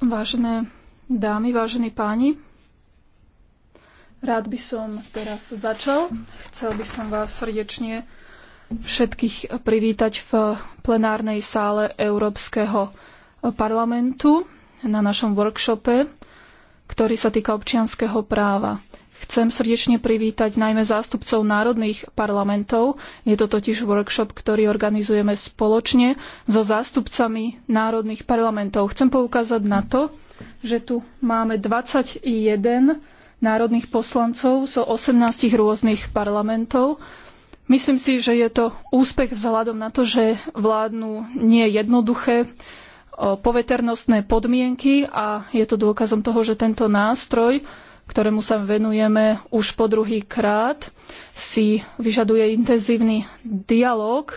Vážené dámy, vážení páni, rád by som teraz začal. Chcel by som vás srdečne všetkých privítať v plenárnej sále Európskeho parlamentu na našom workshope, ktorý sa týka občianskeho práva. Chcem srdečne privítať najmä zástupcov národných parlamentov. Je to totiž workshop, ktorý organizujeme spoločne so zástupcami národných parlamentov. Chcem poukázať na to, že tu máme 21 národných poslancov zo so 18 rôznych parlamentov. Myslím si, že je to úspech vzhľadom na to, že vládnu nie jednoduché poveternostné podmienky a je to dôkazom toho, že tento nástroj ktorému sa venujeme už po druhý krát, si vyžaduje intenzívny dialog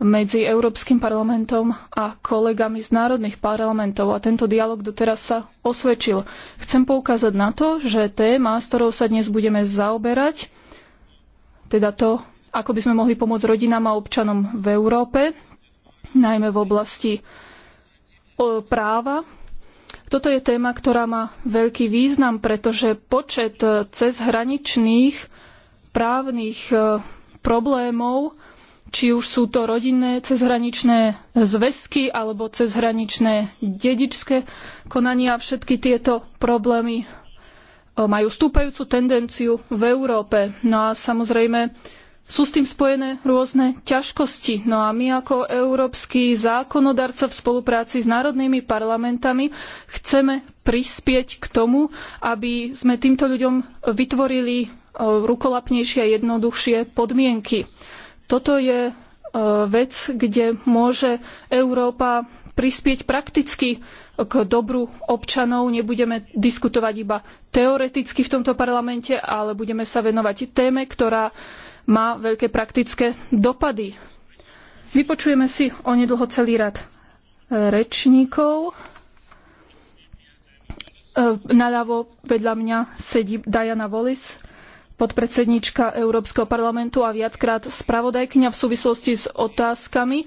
medzi Európskym parlamentom a kolegami z národných parlamentov a tento dialog doteraz sa osvedčil. Chcem poukázať na to, že téma, s ktorou sa dnes budeme zaoberať, teda to, ako by sme mohli pomôcť rodinám a občanom v Európe, najmä v oblasti práva toto je téma, ktorá má veľký význam, pretože počet e, cezhraničných právnych e, problémov, či už sú to rodinné cezhraničné zväzky alebo cezhraničné dedičské konania, všetky tieto problémy e, majú stúpajúcu tendenciu v Európe. No a samozrejme sú s tým spojené rôzne ťažkosti. No a my ako európsky zákonodarca v spolupráci s národnými parlamentami chceme prispieť k tomu, aby sme týmto ľuďom vytvorili e, rukolapnejšie a jednoduchšie podmienky. Toto je e, vec, kde môže Európa prispieť prakticky k dobru občanov. Nebudeme diskutovať iba teoreticky v tomto parlamente, ale budeme sa venovať téme, ktorá má veľké praktické dopady. Vypočujeme si onedlho celý rad e, rečníkov. E, naľavo vedľa mňa sedí Diana Wallis, podpredsedníčka Európskeho parlamentu a viackrát spravodajkňa v súvislosti s otázkami, e,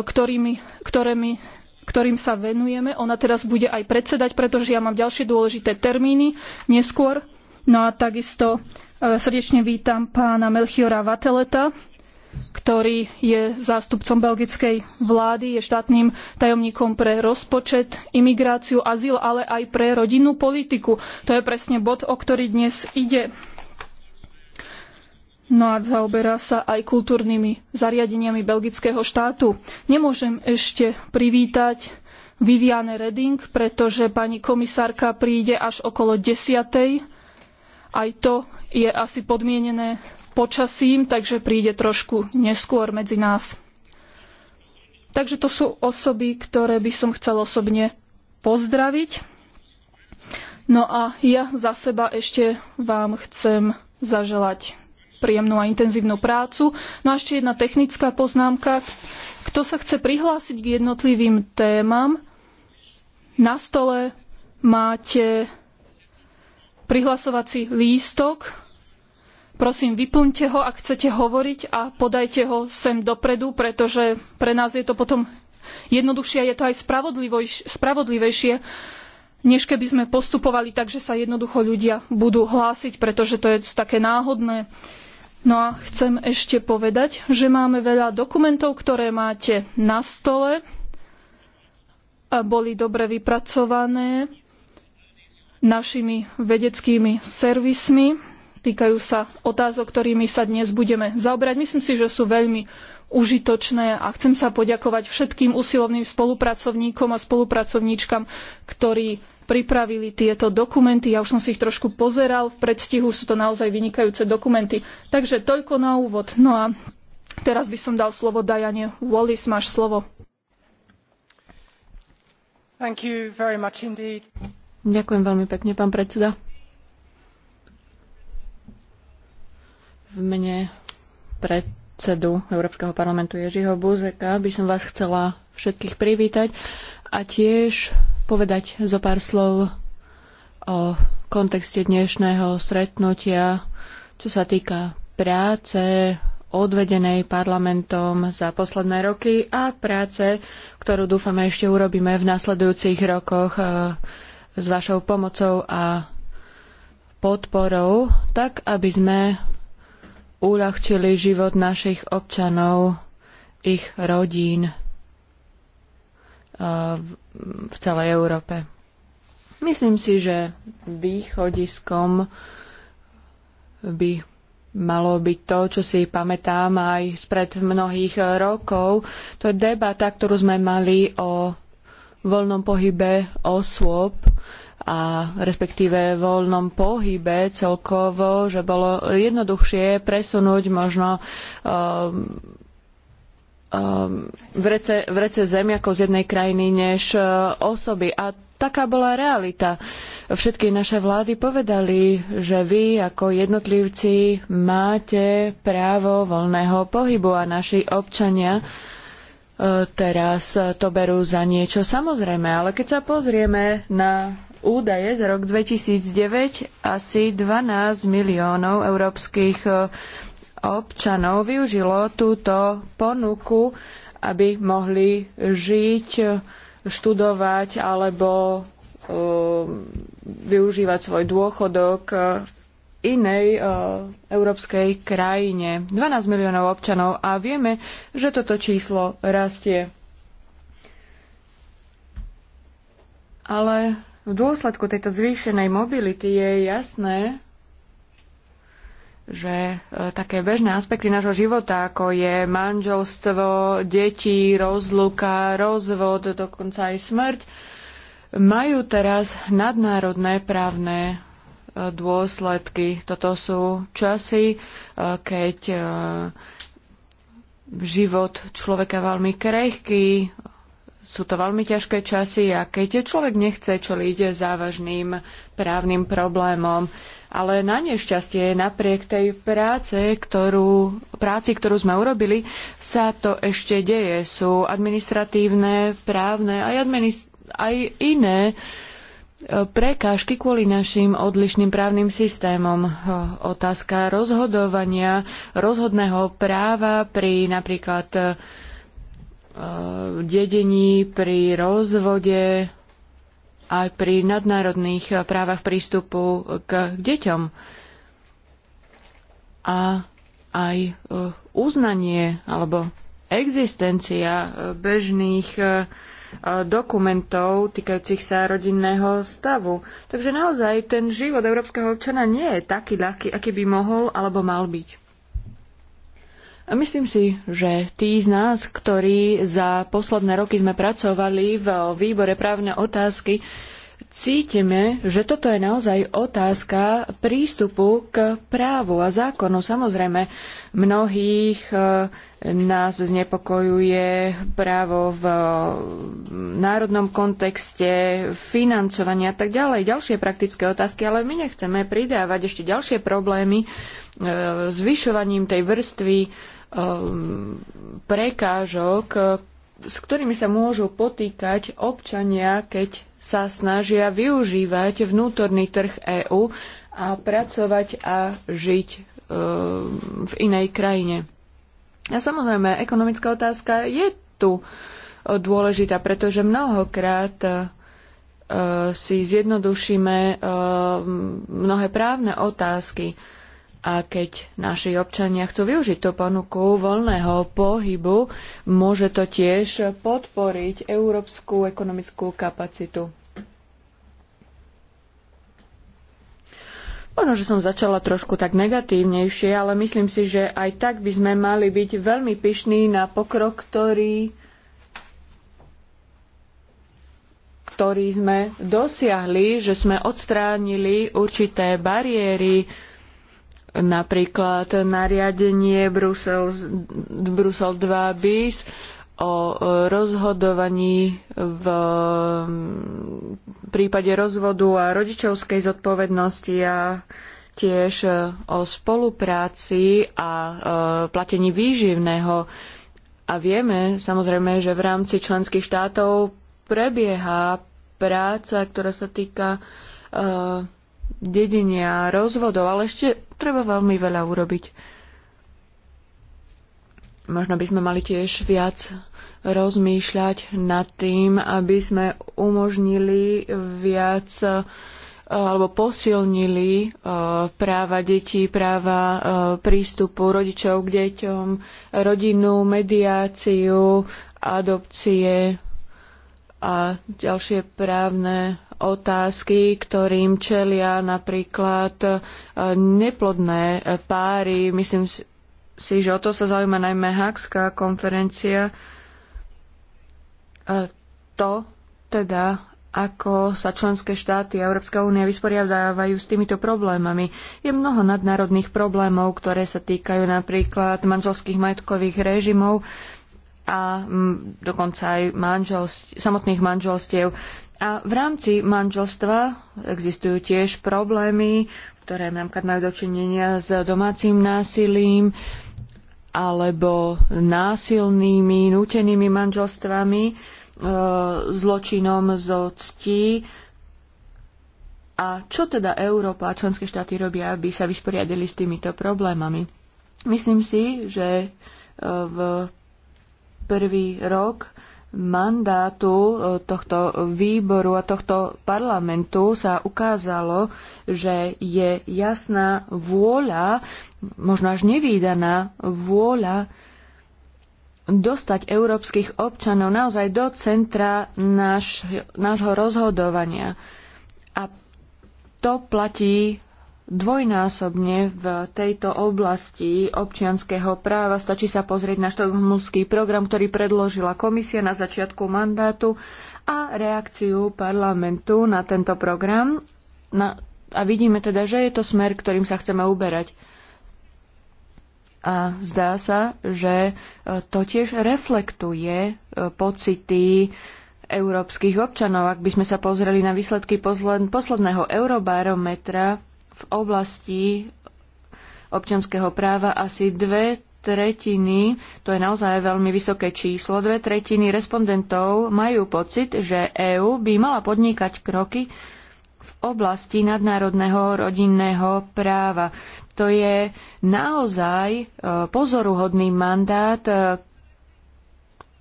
ktorými, ktorými, ktorým sa venujeme. Ona teraz bude aj predsedať, pretože ja mám ďalšie dôležité termíny neskôr. No a takisto E, srdečne vítam pána Melchiora Vateleta, ktorý je zástupcom belgickej vlády, je štátnym tajomníkom pre rozpočet, imigráciu, azyl, ale aj pre rodinnú politiku. To je presne bod, o ktorý dnes ide. No a zaoberá sa aj kultúrnymi zariadeniami belgického štátu. Nemôžem ešte privítať Viviane Reding, pretože pani komisárka príde až okolo desiatej. Aj to je asi podmienené počasím, takže príde trošku neskôr medzi nás. Takže to sú osoby, ktoré by som chcel osobne pozdraviť. No a ja za seba ešte vám chcem zaželať príjemnú a intenzívnu prácu. No a ešte jedna technická poznámka. Kto sa chce prihlásiť k jednotlivým témam, na stole máte prihlasovací lístok, Prosím, vyplňte ho, ak chcete hovoriť a podajte ho sem dopredu, pretože pre nás je to potom jednoduchšie a je to aj spravodlivejšie, než keby sme postupovali tak, že sa jednoducho ľudia budú hlásiť, pretože to je také náhodné. No a chcem ešte povedať, že máme veľa dokumentov, ktoré máte na stole. A boli dobre vypracované našimi vedeckými servismi Týkajú sa otázok, ktorými sa dnes budeme zaoberať. Myslím si, že sú veľmi užitočné a chcem sa poďakovať všetkým usilovným spolupracovníkom a spolupracovníčkam, ktorí pripravili tieto dokumenty. Ja už som si ich trošku pozeral v predstihu, sú to naozaj vynikajúce dokumenty. Takže toľko na úvod. No a teraz by som dal slovo Dajane Wallis, máš slovo. Ďakujem veľmi pekne, pán predseda. V mene predsedu Európskeho parlamentu Ježiho Buzeka by som vás chcela všetkých privítať a tiež povedať zo pár slov o kontexte dnešného stretnutia, čo sa týka práce odvedenej parlamentom za posledné roky a práce, ktorú dúfame ešte urobíme v nasledujúcich rokoch e, s vašou pomocou a podporou, tak aby sme uľahčili život našich občanov, ich rodín e, v celej Európe. Myslím si, že východiskom by malo byť to, čo si pamätám aj spred mnohých rokov. To je debata, ktorú sme mali o voľnom pohybe osôb a respektíve voľnom pohybe celkovo, že bolo jednoduchšie presunúť možno um, um, vrece, vrece ako z jednej krajiny než uh, osoby. A taká bola realita. Všetky naše vlády povedali, že vy ako jednotlivci máte právo voľného pohybu a naši občania uh, teraz to berú za niečo samozrejme. Ale keď sa pozrieme na údaje za rok 2009 asi 12 miliónov európskych e, občanov využilo túto ponuku, aby mohli žiť, e, študovať alebo e, využívať svoj dôchodok v inej európskej krajine. 12 miliónov občanov a vieme, že toto číslo rastie. Ale v dôsledku tejto zvýšenej mobility je jasné, že e, také bežné aspekty nášho života, ako je manželstvo, deti, rozluka, rozvod, dokonca aj smrť, majú teraz nadnárodné právne e, dôsledky. Toto sú časy, e, keď život človeka veľmi krehký, sú to veľmi ťažké časy a keď človek nechce čeliť závažným právnym problémom, ale na nešťastie napriek tej práce, ktorú, práci, ktorú sme urobili, sa to ešte deje. Sú administratívne, právne aj, administ- aj iné e, prekážky kvôli našim odlišným právnym systémom. E, otázka rozhodovania, rozhodného práva pri napríklad e, Eh, dedení, pri rozvode, aj pri nadnárodných právach prístupu k deťom. A aj eh, uznanie alebo existencia eh, bežných dokumentov týkajúcich sa rodinného stavu. Takže naozaj ten život európskeho občana nie je taký ľahký, aký by mohol alebo mal byť. Myslím si, že tí z nás, ktorí za posledné roky sme pracovali v výbore právne otázky, cítime, že toto je naozaj otázka prístupu k právu a zákonu. Samozrejme, mnohých e, nás znepokojuje právo v e, národnom kontexte, financovania a tak ďalej, ďalšie praktické otázky, ale my nechceme pridávať ešte ďalšie problémy e, zvyšovaním tej vrstvy Um, prekážok, uh, s ktorými sa môžu potýkať občania, keď sa snažia využívať vnútorný trh EÚ a pracovať a žiť um, v inej krajine. A samozrejme, ekonomická otázka je tu uh, dôležitá, pretože mnohokrát uh, si zjednodušíme mnohé právne otázky. A keď naši občania chcú využiť tú ponuku voľného pohybu, môže to tiež podporiť európsku ekonomickú kapacitu. Možno, že som začala trošku tak negatívnejšie, ale myslím si, že aj tak by sme mali byť veľmi pyšní na pokrok, ktorý, ktorý sme dosiahli, že sme odstránili určité bariéry, Napríklad nariadenie Brusel, Brusel 2 bis o rozhodovaní v prípade rozvodu a rodičovskej zodpovednosti a tiež o spolupráci a e, platení výživného. A vieme samozrejme, že v rámci členských štátov prebieha práca, ktorá sa týka e, dedenia, rozvodov, ale ešte treba veľmi veľa urobiť. Možno by sme mali tiež viac rozmýšľať nad tým, aby sme umožnili viac eh, alebo posilnili eh, práva detí, práva eh, prístupu rodičov k deťom, rodinu, mediáciu, adopcie a ďalšie právne otázky, ktorým čelia napríklad e, neplodné páry. Myslím si, že o to sa zaujíma najmä Hakská konferencia. E, to teda, ako sa členské štáty a Európska únia vysporiadávajú s týmito problémami. Je mnoho nadnárodných problémov, ktoré sa týkajú napríklad manželských majetkových režimov a dokonca aj manželst- samotných manželstiev. A v rámci manželstva existujú tiež problémy, ktoré napríklad majú dočinenia s domácim násilím alebo násilnými, nútenými manželstvami, e, zločinom zo cti. A čo teda Európa a členské štáty robia, aby sa vysporiadili s týmito problémami? Myslím si, že e, v prvý rok mandátu e, tohto výboru a tohto parlamentu sa ukázalo, že je jasná vôľa, možno až nevýdaná vôľa dostať európskych občanov naozaj do centra náš, nášho rozhodovania. A to platí dvojnásobne v tejto oblasti občianského práva. Stačí sa pozrieť na štokholmský program, ktorý predložila komisia na začiatku mandátu a reakciu parlamentu na tento program. Na, a vidíme teda, že je to smer, ktorým sa chceme uberať. A zdá sa, že e, to tiež reflektuje e, pocity európskych občanov. Ak by sme sa pozreli na výsledky posledného eurobarometra, v oblasti občianského práva asi dve tretiny, to je naozaj veľmi vysoké číslo, dve tretiny respondentov majú pocit, že EÚ by mala podnikať kroky v oblasti nadnárodného rodinného práva. To je naozaj e, pozoruhodný mandát, e,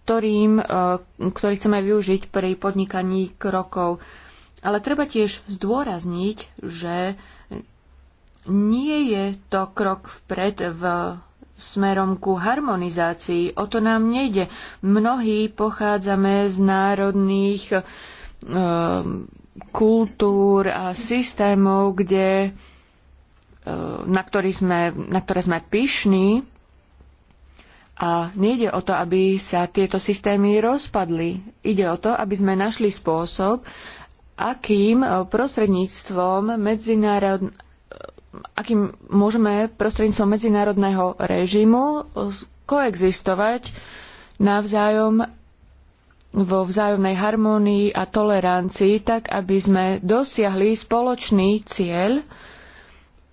ktorým, e, ktorý chceme využiť pri podnikaní krokov. Ale treba tiež zdôrazniť, že nie je to krok vpred v smerom ku harmonizácii. O to nám nejde. Mnohí pochádzame z národných e, kultúr a systémov, kde, e, na, ktorý sme, na ktoré sme pyšní a nejde o to, aby sa tieto systémy rozpadli. Ide o to, aby sme našli spôsob, akým eh, prostredníctvom medzinárod, akým môžeme prostredníctvom medzinárodného režimu e, koexistovať navzájom vo vzájomnej harmónii a tolerancii, tak aby sme dosiahli spoločný cieľ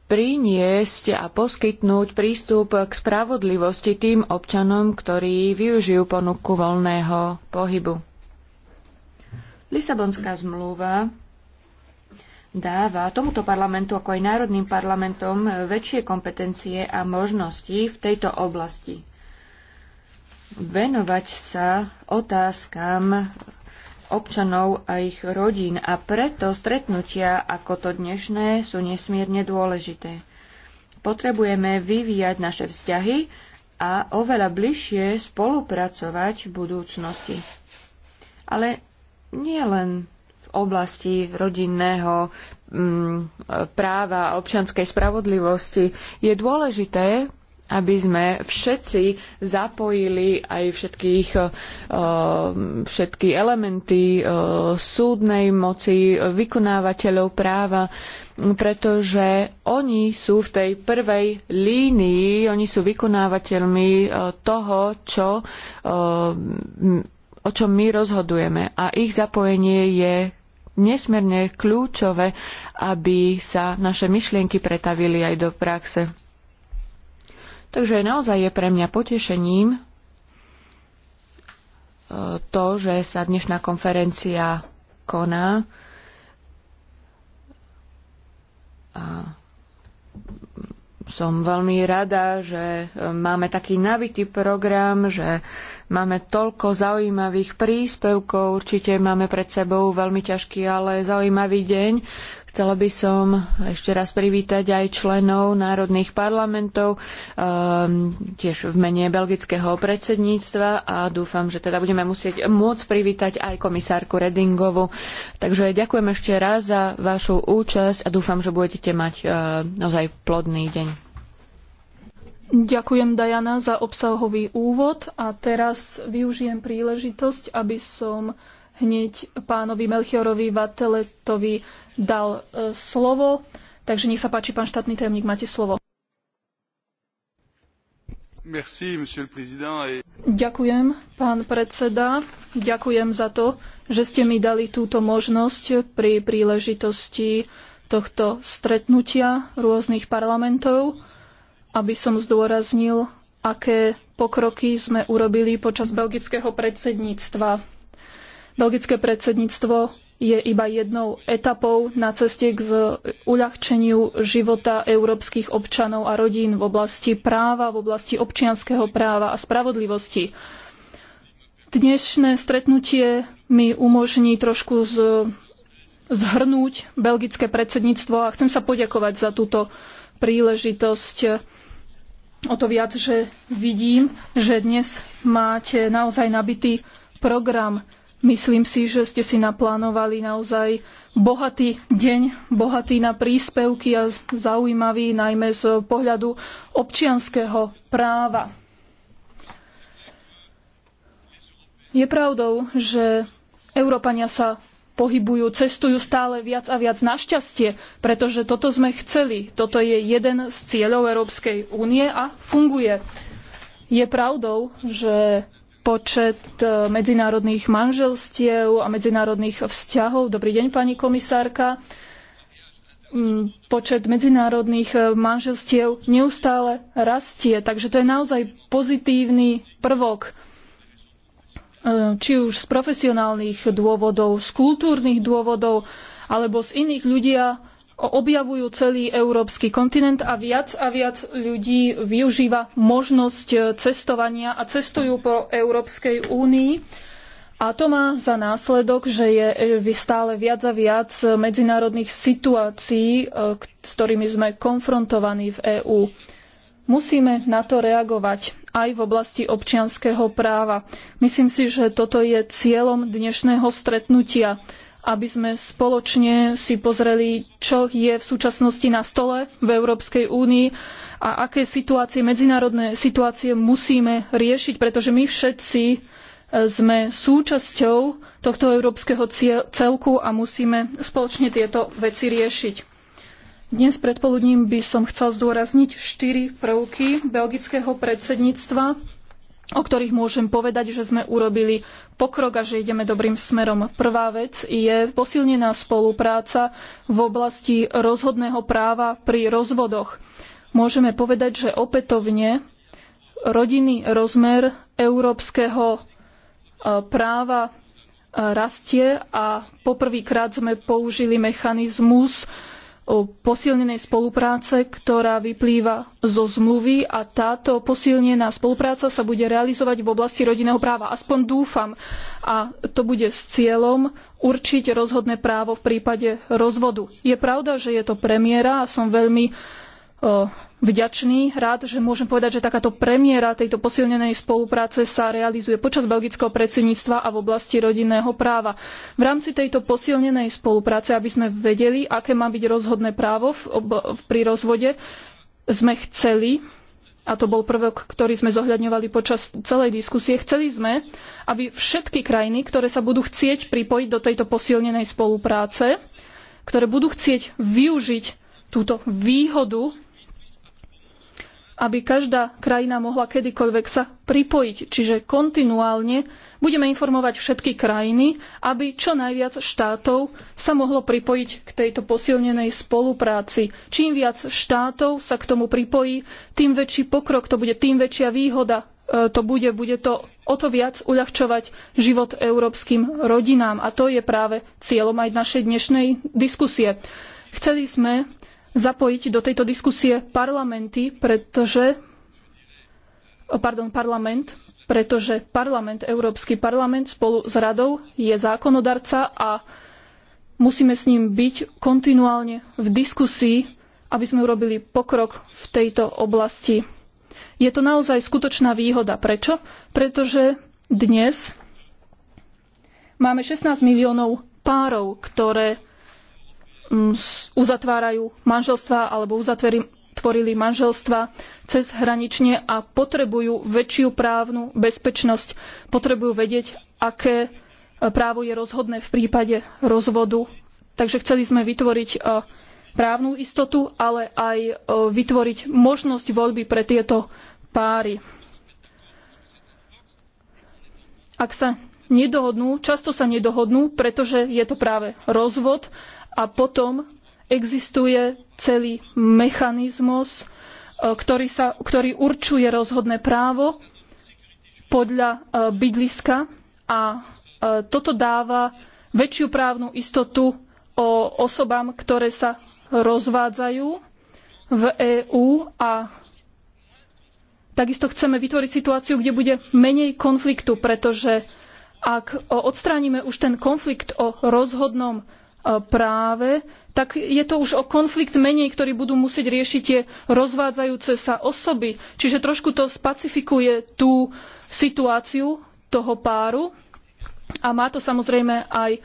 priniesť a poskytnúť prístup k spravodlivosti tým občanom, ktorí využijú ponuku voľného pohybu. Lisabonská zmluva dáva tomuto parlamentu ako aj národným parlamentom väčšie kompetencie a možnosti v tejto oblasti. Venovať sa otázkam občanov a ich rodín a preto stretnutia ako to dnešné sú nesmierne dôležité. Potrebujeme vyvíjať naše vzťahy a oveľa bližšie spolupracovať v budúcnosti. Ale nie len oblasti rodinného mm, práva a občianskej spravodlivosti, je dôležité, aby sme všetci zapojili aj všetkých, eh, všetky elementy eh, súdnej moci, vykonávateľov práva, pretože oni sú v tej prvej línii, oni sú vykonávateľmi eh, toho, čo, o čom my rozhodujeme. A ich zapojenie je nesmierne kľúčové, aby sa naše myšlienky pretavili aj do praxe. Takže naozaj je pre mňa potešením e, to, že sa dnešná konferencia koná. A som veľmi rada, že e, máme taký navitý program, že Máme toľko zaujímavých príspevkov, určite máme pred sebou veľmi ťažký, ale zaujímavý deň. Chcela by som ešte raz privítať aj členov národných parlamentov, ehm, tiež v mene belgického predsedníctva a dúfam, že teda budeme musieť môcť privítať aj komisárku Redingovu. Takže ďakujem ešte raz za vašu účasť a dúfam, že budete mať ehm, naozaj plodný deň. Ďakujem, Dajana, za obsahový úvod a teraz využijem príležitosť, aby som hneď pánovi Melchiorovi Vateletovi dal e, slovo. Takže nech sa páči, pán štátny tajomník, máte slovo. Merci, et... Ďakujem, pán predseda. Ďakujem za to, že ste mi dali túto možnosť pri príležitosti tohto stretnutia rôznych parlamentov aby som zdôraznil, aké pokroky sme urobili počas belgického predsedníctva. Belgické predsedníctvo je iba jednou etapou na ceste k uľahčeniu života európskych občanov a rodín v oblasti práva, v oblasti občianskeho práva a spravodlivosti. Dnešné stretnutie mi umožní trošku z, zhrnúť belgické predsedníctvo a chcem sa poďakovať za túto príležitosť o to viac, že vidím, že dnes máte naozaj nabitý program. Myslím si, že ste si naplánovali naozaj bohatý deň, bohatý na príspevky a zaujímavý najmä z pohľadu občianskeho práva. Je pravdou, že Európania sa pohybujú, cestujú stále viac a viac našťastie, pretože toto sme chceli. Toto je jeden z cieľov Európskej únie a funguje. Je pravdou, že počet e, medzinárodných manželstiev a medzinárodných vzťahov. Dobrý deň, pani komisárka. Mm, počet medzinárodných e, manželstiev neustále rastie, takže to je naozaj pozitívny prvok či už z profesionálnych dôvodov, z kultúrnych dôvodov alebo z iných ľudia objavujú celý európsky kontinent a viac a viac ľudí využíva možnosť cestovania a cestujú po Európskej únii. A to má za následok, že je stále viac a viac medzinárodných situácií, e, s ktorými sme konfrontovaní v EÚ. Musíme na to reagovať aj v oblasti občianskeho práva. Myslím si, že toto je cieľom dnešného stretnutia, aby sme spoločne si pozreli, čo je v súčasnosti na stole v Európskej únii a aké situácie, medzinárodné situácie musíme riešiť, pretože my všetci e, sme súčasťou tohto európskeho celku a musíme spoločne tieto veci riešiť. Dnes predpoludním by som chcel zdôrazniť štyri prvky belgického predsedníctva, o ktorých môžem povedať, že sme urobili pokrok a že ideme dobrým smerom. Prvá vec je posilnená spolupráca v oblasti rozhodného práva pri rozvodoch. Môžeme povedať, že opätovne rodinný rozmer európskeho e, práva e, rastie a poprvýkrát sme použili mechanizmus posilnenej spolupráce, ktorá vyplýva zo zmluvy a táto posilnená spolupráca sa bude realizovať v oblasti rodinného práva. Aspoň dúfam. A to bude s cieľom určiť rozhodné právo v prípade rozvodu. Je pravda, že je to premiéra a som veľmi vďačný, rád, že môžem povedať, že takáto premiéra tejto posilnenej spolupráce sa realizuje počas belgického predsedníctva a v oblasti rodinného práva. V rámci tejto posilnenej spolupráce, aby sme vedeli, aké má byť rozhodné právo v, v, pri rozvode, sme chceli, a to bol prvok, ktorý sme zohľadňovali počas celej diskusie, chceli sme, aby všetky krajiny, ktoré sa budú chcieť pripojiť do tejto posilnenej spolupráce, ktoré budú chcieť využiť túto výhodu aby každá krajina mohla kedykoľvek sa pripojiť. Čiže kontinuálne budeme informovať všetky krajiny, aby čo najviac štátov sa mohlo pripojiť k tejto posilnenej spolupráci. Čím viac štátov sa k tomu pripojí, tým väčší pokrok to bude, tým väčšia výhoda e, to bude. Bude to o to viac uľahčovať život európskym rodinám. A to je práve cieľom aj našej dnešnej diskusie. Chceli sme, zapojiť do tejto diskusie parlamenty, pretože pardon, parlament, pretože parlament, Európsky parlament spolu s radou je zákonodarca a musíme s ním byť kontinuálne v diskusii, aby sme urobili pokrok v tejto oblasti. Je to naozaj skutočná výhoda. Prečo? Pretože dnes máme 16 miliónov párov, ktoré Mm, uzatvárajú manželstva alebo uzatvorili manželstva cez hranične a potrebujú väčšiu právnu bezpečnosť. Potrebujú vedieť, aké e, právo je rozhodné v prípade rozvodu. Takže chceli sme vytvoriť e, právnu istotu, ale aj e, vytvoriť možnosť voľby pre tieto páry. Ak sa nedohodnú, často sa nedohodnú, pretože je to práve rozvod a potom existuje celý mechanizmus, e, ktorý, sa, ktorý určuje rozhodné právo podľa e, bydliska a e, toto dáva väčšiu právnu istotu o osobám, ktoré sa rozvádzajú v EÚ a takisto chceme vytvoriť situáciu, kde bude menej konfliktu, pretože ak odstránime už ten konflikt o rozhodnom E, práve, tak je to už o konflikt menej, ktorý budú musieť riešiť tie rozvádzajúce sa osoby. Čiže trošku to spacifikuje tú situáciu toho páru a má to samozrejme aj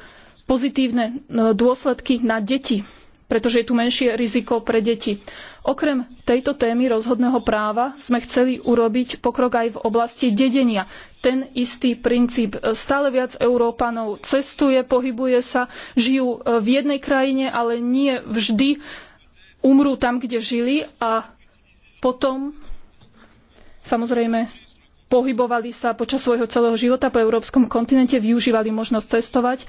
pozitívne e, dôsledky na deti pretože je tu menšie riziko pre deti. Okrem tejto témy rozhodného práva sme chceli urobiť pokrok aj v oblasti dedenia. Ten istý princíp. Stále viac Európanov cestuje, pohybuje sa, žijú e, v jednej krajine, ale nie vždy umrú tam, kde žili a potom samozrejme pohybovali sa počas svojho celého života po európskom kontinente, využívali možnosť cestovať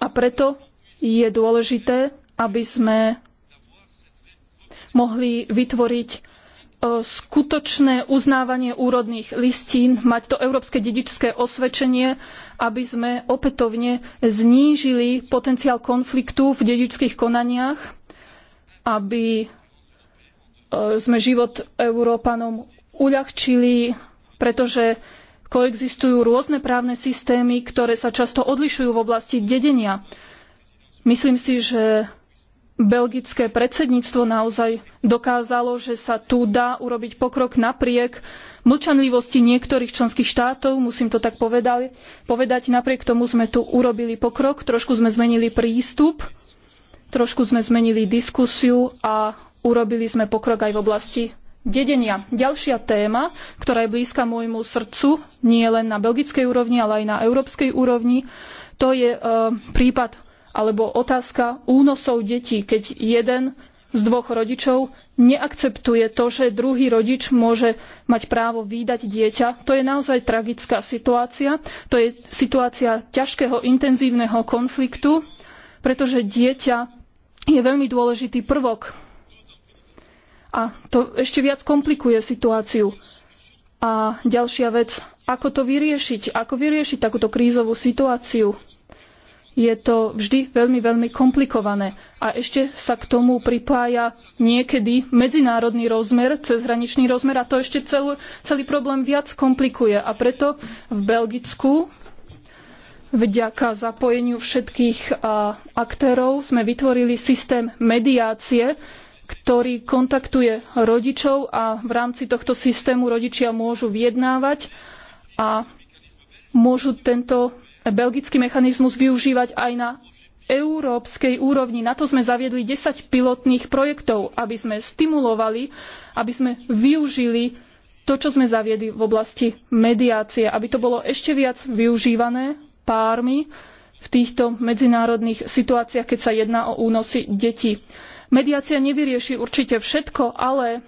a preto je dôležité, aby sme mohli vytvoriť e, skutočné uznávanie úrodných listín, mať to európske dedičské osvedčenie, aby sme opätovne znížili potenciál konfliktu v dedičských konaniach, aby e, sme život Európanom uľahčili, pretože koexistujú rôzne právne systémy, ktoré sa často odlišujú v oblasti dedenia. Myslím si, že belgické predsedníctvo naozaj dokázalo, že sa tu dá urobiť pokrok napriek mlčanlivosti niektorých členských štátov, musím to tak povedať. povedať. Napriek tomu sme tu urobili pokrok, trošku sme zmenili prístup, trošku sme zmenili diskusiu a urobili sme pokrok aj v oblasti dedenia. Ďalšia téma, ktorá je blízka môjmu srdcu, nie len na belgickej úrovni, ale aj na európskej úrovni, to je e, prípad alebo otázka únosov detí, keď jeden z dvoch rodičov neakceptuje to, že druhý rodič môže mať právo výdať dieťa. To je naozaj tragická situácia. To je situácia ťažkého, intenzívneho konfliktu, pretože dieťa je veľmi dôležitý prvok. A to ešte viac komplikuje situáciu. A ďalšia vec, ako to vyriešiť? Ako vyriešiť takúto krízovú situáciu? je to vždy veľmi, veľmi komplikované. A ešte sa k tomu pripája niekedy medzinárodný rozmer, cezhraničný rozmer a to ešte celú, celý problém viac komplikuje. A preto v Belgicku vďaka zapojeniu všetkých a, aktérov sme vytvorili systém mediácie, ktorý kontaktuje rodičov a v rámci tohto systému rodičia môžu vyjednávať a môžu tento belgický mechanizmus využívať aj na európskej úrovni. Na to sme zaviedli 10 pilotných projektov, aby sme stimulovali, aby sme využili to, čo sme zaviedli v oblasti mediácie, aby to bolo ešte viac využívané pármi v týchto medzinárodných situáciách, keď sa jedná o únosy detí. Mediácia nevyrieši určite všetko, ale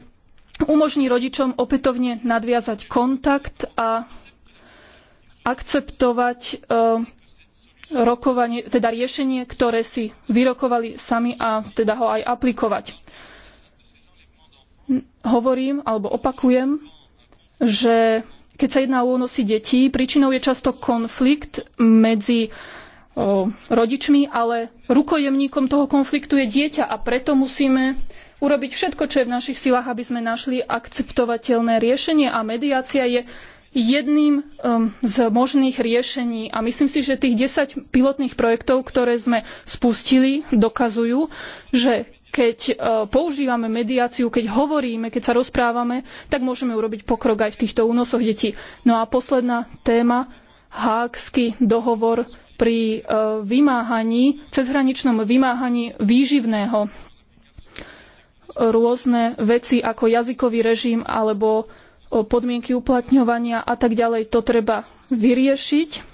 umožní rodičom opätovne nadviazať kontakt a akceptovať e, rokovanie, teda riešenie, ktoré si vyrokovali sami a teda ho aj aplikovať. Hovorím alebo opakujem, že keď sa jedná o únosy detí, príčinou je často konflikt medzi e, rodičmi, ale rukojemníkom toho konfliktu je dieťa a preto musíme urobiť všetko, čo je v našich silách, aby sme našli akceptovateľné riešenie a mediácia je jedným um, z možných riešení. A myslím si, že tých 10 pilotných projektov, ktoré sme spustili, dokazujú, že keď uh, používame mediáciu, keď hovoríme, keď sa rozprávame, tak môžeme urobiť pokrok aj v týchto únosoch detí. No a posledná téma, hákský dohovor pri uh, vymáhaní, cezhraničnom vymáhaní výživného. Rôzne veci ako jazykový režim alebo podmienky uplatňovania a tak ďalej. To treba vyriešiť.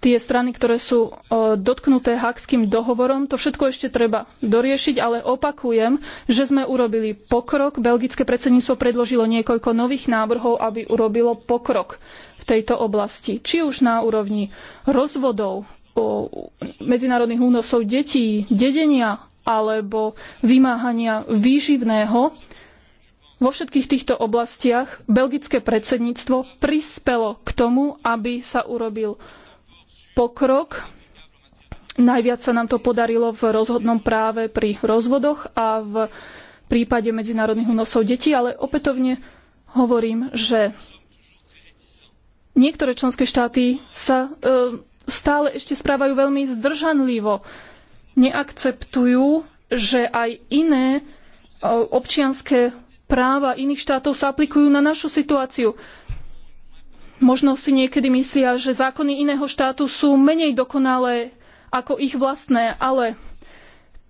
Tie strany, ktoré sú e, dotknuté Hakským dohovorom, to všetko ešte treba doriešiť, ale opakujem, že sme urobili pokrok. Belgické predsedníctvo predložilo niekoľko nových návrhov, aby urobilo pokrok v tejto oblasti. Či už na úrovni rozvodov, medzinárodných únosov detí, dedenia alebo vymáhania výživného vo všetkých týchto oblastiach belgické predsedníctvo prispelo k tomu, aby sa urobil pokrok. Najviac sa nám to podarilo v rozhodnom práve pri rozvodoch a v prípade medzinárodných únosov detí, ale opätovne hovorím, že niektoré členské štáty sa e, stále ešte správajú veľmi zdržanlivo. Neakceptujú, že aj iné e, občianske práva iných štátov sa aplikujú na našu situáciu. Možno si niekedy myslia, že zákony iného štátu sú menej dokonalé ako ich vlastné, ale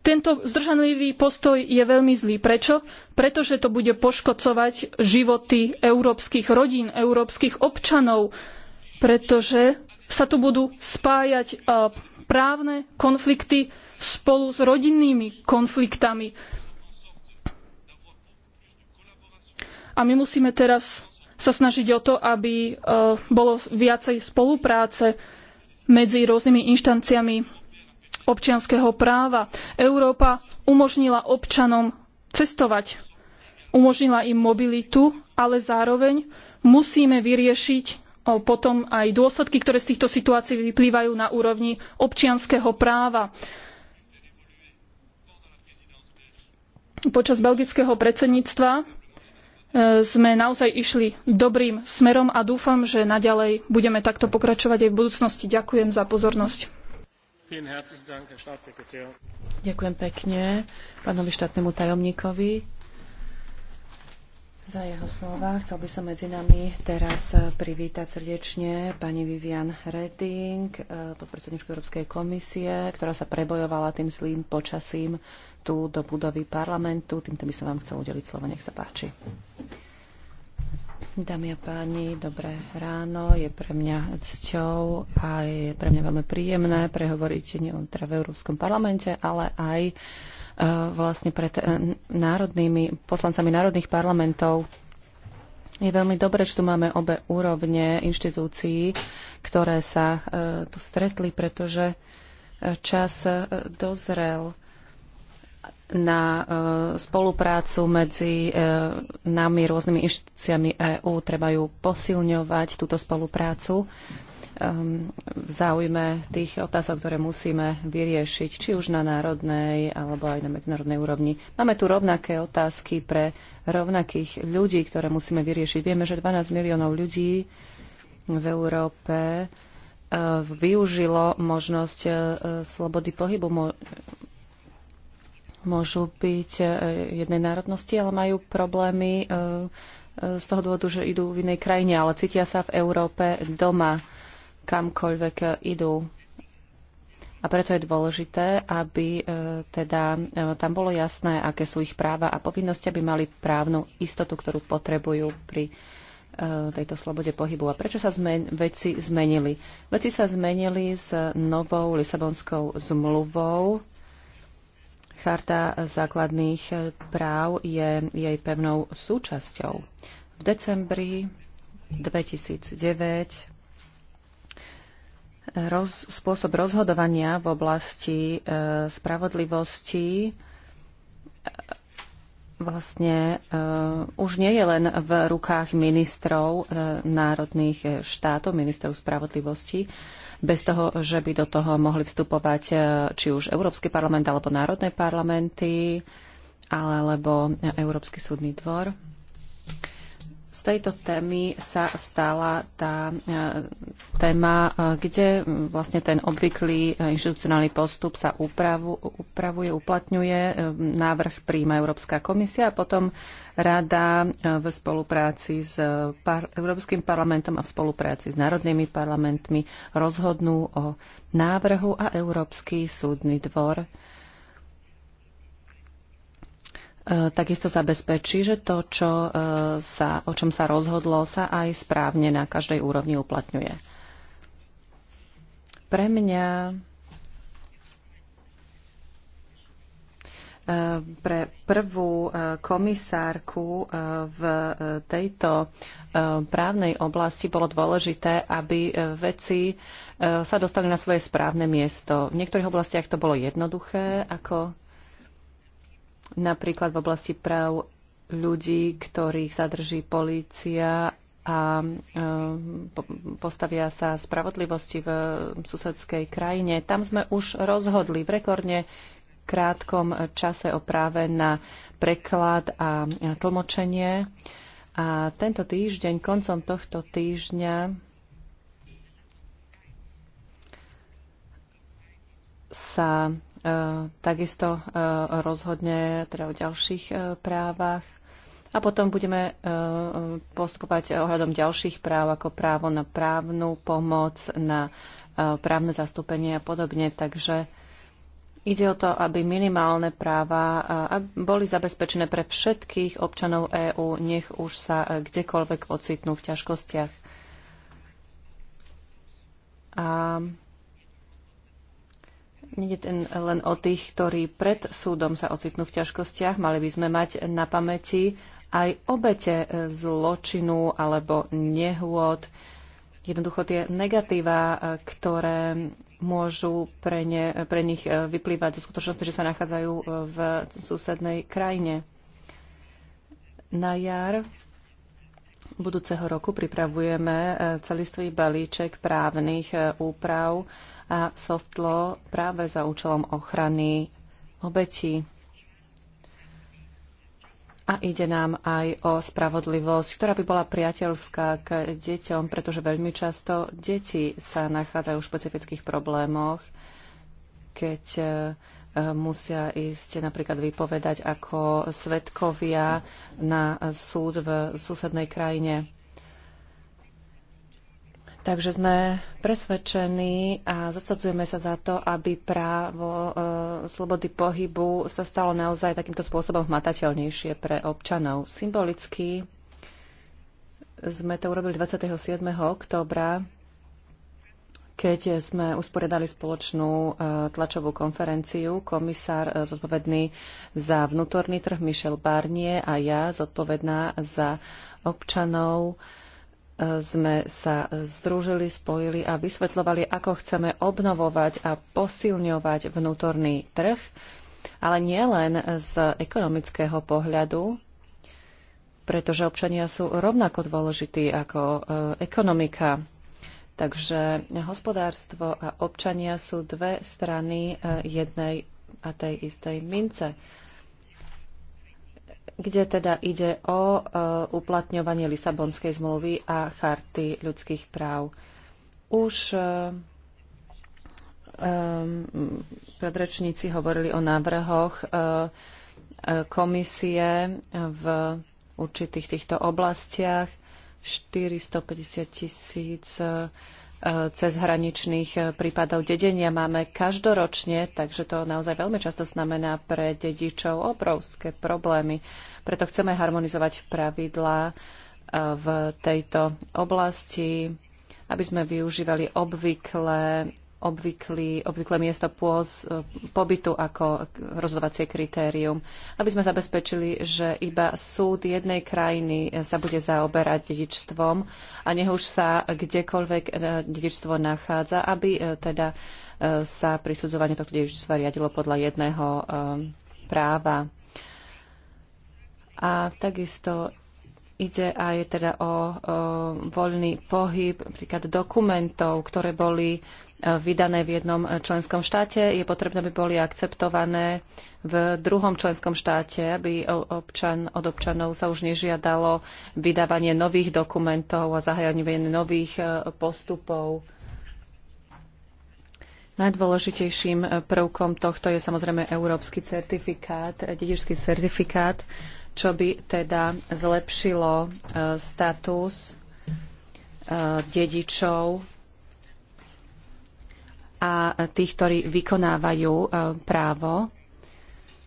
tento zdržanlivý postoj je veľmi zlý. Prečo? Pretože to bude poškodzovať životy európskych rodín, európskych občanov, pretože sa tu budú spájať e, právne konflikty spolu s rodinnými konfliktami. A my musíme teraz sa snažiť o to, aby e, bolo viacej spolupráce medzi rôznymi inštanciami občianskeho práva. Európa umožnila občanom cestovať, umožnila im mobilitu, ale zároveň musíme vyriešiť e, potom aj dôsledky, ktoré z týchto situácií vyplývajú na úrovni občianskeho práva. Počas belgického predsedníctva sme naozaj išli dobrým smerom a dúfam, že naďalej budeme takto pokračovať aj v budúcnosti. Ďakujem za pozornosť. Ďakujem pekne pánovi štátnemu tajomníkovi za jeho slova. Chcel by som medzi nami teraz privítať srdečne pani Vivian Reding, eh, podpredsedničku Európskej komisie, ktorá sa prebojovala tým zlým počasím tu do budovy parlamentu. Týmto by som vám chcel udeliť slovo. Nech sa páči. Dámy a páni, dobré ráno. Je pre mňa cťou a je pre mňa veľmi príjemné prehovoriť nielen teda v Európskom parlamente, ale aj e, vlastne pred e, národnými, poslancami národných parlamentov. Je veľmi dobré, že tu máme obe úrovne inštitúcií, ktoré sa e, tu stretli, pretože čas dozrel na e, spoluprácu medzi e, nami, rôznymi inštitúciami EÚ. Treba ju posilňovať, túto spoluprácu e, v záujme tých otázok, ktoré musíme vyriešiť, či už na národnej alebo aj na medzinárodnej úrovni. Máme tu rovnaké otázky pre rovnakých ľudí, ktoré musíme vyriešiť. Vieme, že 12 miliónov ľudí v Európe využilo možnosť slobody pohybu môžu byť e, jednej národnosti, ale majú problémy e, e, z toho dôvodu, že idú v inej krajine, ale cítia sa v Európe doma, kamkoľvek idú. A preto je dôležité, aby teda tam bolo jasné, aké sú ich práva a povinnosti, aby mali právnu istotu, ktorú potrebujú pri tejto slobode pohybu. A prečo sa zmen- veci zmenili? Veci sa zmenili s novou Lisabonskou zmluvou, Charta základných eh, práv je jej pevnou súčasťou. V decembri 2009 roz, spôsob rozhodovania v oblasti e, spravodlivosti e, vlastne e, už nie je len v rukách ministrov e, národných štátov, ministrov spravodlivosti, bez toho, že by do toho mohli vstupovať e, či už Európsky parlament alebo národné parlamenty alebo Európsky súdny dvor. Z tejto témy sa stala tá e, téma, e, kde vlastne ten obvyklý inštitucionálny postup sa upravu, upravuje, uplatňuje. Návrh príjma Európska komisia a potom Rada e, v spolupráci s e, par- Európskym parlamentom a v spolupráci s národnými parlamentmi rozhodnú o návrhu a Európsky súdny dvor e, takisto zabezpečí, že to, čo sa, o čom sa rozhodlo, sa aj správne na každej úrovni uplatňuje. Pre mňa pre prvú e, komisárku e, v e, tejto právnej oblasti bolo dôležité, aby veci sa dostali na svoje správne miesto. V niektorých oblastiach to bolo jednoduché, ako napríklad v oblasti práv ľudí, ktorých zadrží polícia a postavia sa spravodlivosti v susedskej krajine. Tam sme už rozhodli v rekordne krátkom čase o práve na preklad a tlmočenie. A tento týždeň, koncom tohto týždňa, sa e, takisto e, rozhodne teda o ďalších e, právach. A potom budeme e, e, postupovať ohľadom ďalších práv, ako právo na právnu pomoc, na e, právne zastúpenie a podobne. Takže Ide o to, aby minimálne práva boli zabezpečené pre všetkých občanov EÚ, nech už sa e, kdekoľvek ocitnú v ťažkostiach. A nie ten len o tých, ktorí pred súdom sa ocitnú v ťažkostiach. Mali by sme mať na pamäti aj obete e, zločinu alebo nehôd. Jednoducho tie negatíva, e, ktoré môžu pre, ne, pre nich e, vyplývať zo skutočnosti, že sa nachádzajú e, v susednej krajine. Na jar budúceho roku pripravujeme e, celistvý balíček právnych úprav a soft práve za účelom ochrany obetí. A ide nám aj o spravodlivosť, ktorá by bola priateľská k deťom, pretože veľmi často deti sa nachádzajú v špecifických problémoch, keď e, musia ísť napríklad vypovedať ako svetkovia na súd v susednej krajine. Takže sme presvedčení a zasadzujeme sa za to, aby právo e, slobody pohybu sa stalo naozaj takýmto spôsobom hmatateľnejšie pre občanov. Symbolicky sme to urobili 27. oktobra, keď sme usporiadali spoločnú e, tlačovú konferenciu. Komisár e, zodpovedný za vnútorný trh Michel Barnier a ja zodpovedná za občanov sme sa združili, spojili a vysvetľovali, ako chceme obnovovať a posilňovať vnútorný trh, ale nielen z ekonomického pohľadu, pretože občania sú rovnako dôležití ako e, ekonomika. Takže hospodárstvo a občania sú dve strany e, jednej a tej istej mince kde teda ide o e, uplatňovanie Lisabonskej zmluvy a charty ľudských práv. Už e, e, predrečníci hovorili o návrhoch komisie v určitých týchto oblastiach. 450 tisíc cezhraničných eh, prípadov dedenia máme každoročne, takže to naozaj veľmi často znamená pre dedičov obrovské problémy. Preto chceme harmonizovať pravidlá eh, v tejto oblasti, aby sme využívali obvyklé obvyklý, obvyklé miesto pôz, e, pobytu ako rozhodovacie kritérium, aby sme zabezpečili, že iba súd jednej krajiny e, sa bude zaoberať dedičstvom a nech už sa kdekoľvek e, dedičstvo nachádza, aby teda sa prisudzovanie tohto dedičstva riadilo podľa jedného práva. A takisto ide aj teda o, o voľný pohyb napríklad dokumentov, ktoré boli vydané v jednom členskom štáte, je potrebné, aby boli akceptované v druhom členskom štáte, aby občan, od občanov sa už nežiadalo vydávanie nových dokumentov a zahajanie nových e, postupov. Najdôležitejším prvkom tohto je samozrejme európsky certifikát, e, dedičský certifikát, čo by teda zlepšilo e, status dedičov a tých, ktorí vykonávajú e, právo.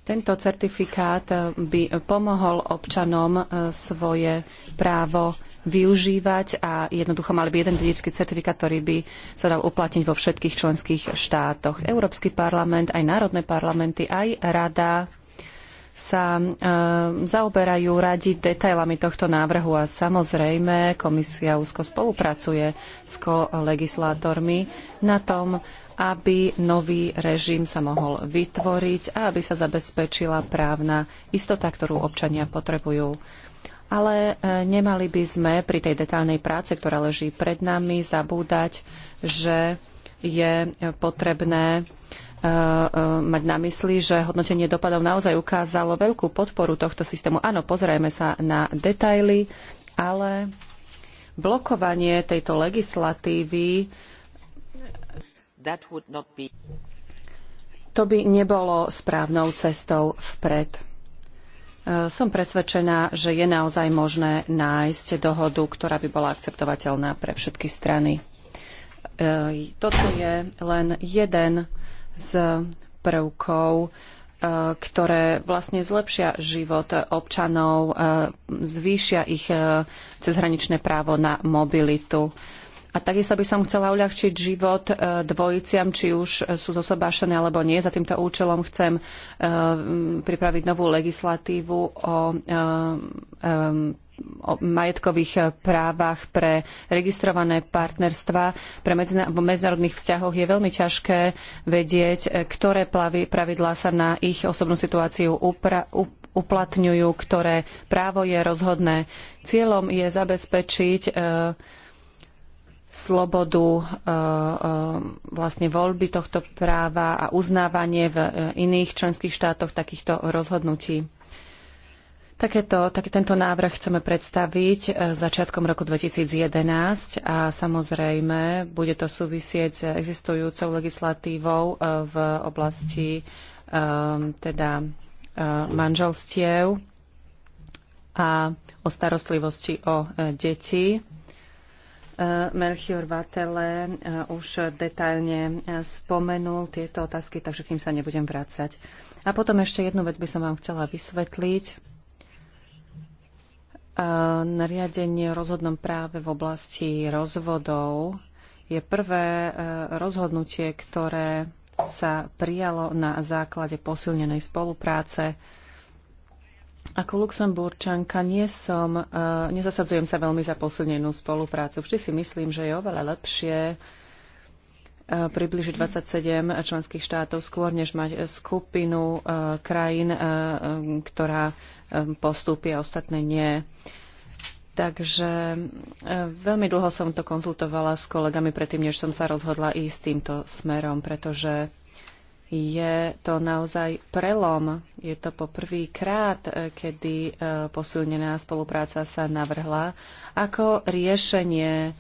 Tento certifikát e, by pomohol občanom e, svoje právo využívať a jednoducho mali by jeden dedičský certifikát, ktorý by sa dal uplatniť vo všetkých členských štátoch. Európsky parlament, aj národné parlamenty, aj rada sa eh, zaoberajú radi detailami tohto návrhu a samozrejme komisia úzko spolupracuje s legislátormi na tom, aby nový režim sa mohol vytvoriť a aby sa zabezpečila právna istota, ktorú občania potrebujú. Ale eh, nemali by sme pri tej detálnej práce, ktorá leží pred nami, zabúdať, že je potrebné E, e, mať na mysli, že hodnotenie dopadov naozaj ukázalo veľkú podporu tohto systému. Áno, pozrieme sa na detaily, ale blokovanie tejto legislatívy to by nebolo správnou cestou vpred. E, som presvedčená, že je naozaj možné nájsť dohodu, ktorá by bola akceptovateľná pre všetky strany. Toto je len jeden z prvkov, e, ktoré vlastne zlepšia život občanov, e, zvýšia ich e, cezhraničné právo na mobilitu. A takisto by som chcela uľahčiť život dvojiciam, či už sú zosobášené alebo nie. Za týmto účelom chcem pripraviť novú legislatívu o o majetkových eh, právach pre registrované partnerstva. Pre medzina- v medzinárodných vzťahoch je veľmi ťažké vedieť, eh, ktoré pravidlá sa na ich osobnú situáciu upra- uplatňujú, ktoré právo je rozhodné. Cieľom je zabezpečiť e, slobodu e, e, vlastne voľby tohto práva a uznávanie v iných členských štátoch takýchto rozhodnutí. Takéto, tak tento návrh chceme predstaviť e, začiatkom roku 2011 a samozrejme bude to súvisieť s existujúcou legislatívou e, v oblasti e, teda manželstiev a o starostlivosti o deti. Melchior Vatele už detailne spomenul tieto otázky, takže k ním sa nebudem vrácať. A potom ešte jednu vec by som vám chcela vysvetliť nariadenie o rozhodnom práve v oblasti rozvodov je prvé e, rozhodnutie, ktoré sa prijalo na základe posilnenej spolupráce. Ako Luxemburčanka nie som, e, nezasadzujem sa veľmi za posilnenú spoluprácu. Vždy si myslím, že je oveľa lepšie e, približiť 27 členských štátov skôr, než mať skupinu krajín, ktorá Um, postupy a ostatné nie. Takže um, veľmi dlho som to konzultovala s kolegami predtým, než som sa rozhodla ísť týmto smerom, pretože je to naozaj prelom. Je to poprvýkrát, eh, kedy eh, posilnená spolupráca sa navrhla ako riešenie,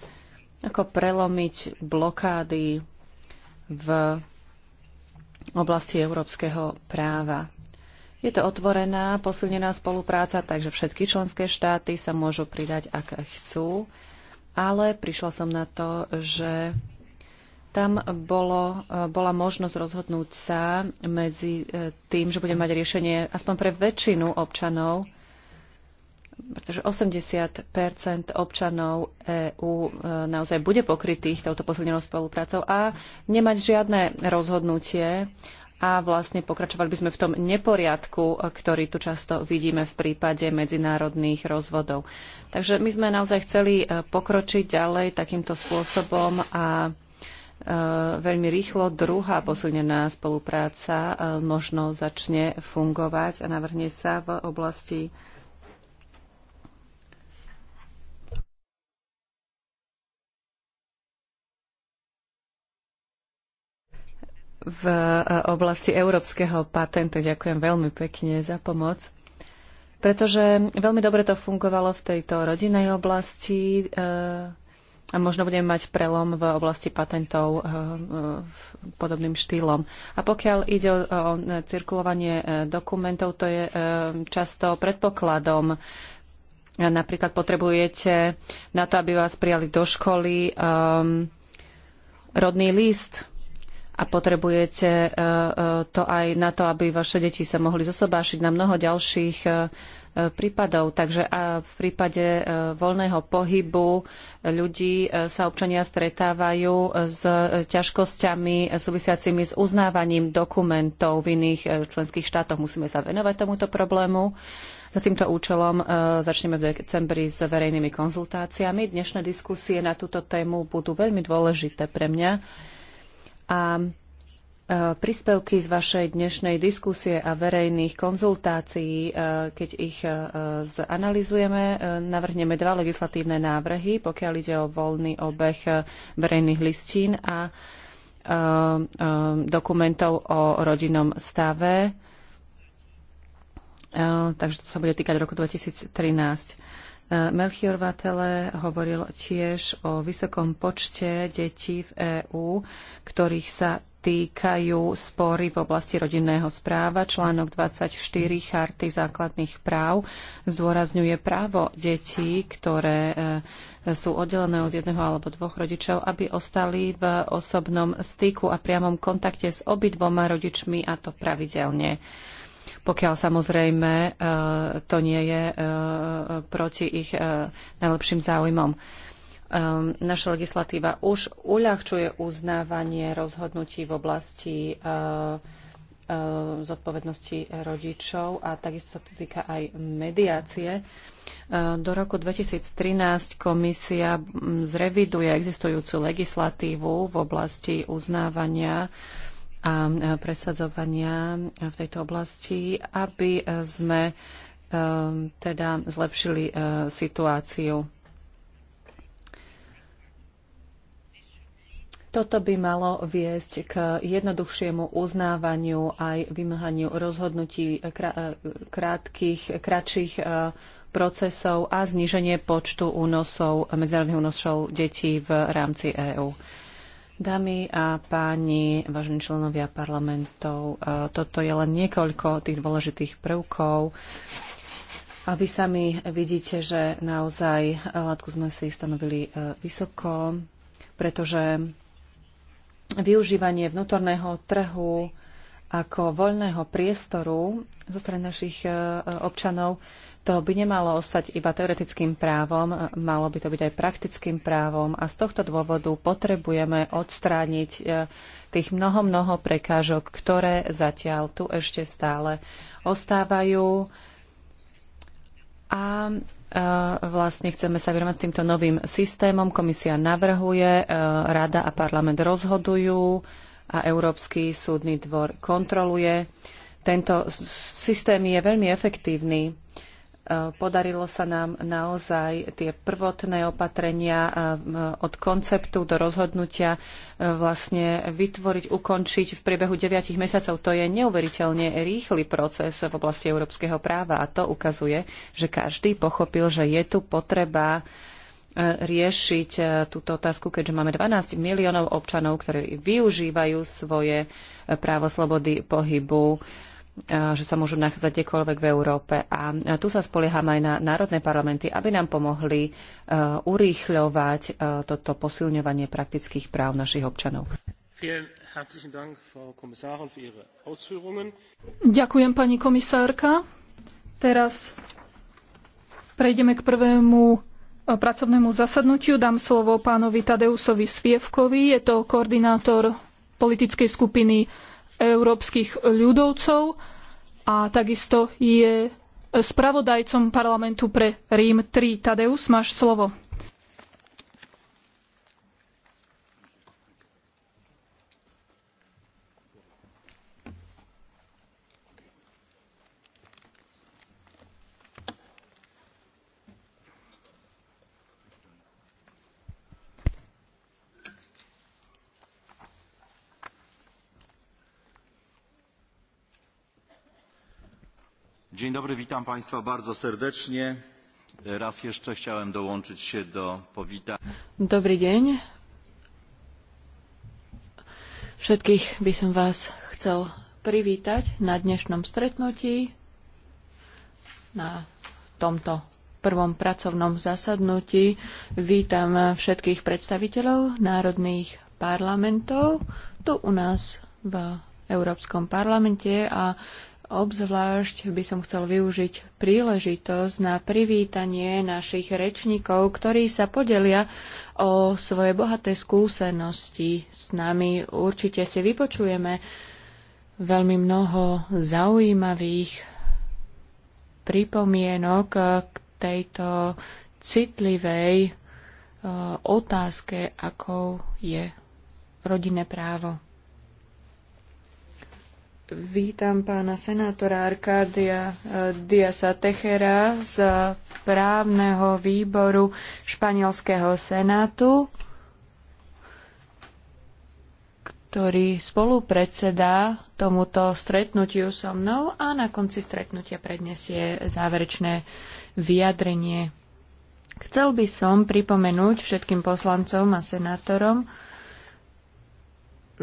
ako prelomiť blokády v oblasti európskeho práva. Je to otvorená, posilnená spolupráca, takže všetky členské štáty sa môžu pridať, ak chcú. Ale prišla som na to, že tam bolo, bola možnosť rozhodnúť sa medzi e, tým, že budeme mať riešenie aspoň pre väčšinu občanov, pretože 80 občanov EÚ e, naozaj bude pokrytých touto posilnenou spoluprácou a nemať žiadne rozhodnutie a vlastne pokračovali by sme v tom neporiadku, ktorý tu často vidíme v prípade medzinárodných rozvodov. Takže my sme naozaj chceli e, pokročiť ďalej takýmto spôsobom a e, veľmi rýchlo druhá posilnená spolupráca e, možno začne fungovať a navrhne sa v oblasti v e, oblasti európskeho patentu. Ďakujem veľmi pekne za pomoc. Pretože veľmi dobre to fungovalo v tejto rodinnej oblasti e, a možno budeme mať prelom v oblasti patentov e, podobným štýlom. A pokiaľ ide o cirkulovanie dokumentov, to je často predpokladom Napríklad potrebujete na to, aby vás prijali do školy um, rodný list a potrebujete e, e, to aj na to, aby vaše deti sa mohli zosobášiť na mnoho ďalších e, prípadov. Takže a v prípade voľného pohybu ľudí sa občania stretávajú s ťažkosťami súvisiacimi s uznávaním dokumentov v iných členských štátoch. Musíme sa venovať tomuto problému. Za týmto účelom začneme v decembri s verejnými konzultáciami. Dnešné diskusie na túto tému budú veľmi dôležité pre mňa a e, príspevky z vašej dnešnej diskusie a verejných konzultácií, e, keď ich e, zanalizujeme, navrhneme dva legislatívne návrhy, pokiaľ ide o voľný obeh verejných listín a dokumentov o rodinnom stave. Takže to sa bude týkať roku 2013. E, Melchior Vatele hovoril tiež o vysokom počte detí v EÚ, ktorých sa týkajú spory v oblasti rodinného správa. Článok 24 Charty základných práv zdôrazňuje právo detí, ktoré e, sú oddelené od jedného alebo dvoch rodičov, aby ostali v osobnom styku a priamom kontakte s obidvoma rodičmi a to pravidelne pokiaľ samozrejme e, to nie je e, proti ich e, najlepším záujmom. Naša legislatíva už uľahčuje uznávanie rozhodnutí v oblasti zodpovednosti rodičov a takisto to týka aj mediácie. Do roku 2013 komisia zreviduje existujúcu legislatívu v oblasti uznávania a presadzovania v tejto oblasti, aby sme e, teda zlepšili e, situáciu. Toto by malo viesť k jednoduchšiemu uznávaniu aj vymáhaniu rozhodnutí e, krátkých, kratších procesov a zníženie počtu únosov, medzinárodných únosov detí v rámci EÚ. Dámy a páni, vážení členovia parlamentov, e, toto je len niekoľko tých dôležitých prvkov. A vy sami vidíte, že naozaj látku sme si stanovili e, vysoko, pretože využívanie vnútorného trhu ako voľného priestoru zo strany našich e, občanov to by nemalo ostať iba teoretickým právom, malo by to byť aj praktickým právom a z tohto dôvodu potrebujeme odstrániť e, tých mnoho, mnoho prekážok, ktoré zatiaľ tu ešte stále ostávajú. A e, vlastne chceme sa vyrovnať týmto novým systémom. Komisia navrhuje, e, rada a parlament rozhodujú a Európsky súdny dvor kontroluje. Tento systém je veľmi efektívny E, podarilo sa nám naozaj tie prvotné opatrenia e, od konceptu do rozhodnutia e, vlastne vytvoriť, ukončiť v priebehu 9 mesiacov. To je neuveriteľne rýchly proces v oblasti európskeho práva a to ukazuje, že každý pochopil, že je tu potreba riešiť túto otázku, keďže máme 12 miliónov občanov, ktorí využívajú svoje právo slobody pohybu že sa môžu nachádzať kdekoľvek v Európe. A tu sa spolieham aj na národné parlamenty, aby nám pomohli urýchľovať toto posilňovanie praktických práv našich občanov. Ďakujem, pani komisárka. Teraz prejdeme k prvému e, pracovnému zasadnutiu. Dám slovo pánovi Tadeusovi Svievkovi. Je to koordinátor politickej skupiny európskych ľudovcov a takisto je spravodajcom parlamentu pre Rím 3. Tadeus, máš slovo. Dzień dobry, witam Państwa bardzo serdecznie. Raz jeszcze chciałem dołączyć się do powitań Dobrý deň. Všetkých by som vás chcel privítať na dnešnom stretnutí, na tomto prvom pracovnom zasadnutí. Vítam všetkých predstaviteľov národných parlamentov tu u nás v Európskom parlamente a Obzvlášť by som chcel využiť príležitosť na privítanie našich rečníkov, ktorí sa podelia o svoje bohaté skúsenosti s nami. Určite si vypočujeme veľmi mnoho zaujímavých pripomienok k tejto citlivej eh, otázke, akou je rodinné právo. Vítam pána senátora Arkádia eh, Diasa Techera z právneho výboru Španielského senátu, ktorý spolupredsedá tomuto stretnutiu so mnou a na konci stretnutia predniesie záverečné vyjadrenie. Chcel by som pripomenúť všetkým poslancom a senátorom,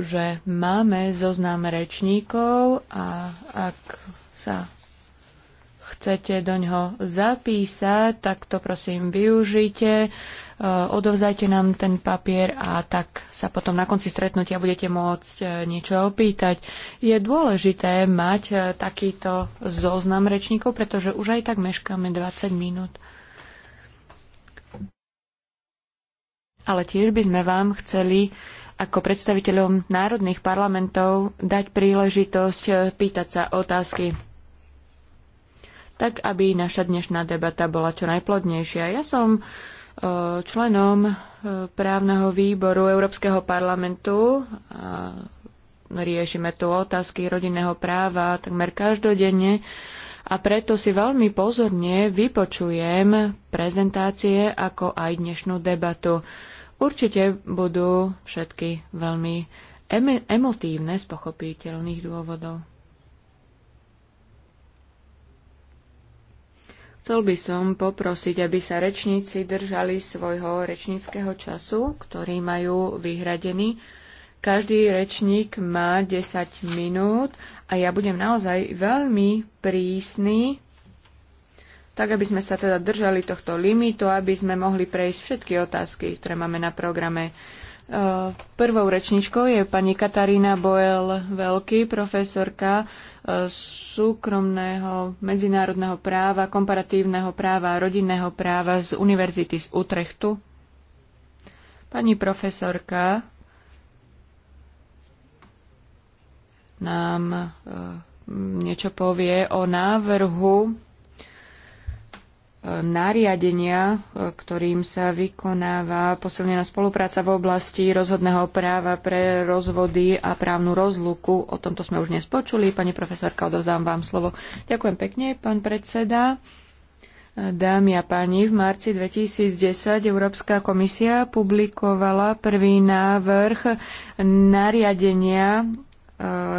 že máme zoznam rečníkov a ak sa chcete do ňoho zapísať, tak to prosím využite, e, odovzdajte nám ten papier a tak sa potom na konci stretnutia budete môcť e, niečo opýtať. Je dôležité mať e, takýto zoznam rečníkov, pretože už aj tak meškáme 20 minút. Ale tiež by sme vám chceli ako predstaviteľom národných parlamentov dať príležitosť eh, pýtať sa otázky, tak aby naša dnešná debata bola čo najplodnejšia. Ja som eh, členom eh, právneho výboru Európskeho parlamentu. a Riešime tu otázky rodinného práva takmer každodenne a preto si veľmi pozorne vypočujem prezentácie ako aj dnešnú debatu. Určite budú všetky veľmi emotívne z pochopiteľných dôvodov. Chcel by som poprosiť, aby sa rečníci držali svojho rečníckého času, ktorý majú vyhradený. Každý rečník má 10 minút a ja budem naozaj veľmi prísny tak aby sme sa teda držali tohto limitu, aby sme mohli prejsť všetky otázky, ktoré máme na programe. E, prvou rečničkou je pani Katarína Boel Veľký, profesorka e, súkromného medzinárodného práva, komparatívneho práva a rodinného práva z Univerzity z Utrechtu. Pani profesorka nám e, niečo povie o návrhu nariadenia, e, ktorým sa vykonáva posilnená spolupráca v oblasti rozhodného práva pre rozvody a právnu rozluku. O tomto sme už dnes počuli. Pani profesorka, odovzdám vám slovo. Ďakujem pekne, pán predseda. E, Dámy a páni, v marci 2010 Európska komisia publikovala prvý návrh nariadenia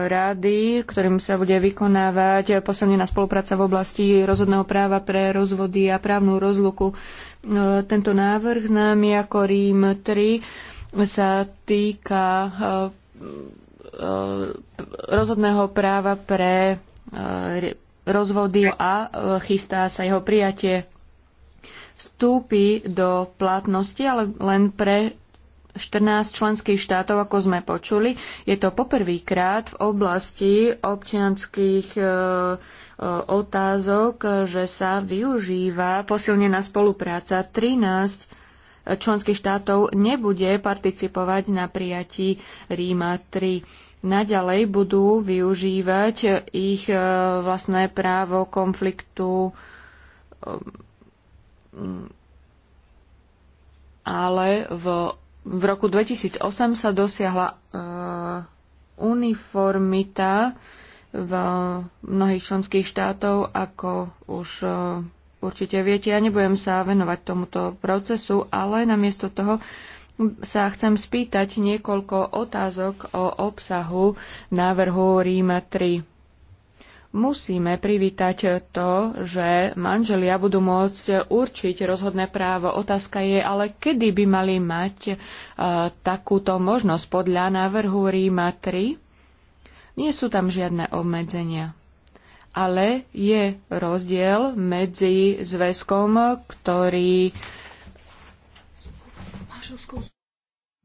rady, ktorým sa bude vykonávať posilnená spolupráca v oblasti rozhodného práva pre rozvody a právnu rozluku. E, tento návrh, známy ako Rím 3, sa týka e, e, rozhodného práva pre rozvody a chystá sa jeho prijatie vstúpi do platnosti, ale len pre 14 členských štátov, ako sme počuli. Je to poprvýkrát v oblasti občianských e, e, otázok, že sa využíva posilnená spolupráca. 13 e, členských štátov nebude participovať na prijatí Ríma 3 naďalej budú využívať ich vlastné právo konfliktu, ale v v roku 2008 sa dosiahla e, uniformita v mnohých členských štátov, ako už e, určite viete. Ja nebudem sa venovať tomuto procesu, ale namiesto toho sa chcem spýtať niekoľko otázok o obsahu návrhu Ríma 3. Musíme privítať to, že manželia budú môcť určiť rozhodné právo. Otázka je ale, kedy by mali mať e, takúto možnosť podľa návrhu Ríma 3? Nie sú tam žiadne obmedzenia. Ale je rozdiel medzi zväzkom, ktorý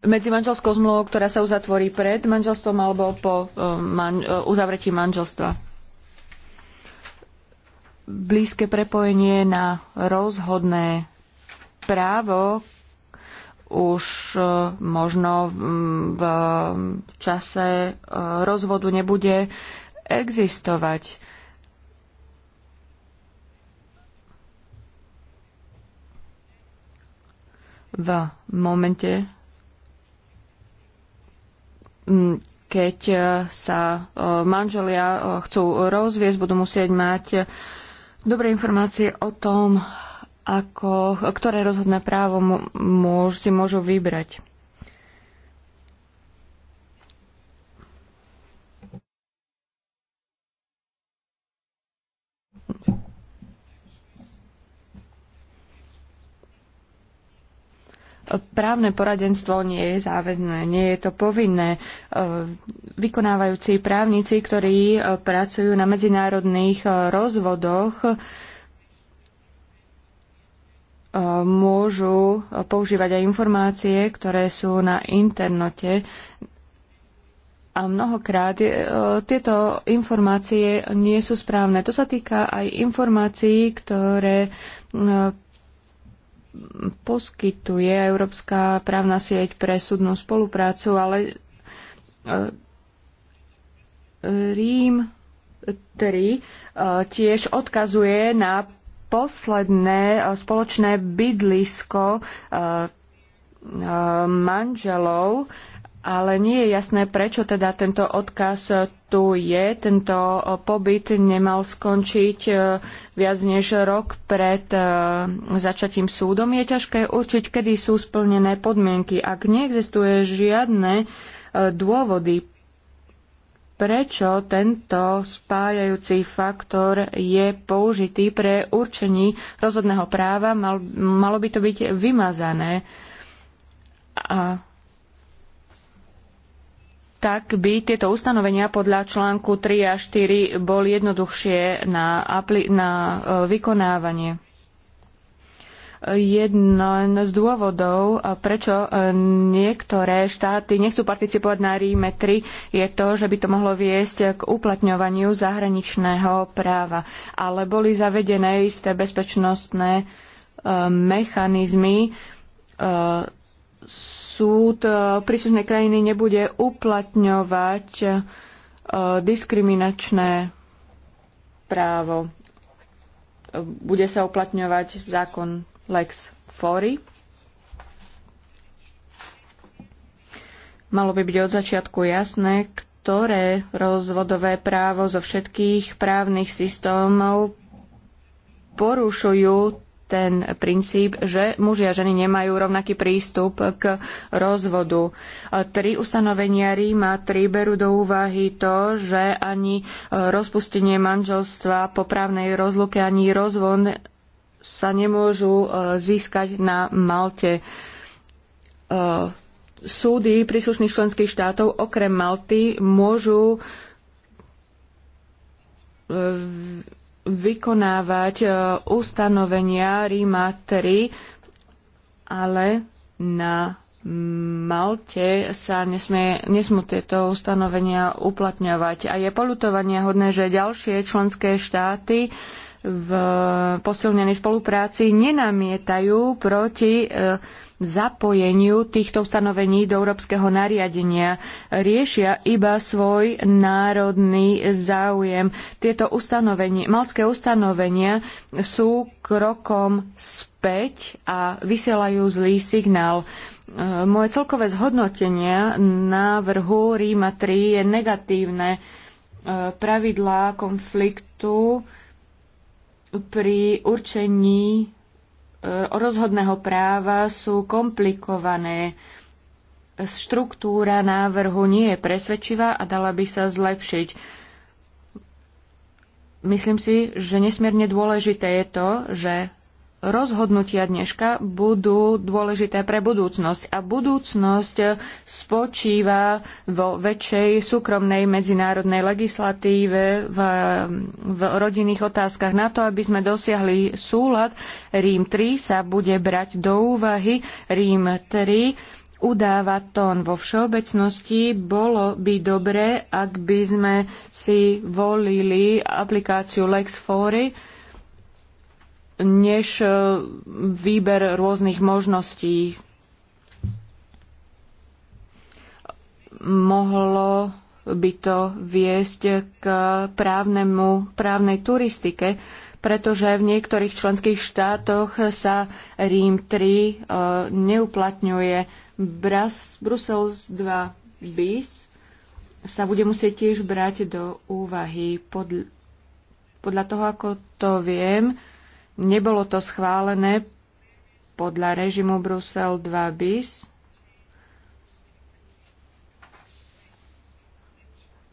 medzi manželskou zmluvou, ktorá sa uzatvorí pred manželstvom alebo po e, man, e, uzavretí manželstva blízke prepojenie na rozhodné právo už e, možno v čase e, rozvodu nebude existovať. V momente, keď e, sa manželia chcú rozviesť, budú musieť mať dobré informácie o tom, ako, ktoré rozhodné právo si môžu vybrať. Právne poradenstvo nie je záväzné, nie je to povinné. E, Vykonávajúci právnici, ktorí e, pracujú na medzinárodných e, rozvodoch, môžu používať aj informácie, ktoré sú na internete. A mnohokrát tieto informácie nie sú správne. To sa týka aj informácií, ktoré poskytuje Európska právna sieť pre súdnu spoluprácu, ale e, Rím 3 e, tiež odkazuje na posledné e, spoločné bydlisko manželov ale nie je jasné, prečo teda tento odkaz tu je. Tento pobyt nemal skončiť e, viac než rok pred e, začatím súdom. Je ťažké určiť, kedy sú splnené podmienky. Ak neexistuje žiadne e, dôvody, prečo tento spájajúci faktor je použitý pre určení rozhodného práva, mal, malo by to byť vymazané. A tak by tieto ustanovenia podľa článku 3 a 4 boli jednoduchšie na, na e, vykonávanie. Jeden z dôvodov, e, prečo e, niektoré štáty nechcú participovať na Ríme 3, je to, že by to mohlo viesť k uplatňovaniu zahraničného práva. Ale boli zavedené isté bezpečnostné mechanizmy súd e, príslušnej krajiny nebude uplatňovať e, diskriminačné právo. E, bude sa uplatňovať zákon Lex Fori. Malo by byť od začiatku jasné, ktoré rozvodové právo zo všetkých právnych systémov porušujú ten princíp, že muži a ženy nemajú rovnaký prístup k rozvodu. Tri ustanovenia Ríma tri berú do úvahy to, že ani e, rozpustenie manželstva po právnej rozluke ani rozvon sa nemôžu e, získať na Malte. E, súdy príslušných členských štátov okrem Malty môžu vykonávať e, ustanovenia Ríma 3, ale na Malte sa nesmie, nesmú tieto ustanovenia uplatňovať. A je polutovania hodné, že ďalšie členské štáty v posilnenej spolupráci nenamietajú proti e, zapojeniu týchto ustanovení do európskeho nariadenia. Riešia iba svoj národný záujem. Tieto ustanovenie, malské ustanovenia sú krokom späť a vysielajú zlý signál. E, moje celkové zhodnotenie návrhu Ríma 3 je negatívne. E, pravidlá konfliktu pri určení E, rozhodného práva sú komplikované. Štruktúra návrhu nie je presvedčivá a dala by sa zlepšiť. Myslím si, že nesmierne dôležité je to, že rozhodnutia dneška budú dôležité pre budúcnosť. A budúcnosť spočíva vo väčšej súkromnej medzinárodnej legislatíve v, v rodinných otázkach. Na to, aby sme dosiahli súlad, Rím 3 sa bude brať do úvahy. Rím 3 udáva tón vo všeobecnosti, bolo by dobré, ak by sme si volili aplikáciu Lex Fory, než e, výber rôznych možností mohlo by to viesť k právnemu, právnej turistike, pretože v niektorých členských štátoch sa Rím 3 e, neuplatňuje. Bras, Brusel 2 bis sa bude musieť tiež brať do úvahy. Pod, podľa toho, ako to viem, Nebolo to schválené podľa režimu Brusel 2 bis.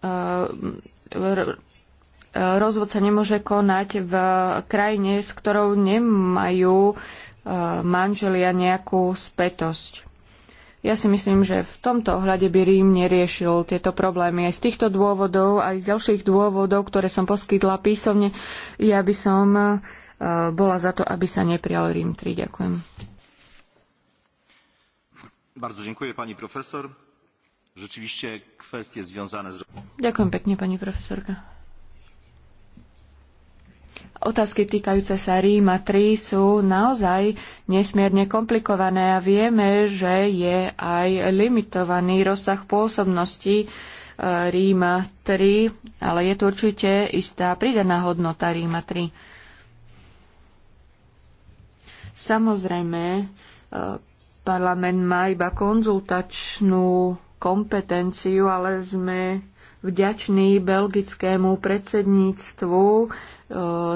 Ehm, rozvod sa nemôže konať v krajine, s ktorou nemajú ehm, manželia nejakú spätosť. Ja si myslím, že v tomto ohľade by Rím neriešil tieto problémy. Aj z týchto dôvodov, aj z ďalších dôvodov, ktoré som poskytla písomne, ja by som uh, Eh, bola za to, aby sa neprijal Rím 3. Ďakujem. Bardzo dziękuję pani profesor. Rzeczywiście kwestie związane z... Ďakujem pekne, pani profesorka. Otázky týkajúce sa Ríma 3 sú naozaj nesmierne komplikované a vieme, že je aj limitovaný rozsah pôsobnosti eh, Ríma 3, ale je to určite istá pridaná hodnota Ríma 3. Samozrejme, e, parlament má iba konzultačnú kompetenciu, ale sme vďační belgickému predsedníctvu e,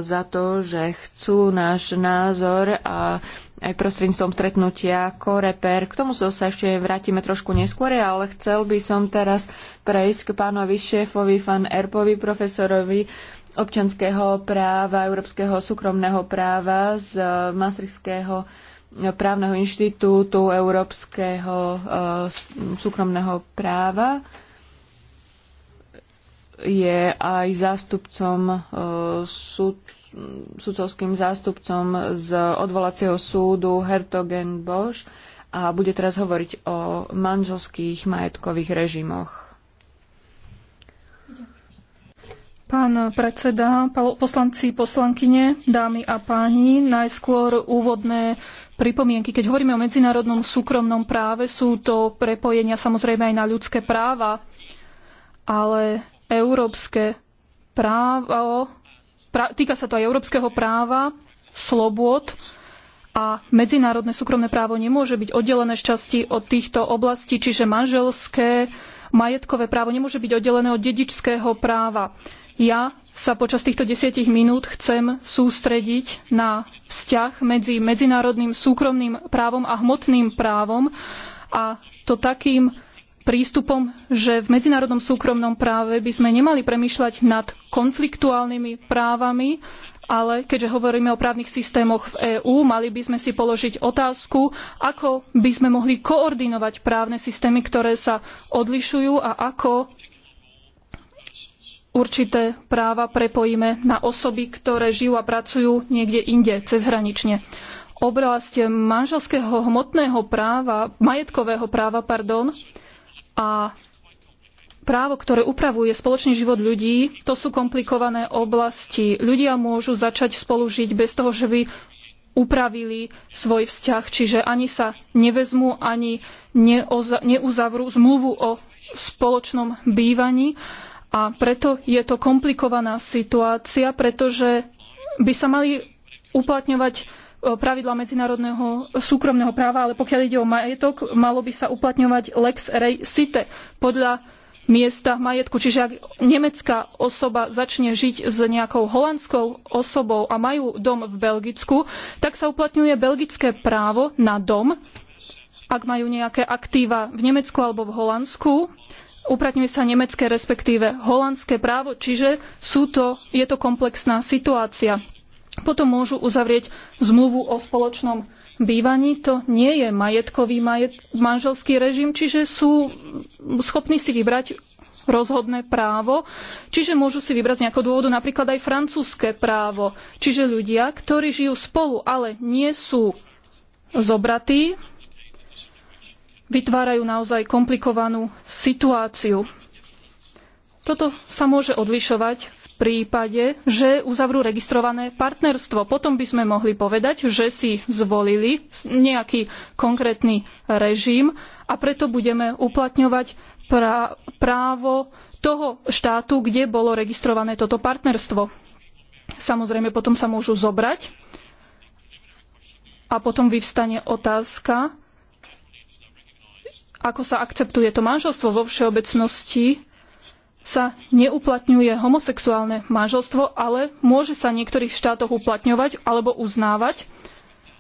za to, že chcú náš názor a aj prostredníctvom stretnutia Koreper. K tomu sa ešte vrátime trošku neskôr, ale chcel by som teraz prejsť k pánovi šéfovi, fan Erpovi, profesorovi občanského práva, európskeho súkromného práva, z eh, Maastrichtského eh, právneho inštitútu, európskeho eh, súkromného práva. Je aj zástupcom súd, sudcovským zástupcom z odvolacieho súdu Hertogen Bosch a bude teraz hovoriť o manželských majetkových režimoch. Pán predseda, poslanci, poslankyne, dámy a páni, najskôr úvodné pripomienky. Keď hovoríme o medzinárodnom súkromnom práve, sú to prepojenia samozrejme aj na ľudské práva, ale európske právo, pra, týka sa to aj európskeho práva, slobôd a medzinárodné súkromné právo nemôže byť oddelené z časti od týchto oblastí, čiže manželské, majetkové právo nemôže byť oddelené od dedičského práva. Ja sa počas týchto desiatich minút chcem sústrediť na vzťah medzi medzinárodným súkromným právom a hmotným právom a to takým prístupom, že v medzinárodnom súkromnom práve by sme nemali premýšľať nad konfliktuálnymi právami, ale keďže hovoríme o právnych systémoch v EÚ, mali by sme si položiť otázku, ako by sme mohli koordinovať právne systémy, ktoré sa odlišujú a ako určité práva prepojíme na osoby, ktoré žijú a pracujú niekde inde, cezhranične. Oblasť manželského hmotného práva, majetkového práva, pardon, a právo, ktoré upravuje spoločný život ľudí, to sú komplikované oblasti. Ľudia môžu začať spolu žiť bez toho, že by upravili svoj vzťah, čiže ani sa nevezmú, ani neuzavrú zmluvu o spoločnom bývaní a preto je to komplikovaná situácia, pretože by sa mali uplatňovať e, pravidla medzinárodného súkromného práva, ale pokiaľ ide o majetok, malo by sa uplatňovať lex rei site podľa miesta majetku. Čiže ak nemecká osoba začne žiť s nejakou holandskou osobou a majú dom v Belgicku, tak sa uplatňuje belgické právo na dom, ak majú nejaké aktíva v Nemecku alebo v Holandsku, uplatňuje sa nemecké, respektíve holandské právo, čiže sú to, je to komplexná situácia. Potom môžu uzavrieť zmluvu o spoločnom bývaní. To nie je majetkový majet, manželský režim, čiže sú schopní si vybrať rozhodné právo, čiže môžu si vybrať z nejakého dôvodu napríklad aj francúzske právo. Čiže ľudia, ktorí žijú spolu, ale nie sú zobratí, vytvárajú naozaj komplikovanú situáciu. Toto sa môže odlišovať v prípade, že uzavrú registrované partnerstvo. Potom by sme mohli povedať, že si zvolili nejaký konkrétny režim a preto budeme uplatňovať právo toho štátu, kde bolo registrované toto partnerstvo. Samozrejme, potom sa môžu zobrať a potom vyvstane otázka, ako sa akceptuje to manželstvo vo všeobecnosti, sa neuplatňuje homosexuálne manželstvo, ale môže sa v niektorých štátoch uplatňovať alebo uznávať.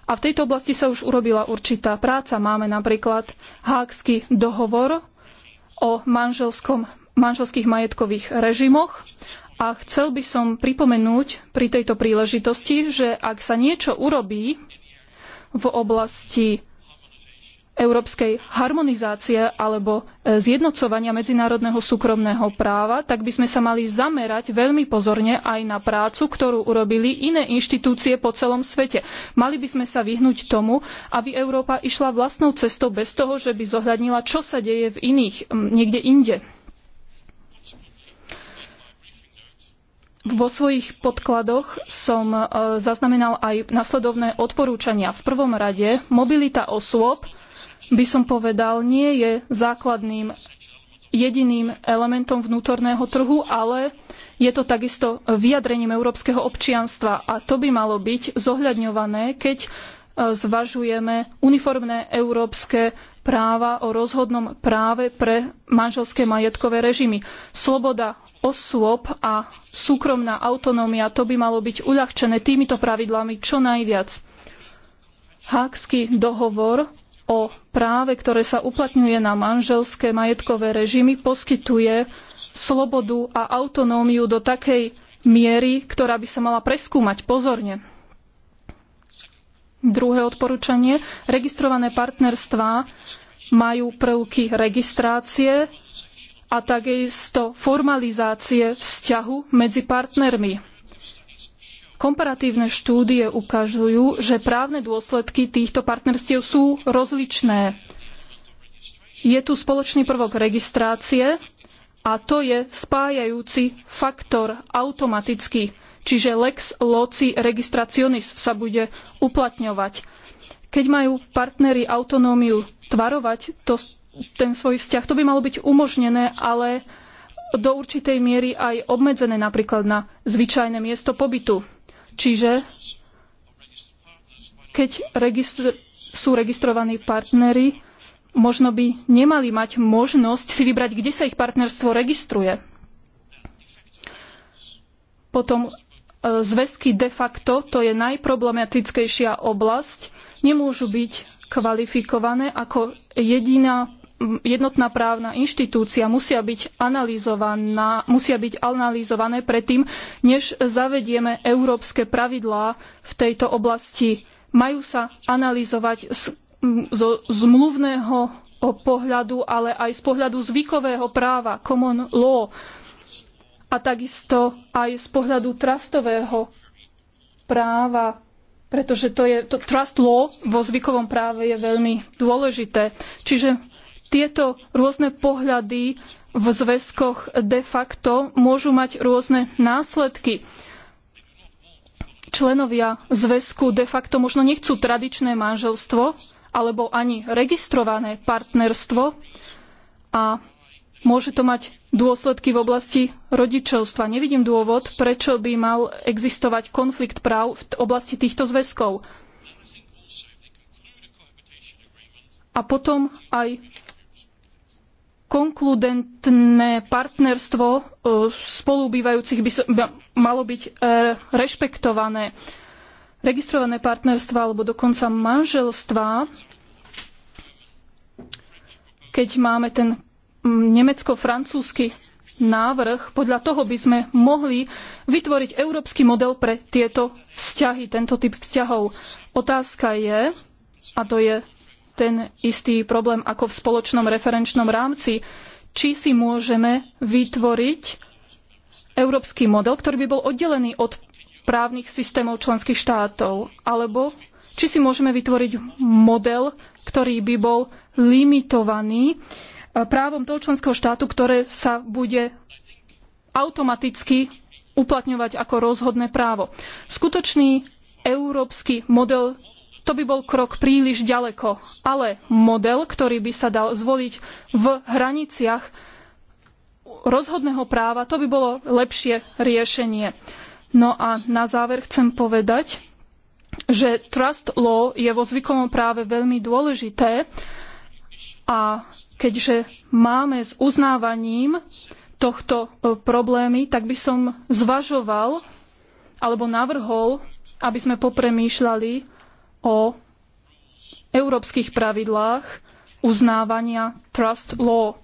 A v tejto oblasti sa už urobila určitá práca. Máme napríklad Hákský dohovor o manželských majetkových režimoch. A chcel by som pripomenúť pri tejto príležitosti, že ak sa niečo urobí v oblasti európskej harmonizácie alebo e, zjednocovania medzinárodného súkromného práva, tak by sme sa mali zamerať veľmi pozorne aj na prácu, ktorú urobili iné inštitúcie po celom svete. Mali by sme sa vyhnúť tomu, aby Európa išla vlastnou cestou bez toho, že by zohľadnila, čo sa deje v iných, niekde inde. Vo svojich podkladoch som e, zaznamenal aj nasledovné odporúčania. V prvom rade mobilita osôb, by som povedal, nie je základným jediným elementom vnútorného trhu, ale je to takisto vyjadrením európskeho občianstva a to by malo byť zohľadňované, keď e, zvažujeme uniformné európske práva o rozhodnom práve pre manželské majetkové režimy. Sloboda osôb a súkromná autonómia, to by malo byť uľahčené týmito pravidlami čo najviac. Hákský dohovor o práve, ktoré sa uplatňuje na manželské majetkové režimy, poskytuje slobodu a autonómiu do takej miery, ktorá by sa mala preskúmať pozorne. Druhé odporúčanie. Registrované partnerstvá majú prvky registrácie a takisto formalizácie vzťahu medzi partnermi Komparatívne štúdie ukazujú, že právne dôsledky týchto partnerstiev sú rozličné. Je tu spoločný prvok registrácie a to je spájajúci faktor automaticky, čiže lex loci registrationis sa bude uplatňovať. Keď majú partnery autonómiu tvarovať to, ten svoj vzťah, to by malo byť umožnené, ale do určitej miery aj obmedzené napríklad na zvyčajné miesto pobytu. Čiže keď registr- sú registrovaní partnery, možno by nemali mať možnosť si vybrať, kde sa ich partnerstvo registruje. Potom e, zväzky de facto, to je najproblematickejšia oblasť, nemôžu byť kvalifikované ako jediná jednotná právna inštitúcia musia byť, analyzovaná, musia byť analyzované predtým, než zavedieme európske pravidlá v tejto oblasti. Majú sa analyzovať z, zo zmluvného pohľadu, ale aj z pohľadu zvykového práva, common law, a takisto aj z pohľadu trustového práva, pretože to je, to trust law vo zvykovom práve je veľmi dôležité. Čiže tieto rôzne pohľady v zväzkoch de facto môžu mať rôzne následky. Členovia zväzku de facto možno nechcú tradičné manželstvo alebo ani registrované partnerstvo a môže to mať dôsledky v oblasti rodičovstva. Nevidím dôvod, prečo by mal existovať konflikt práv v oblasti týchto zväzkov. A potom aj konkludentné partnerstvo e, spolubývajúcich by malo byť e, rešpektované. Registrované partnerstva alebo dokonca manželstvá, keď máme ten nemecko-francúzsky návrh, podľa toho by sme mohli vytvoriť európsky model pre tieto vzťahy, tento typ vzťahov. Otázka je, a to je ten istý problém ako v spoločnom referenčnom rámci. Či si môžeme vytvoriť európsky model, ktorý by bol oddelený od právnych systémov členských štátov, alebo či si môžeme vytvoriť model, ktorý by bol limitovaný eh, právom toho členského štátu, ktoré sa bude automaticky uplatňovať ako rozhodné právo. Skutočný európsky model to by bol krok príliš ďaleko. Ale model, ktorý by sa dal zvoliť v hraniciach rozhodného práva, to by bolo lepšie riešenie. No a na záver chcem povedať, že trust law je vo zvykovom práve veľmi dôležité a keďže máme s uznávaním tohto e, problémy, tak by som zvažoval alebo navrhol, aby sme popremýšľali, o európskych pravidlách uznávania trust law.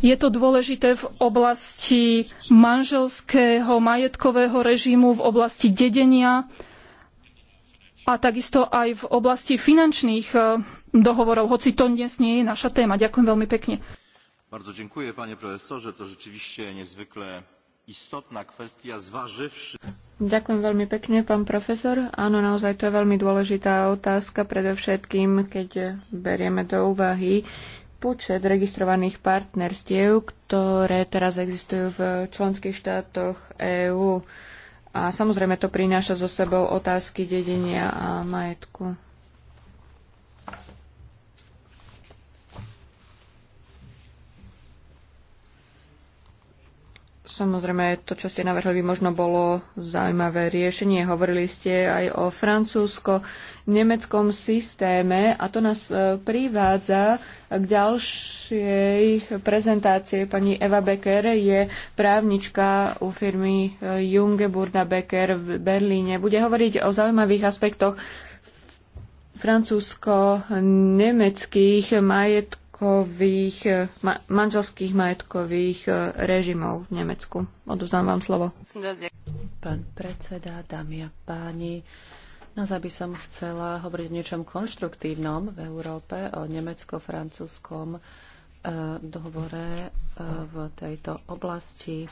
Je to dôležité v oblasti manželského majetkového režimu, v oblasti dedenia a takisto aj v oblasti finančných e, dohovorov, hoci to dnes nie je naša téma. Ďakujem veľmi pekne. Bardzo dziękuję panie profesorze, to rzeczywiście niezwykle istotná kwestia, zvaživši... Ďakujem veľmi pekne, pán profesor. Áno, naozaj to je veľmi dôležitá otázka, predovšetkým, keď berieme do úvahy počet registrovaných partnerstiev, ktoré teraz existujú v členských štátoch EÚ. A samozrejme to prináša so sebou otázky dedenia a majetku. Samozrejme, to, čo ste navrhli, by možno bolo zaujímavé riešenie. Hovorili ste aj o francúzsko-nemeckom systéme a to nás e, privádza k ďalšej prezentácii. Pani Eva Becker je právnička u firmy e, Burda Becker v Berlíne. Bude hovoriť o zaujímavých aspektoch francúzsko-nemeckých majetkov majetkových, eh, ma, manželských majetkových eh, režimov v Nemecku. Odozdám vám slovo. Pán predseda, dámy a páni, naozaj by som chcela hovoriť o niečom konštruktívnom v Európe, o nemecko-francúzskom eh, dohovore v tejto oblasti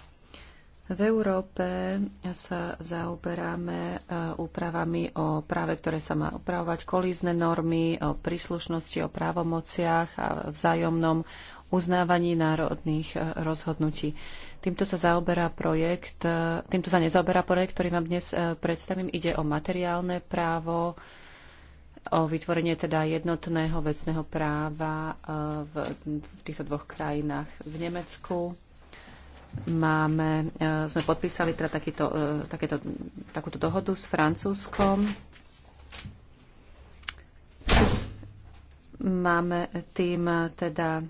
v Európe sa zaoberáme e, úpravami o práve, ktoré sa má upravovať, kolízne normy, o príslušnosti, o právomociach a vzájomnom uznávaní národných e, rozhodnutí. Týmto sa zaoberá projekt, e, týmto sa nezaoberá projekt, ktorý vám dnes predstavím. Ide o materiálne právo, o vytvorenie teda jednotného vecného práva v týchto dvoch krajinách v Nemecku Máme, e, sme podpísali teda takýto, e, takéto, takúto dohodu s Francúzskom. Máme tým teda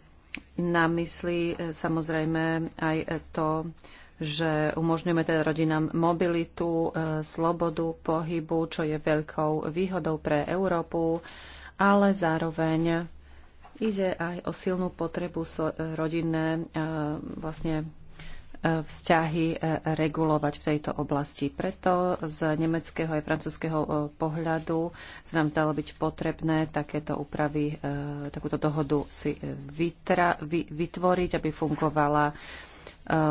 na mysli e, samozrejme aj to, že umožňujeme teda rodinám mobilitu, slobodu pohybu, čo je veľkou výhodou pre Európu, ale zároveň ide aj o silnú potrebu rodinné vlastne E, vzťahy e, regulovať v tejto oblasti. Preto z nemeckého aj francúzského e, pohľadu sa nám zdalo byť potrebné takéto úpravy, takúto dohodu si vytra, vy, vytvoriť, aby fungovala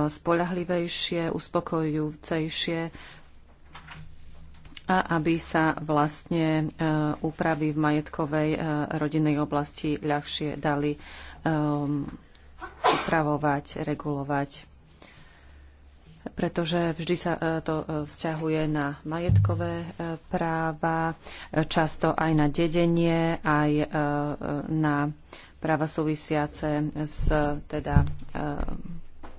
spolahlivejšie, uspokojujúcejšie a aby sa vlastne úpravy v majetkovej rodinnej oblasti ľahšie dali upravovať, regulovať pretože vždy sa e, to e, vzťahuje na majetkové e, práva, často aj na dedenie, aj na práva súvisiace s teda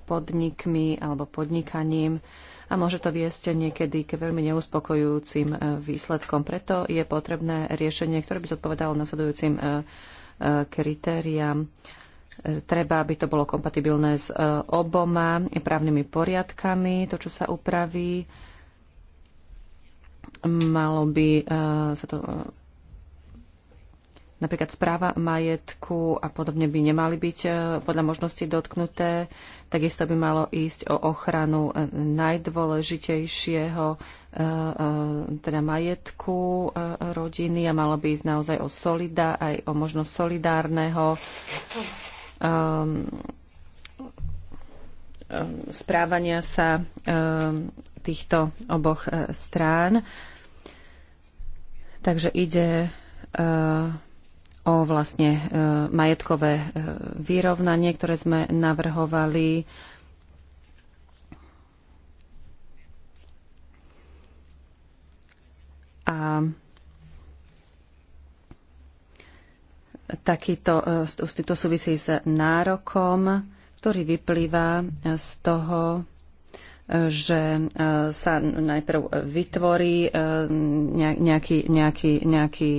podnikmi alebo podnikaním a môže to viesť niekedy k veľmi neuspokojujúcim výsledkom. Preto je potrebné riešenie, ktoré by zodpovedalo nasledujúcim kritériám. Treba, aby to bolo kompatibilné s e, oboma právnymi poriadkami, to, čo sa upraví. Malo by e, sa to e, napríklad správa majetku a podobne by nemali byť podľa možnosti dotknuté. Takisto by malo ísť o ochranu najdôležitejšieho teda majetku rodiny a malo by ísť naozaj o solida, aj o možnosť solidárneho Ehm, ehm, správania sa ehm, týchto oboch e, strán. Takže ide e, o vlastne e, majetkové vyrovnanie, ktoré sme navrhovali. A Takýto, e, to súvisí s nárokom, ktorý vyplýva e, z toho, e, že sa najprv vytvorí nejaký, nejaký, nejaký,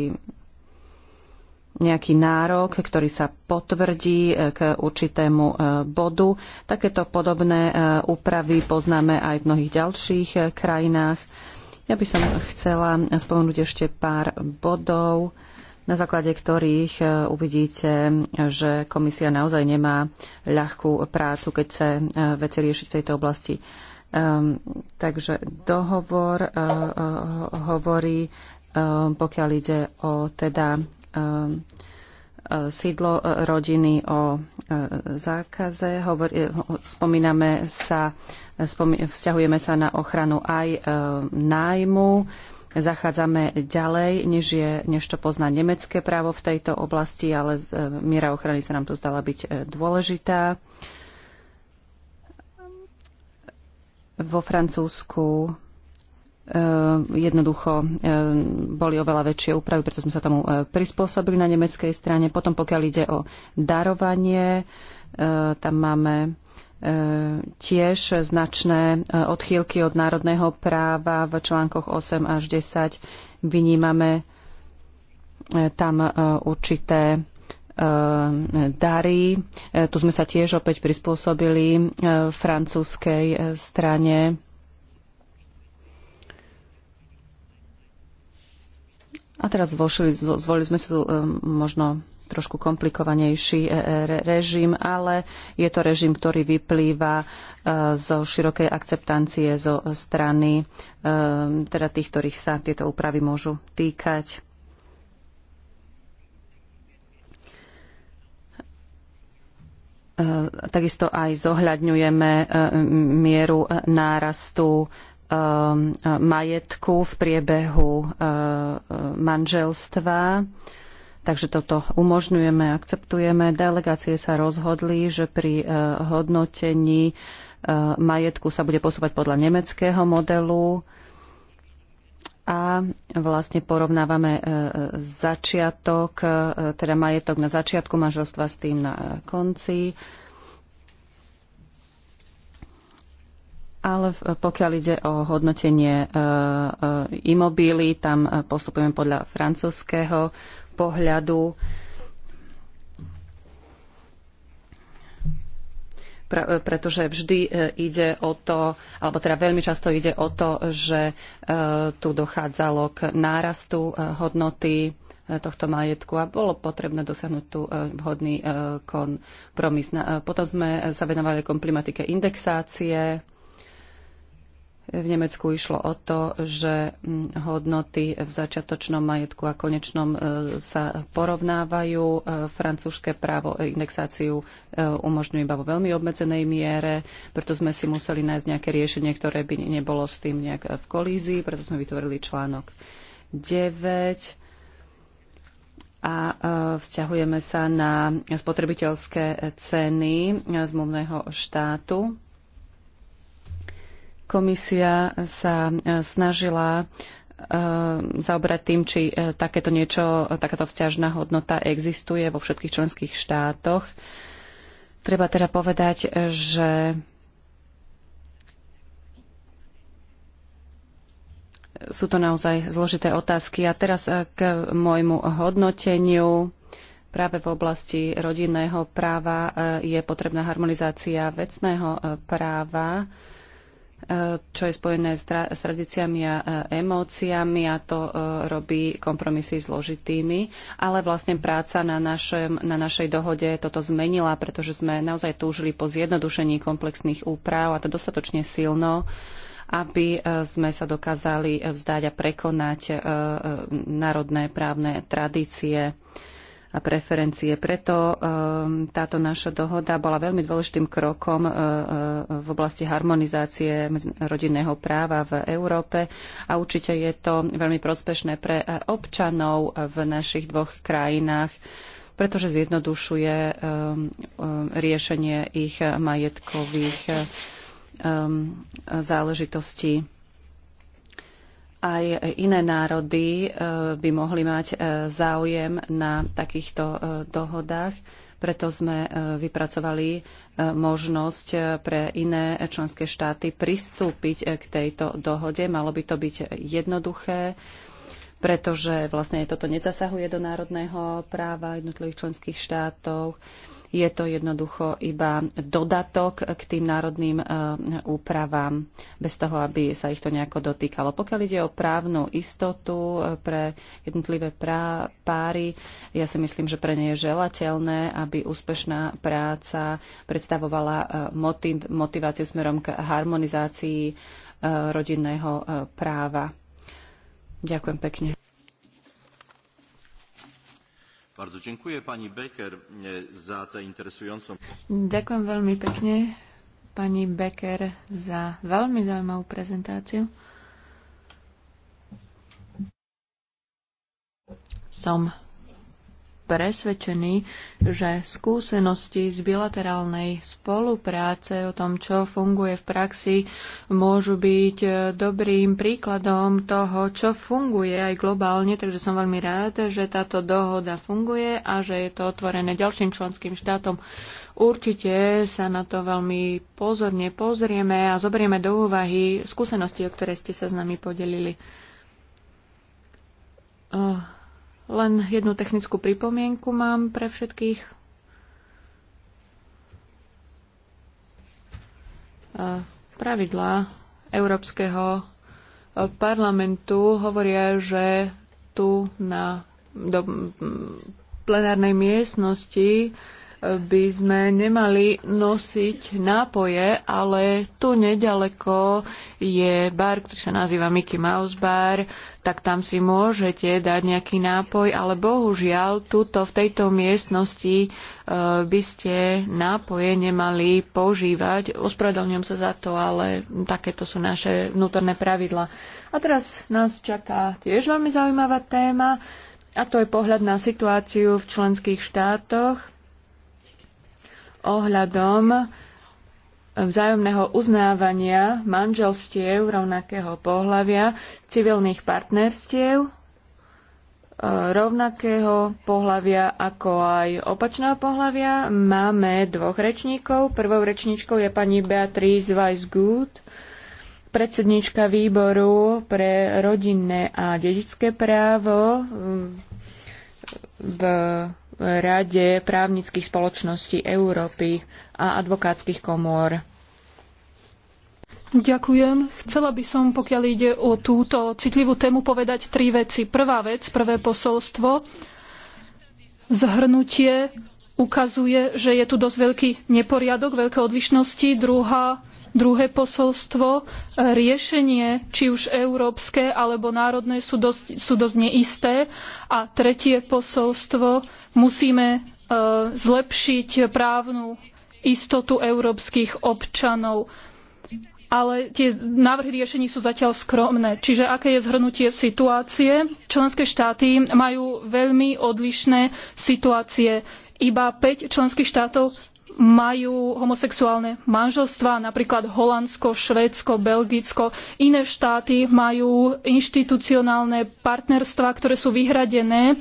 nejaký nárok, ktorý sa potvrdí k určitému bodu. Takéto podobné úpravy poznáme aj v mnohých ďalších krajinách. Ja by som chcela spomenúť ešte pár bodov na základe ktorých e, uvidíte, že komisia naozaj nemá ľahkú prácu, keď sa e, veci riešiť v tejto oblasti. Um, takže dohovor uh, uh, hovorí, um, pokiaľ ide o teda um, sídlo rodiny o zákaze. Hovor, spomíname sa, spomí, vzťahujeme sa na ochranu aj nájmu zachádzame ďalej, než, je, než to pozná nemecké právo v tejto oblasti, ale e, miera ochrany sa nám tu zdala byť e, dôležitá. Vo Francúzsku e, jednoducho boli oveľa väčšie úpravy, preto sme sa tomu prispôsobili na nemeckej strane. Potom, pokiaľ ide o darovanie, tam máme tiež značné e, odchýlky od národného práva v článkoch 8 až 10. Vynímame e, tam e, určité dary. Tu sme sa tiež opäť prispôsobili francúzskej strane. A teraz zvolili, zvolili sme si tu možno trošku komplikovanejší e, e, režim, ale je to režim, ktorý vyplýva e, zo širokej akceptancie zo strany teda tých, ktorých sa tieto úpravy môžu týkať. Takisto aj zohľadňujeme mieru nárastu majetku v priebehu manželstva. Takže toto umožňujeme, akceptujeme. Delegácie sa rozhodli, že pri e, hodnotení e, majetku sa bude posúvať podľa nemeckého modelu a vlastne porovnávame e, začiatok, teda majetok na začiatku manželstva s tým na konci. Ale pokiaľ ide o hodnotenie imobíly, tam postupujeme podľa francúzského pohľadu pretože vždy e, ide o to, alebo teda veľmi často ide o to, že e, tu dochádzalo k nárastu e, hodnoty tohto majetku a bolo potrebné dosiahnuť tu vhodný kompromis. Potom sme sa venovali komplimatike indexácie v Nemecku išlo o to, že mm, hodnoty v začiatočnom majetku a konečnom e, sa porovnávajú. E, francúzske právo indexáciu e, umožňuje iba vo veľmi obmedzenej miere, preto sme si museli nájsť nejaké riešenie, ktoré by nebolo s tým nejak v kolízii, preto sme vytvorili článok 9 a vzťahujeme sa na spotrebiteľské ceny zmluvného štátu Komisia sa e, snažila e, zaoberať tým, či e, takéto niečo, takáto vzťažná hodnota existuje vo všetkých členských štátoch. Treba teda povedať, že sú to naozaj zložité otázky. A teraz k môjmu hodnoteniu. Práve v oblasti rodinného práva je potrebná harmonizácia vecného práva čo je spojené s, tradíciami a emóciami a to e, robí kompromisy zložitými. Ale vlastne práca na, našem, na našej dohode toto zmenila, pretože sme naozaj túžili po zjednodušení komplexných úprav a to dostatočne silno aby e, sme sa dokázali vzdať a prekonať e, národné právne tradície a preferencie. Preto ehm, táto naša dohoda bola veľmi dôležitým krokom eh, eh, v oblasti harmonizácie rodinného práva v Európe a určite je to veľmi prospešné pre eh, občanov v našich dvoch krajinách pretože zjednodušuje ehm, ehm, riešenie ich majetkových záležitostí aj iné národy e, by mohli mať e, záujem na takýchto e, dohodách. Preto sme vypracovali možnosť pre iné členské štáty pristúpiť k tejto dohode. Malo by to byť jednoduché, pretože vlastne toto nezasahuje do národného práva jednotlivých členských štátov. Je to jednoducho iba dodatok k tým národným e, úpravám, bez toho, aby sa ich to nejako dotýkalo. Pokiaľ ide o právnu istotu e, pre jednotlivé páry, ja si myslím, že pre ne je želateľné, aby úspešná práca predstavovala e, motiv, motiváciu smerom k harmonizácii rodinného práva. Ďakujem pekne. Bardzo dziękuję pani Becker e, za tę interesującą... Ďakujem veľmi pekne pani Becker za veľmi zaujímavú prezentáciu. Som presvedčení, že skúsenosti z bilaterálnej spolupráce o tom, čo funguje v praxi, môžu byť e, dobrým príkladom toho, čo funguje aj globálne. Takže som veľmi rád, že táto dohoda funguje a že je to otvorené ďalším členským štátom. Určite sa na to veľmi pozorne pozrieme a zoberieme do úvahy skúsenosti, o ktoré ste sa s nami podelili. Oh. Len jednu technickú pripomienku mám pre všetkých. Pravidlá Európskeho e, parlamentu hovoria, že tu na do plenárnej miestnosti e, by sme nemali nosiť nápoje, ale tu nedaleko je bar, ktorý sa nazýva Mickey Mouse Bar tak tam si môžete dať nejaký nápoj, ale bohužiaľ tuto v tejto miestnosti e, by ste nápoje nemali používať. Ospravedlňujem sa za to, ale takéto sú naše vnútorné pravidla. A teraz nás čaká tiež veľmi zaujímavá téma, a to je pohľad na situáciu v členských štátoch ohľadom vzájomného uznávania manželstiev rovnakého pohľavia, civilných partnerstiev e, rovnakého pohľavia ako aj opačného pohľavia. Máme dvoch rečníkov. Prvou rečníčkou je pani Beatrice Weisgut, predsednička výboru pre rodinné a dedické právo v Rade právnických spoločností Európy a advokátskych komôr. Ďakujem. Chcela by som, pokiaľ ide o túto citlivú tému, povedať tri veci. Prvá vec, prvé posolstvo. Zhrnutie ukazuje, že je tu dosť veľký neporiadok, veľké odlišnosti. Druhá, druhé posolstvo, riešenie, či už európske alebo národné, sú dosť, sú dosť neisté. A tretie posolstvo, musíme e, zlepšiť právnu istotu európskych občanov ale tie návrhy riešení sú zatiaľ skromné. Čiže aké je zhrnutie situácie? Členské štáty majú veľmi odlišné situácie. Iba 5 členských štátov majú homosexuálne manželstvá, napríklad Holandsko, Švédsko, Belgicko. Iné štáty majú inštitucionálne partnerstvá, ktoré sú vyhradené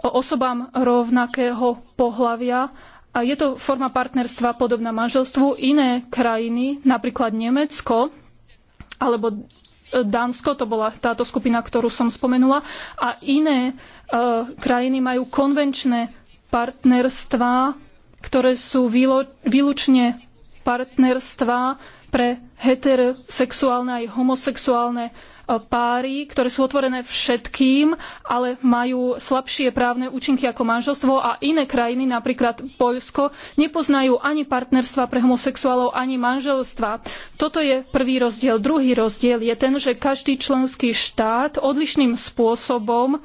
osobám rovnakého pohlavia je to forma partnerstva podobná manželstvu. Iné krajiny, napríklad Nemecko alebo e, Dánsko, to bola táto skupina, ktorú som spomenula, a iné e, krajiny majú konvenčné partnerstvá, ktoré sú výlo, výlučne partnerstvá pre heterosexuálne aj homosexuálne páry, ktoré sú otvorené všetkým, ale majú slabšie právne účinky ako manželstvo a iné krajiny, napríklad Poľsko, nepoznajú ani partnerstva pre homosexuálov, ani manželstva. Toto je prvý rozdiel. Druhý rozdiel je ten, že každý členský štát odlišným spôsobom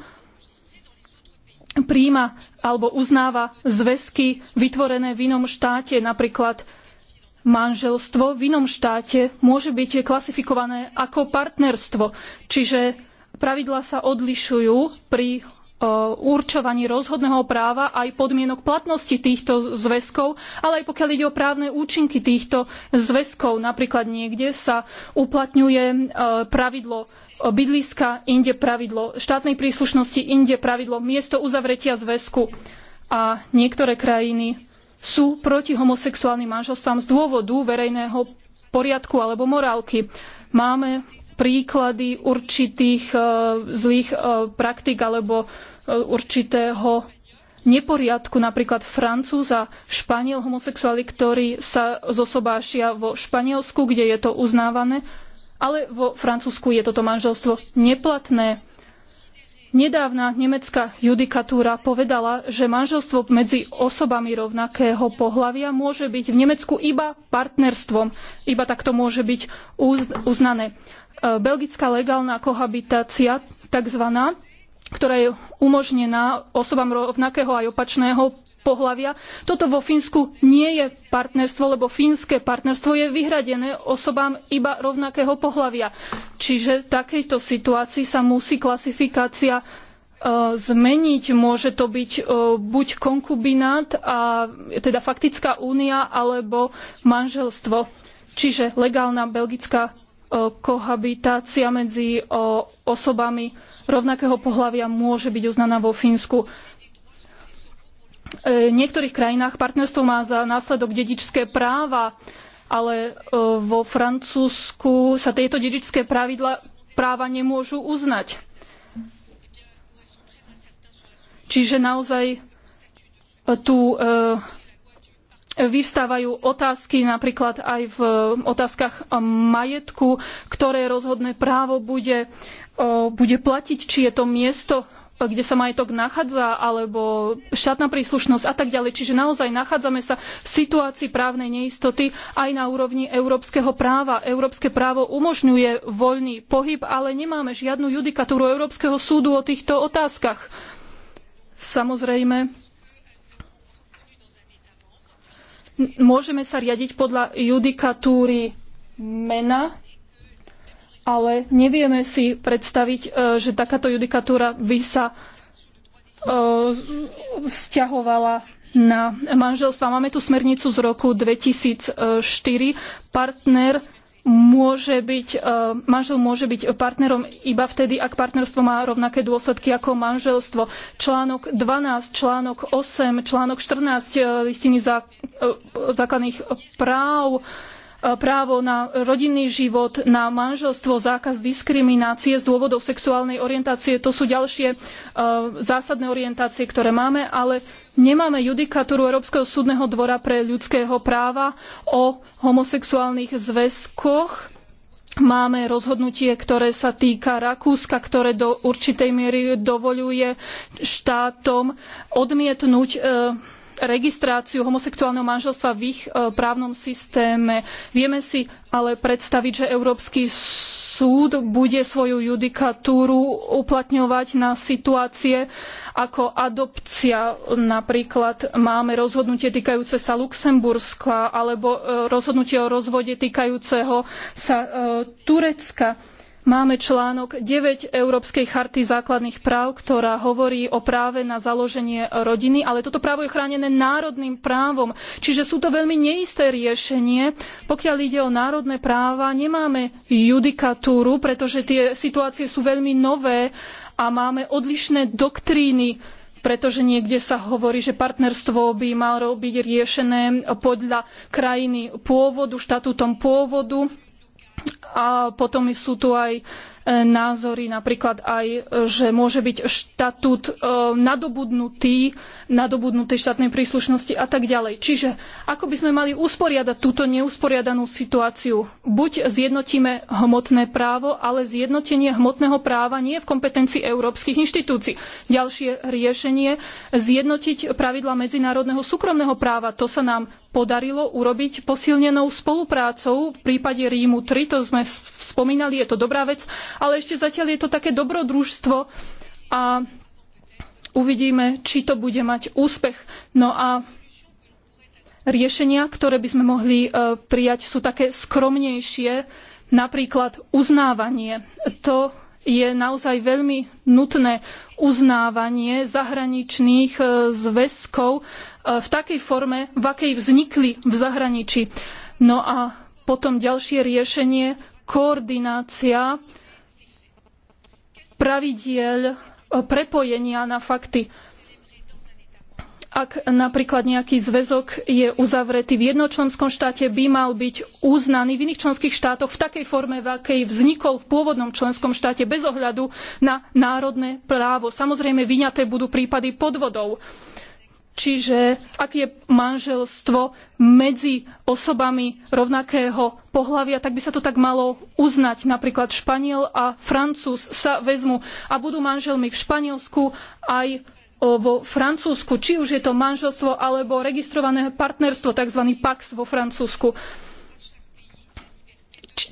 príjma alebo uznáva zväzky vytvorené v inom štáte, napríklad manželstvo v inom štáte môže byť klasifikované ako partnerstvo. Čiže pravidlá sa odlišujú pri e, určovaní rozhodného práva aj podmienok platnosti týchto zväzkov, ale aj pokiaľ ide o právne účinky týchto zväzkov. Napríklad niekde sa uplatňuje e, pravidlo e, bydliska, inde pravidlo štátnej príslušnosti, inde pravidlo miesto uzavretia zväzku. A niektoré krajiny sú proti homosexuálnym manželstvám z dôvodu verejného poriadku alebo morálky. Máme príklady určitých e, zlých e, praktik alebo e, určitého neporiadku, napríklad Francúz a Španiel homosexuáli, ktorí sa zosobášia vo Španielsku, kde je to uznávané, ale vo Francúzsku je toto manželstvo neplatné. Nedávna nemecká judikatúra povedala, že manželstvo medzi osobami rovnakého pohlavia môže byť v Nemecku iba partnerstvom. Iba takto môže byť uznané. E, belgická legálna kohabitácia, takzvaná, ktorá je umožnená osobám rovnakého aj opačného pohlavia. Toto vo Fínsku nie je partnerstvo, lebo fínske partnerstvo je vyhradené osobám iba rovnakého pohlavia. Čiže v takejto situácii sa musí klasifikácia e, zmeniť. Môže to byť e, buď konkubinát, a, teda faktická únia, alebo manželstvo. Čiže legálna belgická e, kohabitácia medzi osobami rovnakého pohlavia môže byť uznaná vo Fínsku. E, v niektorých krajinách partnerstvo má za následok dedičské práva, ale e, vo Francúzsku sa tieto dedičské pravidla, práva nemôžu uznať. Čiže naozaj e, tu vyvstávajú otázky napríklad aj v otázkach majetku, ktoré rozhodné právo bude, bude platiť, či je to miesto kde sa majetok nachádza, alebo štátna príslušnosť a tak ďalej. Čiže naozaj nachádzame sa v situácii právnej neistoty aj na úrovni európskeho práva. Európske právo umožňuje voľný pohyb, ale nemáme žiadnu judikatúru Európskeho súdu o týchto otázkach. Samozrejme, môžeme sa riadiť podľa judikatúry mena ale nevieme si predstaviť, e, že takáto judikatúra by sa e, vzťahovala na manželstva. Máme tu smernicu z roku 2004. Partner môže byť, e, manžel môže byť partnerom iba vtedy, ak partnerstvo má rovnaké dôsledky ako manželstvo. Článok 12, článok 8, článok 14 listiny základných práv E, právo na rodinný život, na manželstvo, zákaz diskriminácie z dôvodov sexuálnej orientácie. To sú ďalšie e, zásadné orientácie, ktoré máme, ale nemáme judikatúru Európskeho súdneho dvora pre ľudského práva o homosexuálnych zväzkoch. Máme rozhodnutie, ktoré sa týka Rakúska, ktoré do určitej miery dovoľuje štátom odmietnúť e, registráciu homosexuálneho manželstva v ich e, právnom systéme. Vieme si ale predstaviť, že Európsky súd bude svoju judikatúru uplatňovať na situácie ako adopcia. Napríklad máme rozhodnutie týkajúce sa Luxemburska alebo e, rozhodnutie o rozvode týkajúceho sa e, Turecka. Máme článok 9 Európskej charty základných práv, ktorá hovorí o práve na založenie rodiny, ale toto právo je chránené národným právom, čiže sú to veľmi neisté riešenie. Pokiaľ ide o národné práva, nemáme judikatúru, pretože tie situácie sú veľmi nové a máme odlišné doktríny pretože niekde sa hovorí, že partnerstvo by malo byť riešené podľa krajiny pôvodu, štatútom pôvodu a potom sú tu aj E, názory, napríklad aj, e, že môže byť štatút e, nadobudnutý, nadobudnutej štátnej príslušnosti a tak ďalej. Čiže ako by sme mali usporiadať túto neusporiadanú situáciu? Buď zjednotíme hmotné právo, ale zjednotenie hmotného práva nie je v kompetencii európskych inštitúcií. Ďalšie riešenie zjednotiť pravidla medzinárodného súkromného práva. To sa nám podarilo urobiť posilnenou spoluprácou v prípade Rímu 3, to sme spomínali, je to dobrá vec, ale ešte zatiaľ je to také dobrodružstvo a uvidíme, či to bude mať úspech. No a riešenia, ktoré by sme mohli e, prijať, sú také skromnejšie, napríklad uznávanie. To je naozaj veľmi nutné uznávanie zahraničných e, zväzkov e, v takej forme, v akej vznikli v zahraničí. No a potom ďalšie riešenie, koordinácia pravidiel e, prepojenia na fakty. Ak napríklad nejaký zväzok je uzavretý v jednom členskom štáte, by mal byť uznaný v iných členských štátoch v takej forme, v akej vznikol v pôvodnom členskom štáte bez ohľadu na národné právo. Samozrejme, vyňaté budú prípady podvodov. Uh, čiže ak je manželstvo medzi osobami rovnakého pohlavia, tak by sa to tak malo uznať. Napríklad Španiel a Francúz sa vezmu a budú manželmi v Španielsku aj vo Francúzsku, či už je to manželstvo alebo registrované partnerstvo, tzv. PAX vo Francúzsku.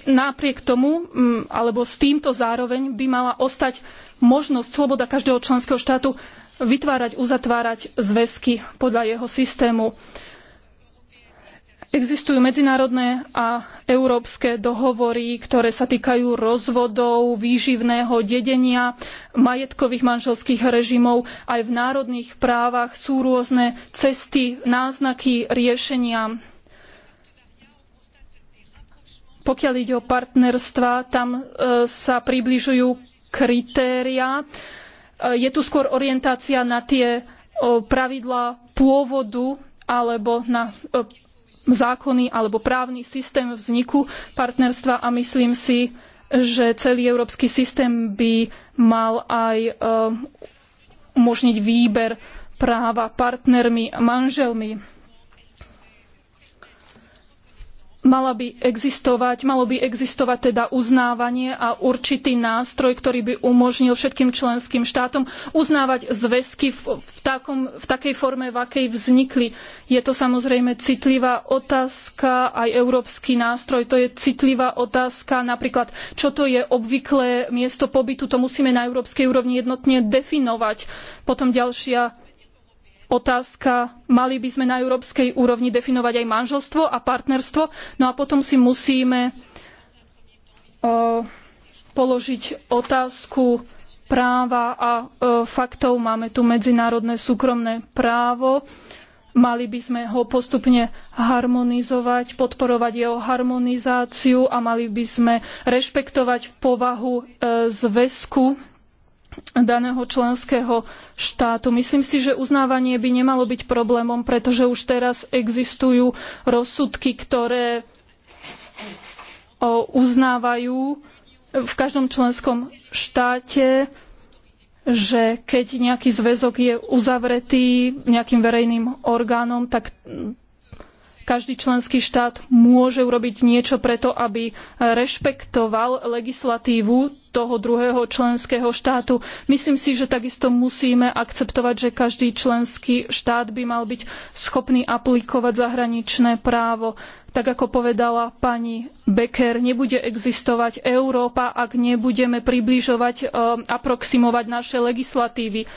Napriek tomu, alebo s týmto zároveň by mala ostať možnosť, sloboda každého členského štátu vytvárať, uzatvárať zväzky podľa jeho systému. Existujú medzinárodné a európske dohovory, ktoré sa týkajú rozvodov, výživného dedenia, majetkových manželských režimov. Aj v národných právach sú rôzne cesty, náznaky riešenia. Pokiaľ ide o partnerstva, tam e, sa približujú kritéria, E, je tu skôr orientácia na tie e, pravidlá pôvodu alebo na e, zákony alebo právny systém vzniku partnerstva a myslím si, že celý európsky systém by mal aj umožniť výber práva partnermi, manželmi Mala by existovať, malo by existovať teda uznávanie a určitý nástroj, ktorý by umožnil všetkým členským štátom uznávať zväzky v, v, takom, v takej forme, v akej vznikli. Je to samozrejme citlivá otázka, aj európsky nástroj, to je citlivá otázka, napríklad čo to je obvyklé miesto pobytu, to musíme na európskej úrovni jednotne definovať. Potom ďalšia otázka, mali by sme na európskej úrovni definovať aj manželstvo a partnerstvo, no a potom si musíme o, e, položiť otázku práva a o, e, faktov. Máme tu medzinárodné súkromné právo, mali by sme ho postupne harmonizovať, podporovať jeho harmonizáciu a mali by sme rešpektovať povahu e, zväzku daného členského štátu. Myslím si, že uznávanie by nemalo byť problémom, pretože už teraz existujú rozsudky, ktoré uznávajú v každom členskom štáte, že keď nejaký zväzok je uzavretý nejakým verejným orgánom, tak každý členský štát môže urobiť niečo preto, aby rešpektoval legislatívu toho druhého členského štátu. Myslím si, že takisto musíme akceptovať, že každý členský štát by mal byť schopný aplikovať zahraničné právo. Tak ako povedala pani Becker, nebude existovať Európa, ak nebudeme približovať, e, aproximovať naše legislatívy.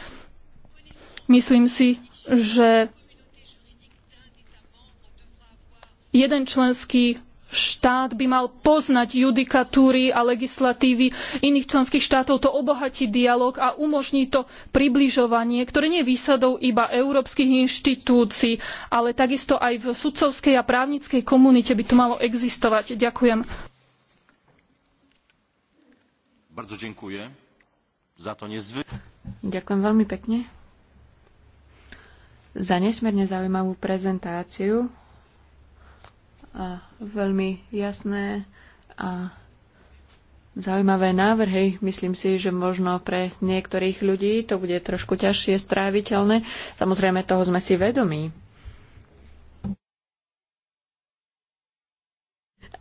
Myslím si, že jeden členský štát by mal poznať judikatúry a legislatívy iných členských štátov, to obohatí dialog a umožní to približovanie, ktoré nie je výsadou iba európskych inštitúcií, ale takisto aj v sudcovskej a právnickej komunite by to malo existovať. Ďakujem. Ďakujem veľmi pekne za nesmierne zaujímavú prezentáciu a veľmi jasné a zaujímavé návrhy. Myslím si, že možno pre niektorých ľudí to bude trošku ťažšie stráviteľné. Samozrejme, toho sme si vedomí.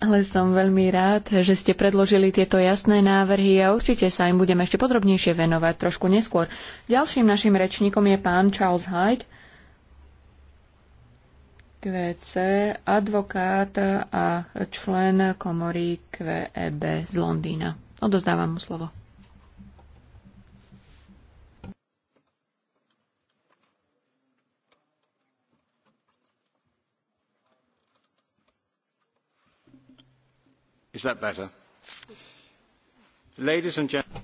Ale som veľmi rád, že ste predložili tieto jasné návrhy a určite sa im budeme ešte podrobnejšie venovať trošku neskôr. Ďalším našim rečníkom je pán Charles Hyde, QEC, advokát a člen komory QEB z Londýna. Odozdávam mu slovo. Is that better? Ladies and gentlemen.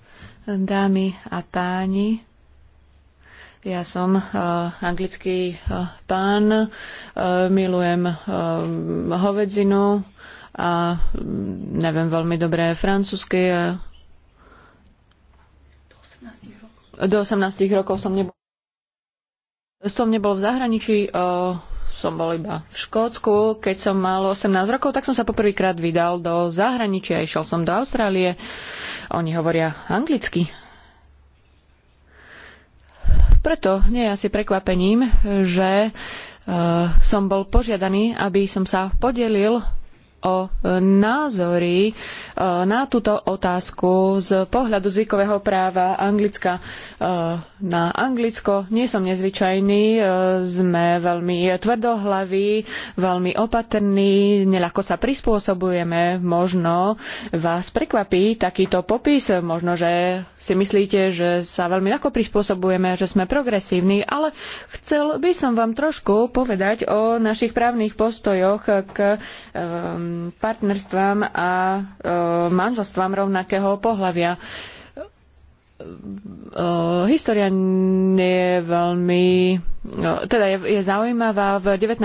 Dámy a páni, ja som uh, anglický uh, pán, uh, milujem uh, hovedzinu a um, neviem veľmi dobré francúzsky. Uh, do 18 rokov som nebol, som nebol v zahraničí, uh, som bol iba v Škótsku. Keď som mal 18 rokov, tak som sa poprvýkrát vydal do zahraničia. Išiel som do Austrálie. Oni hovoria anglicky preto nie je asi prekvapením, že eh, som bol požiadaný, aby som sa podelil o e, názory e, na túto otázku z pohľadu zvykového práva Anglicka e, na Anglicko. Nie som nezvyčajný, sme veľmi tvrdohlaví, veľmi opatrní, neľako sa prispôsobujeme. Možno vás prekvapí takýto popis, možno, že si myslíte, že sa veľmi ľahko prispôsobujeme, že sme progresívni, ale chcel by som vám trošku povedať o našich právnych postojoch k um, partnerstvám a e, manželstvám rovnakého pohľavia. E, história nie je veľmi, e, teda je, je zaujímavá. V 19.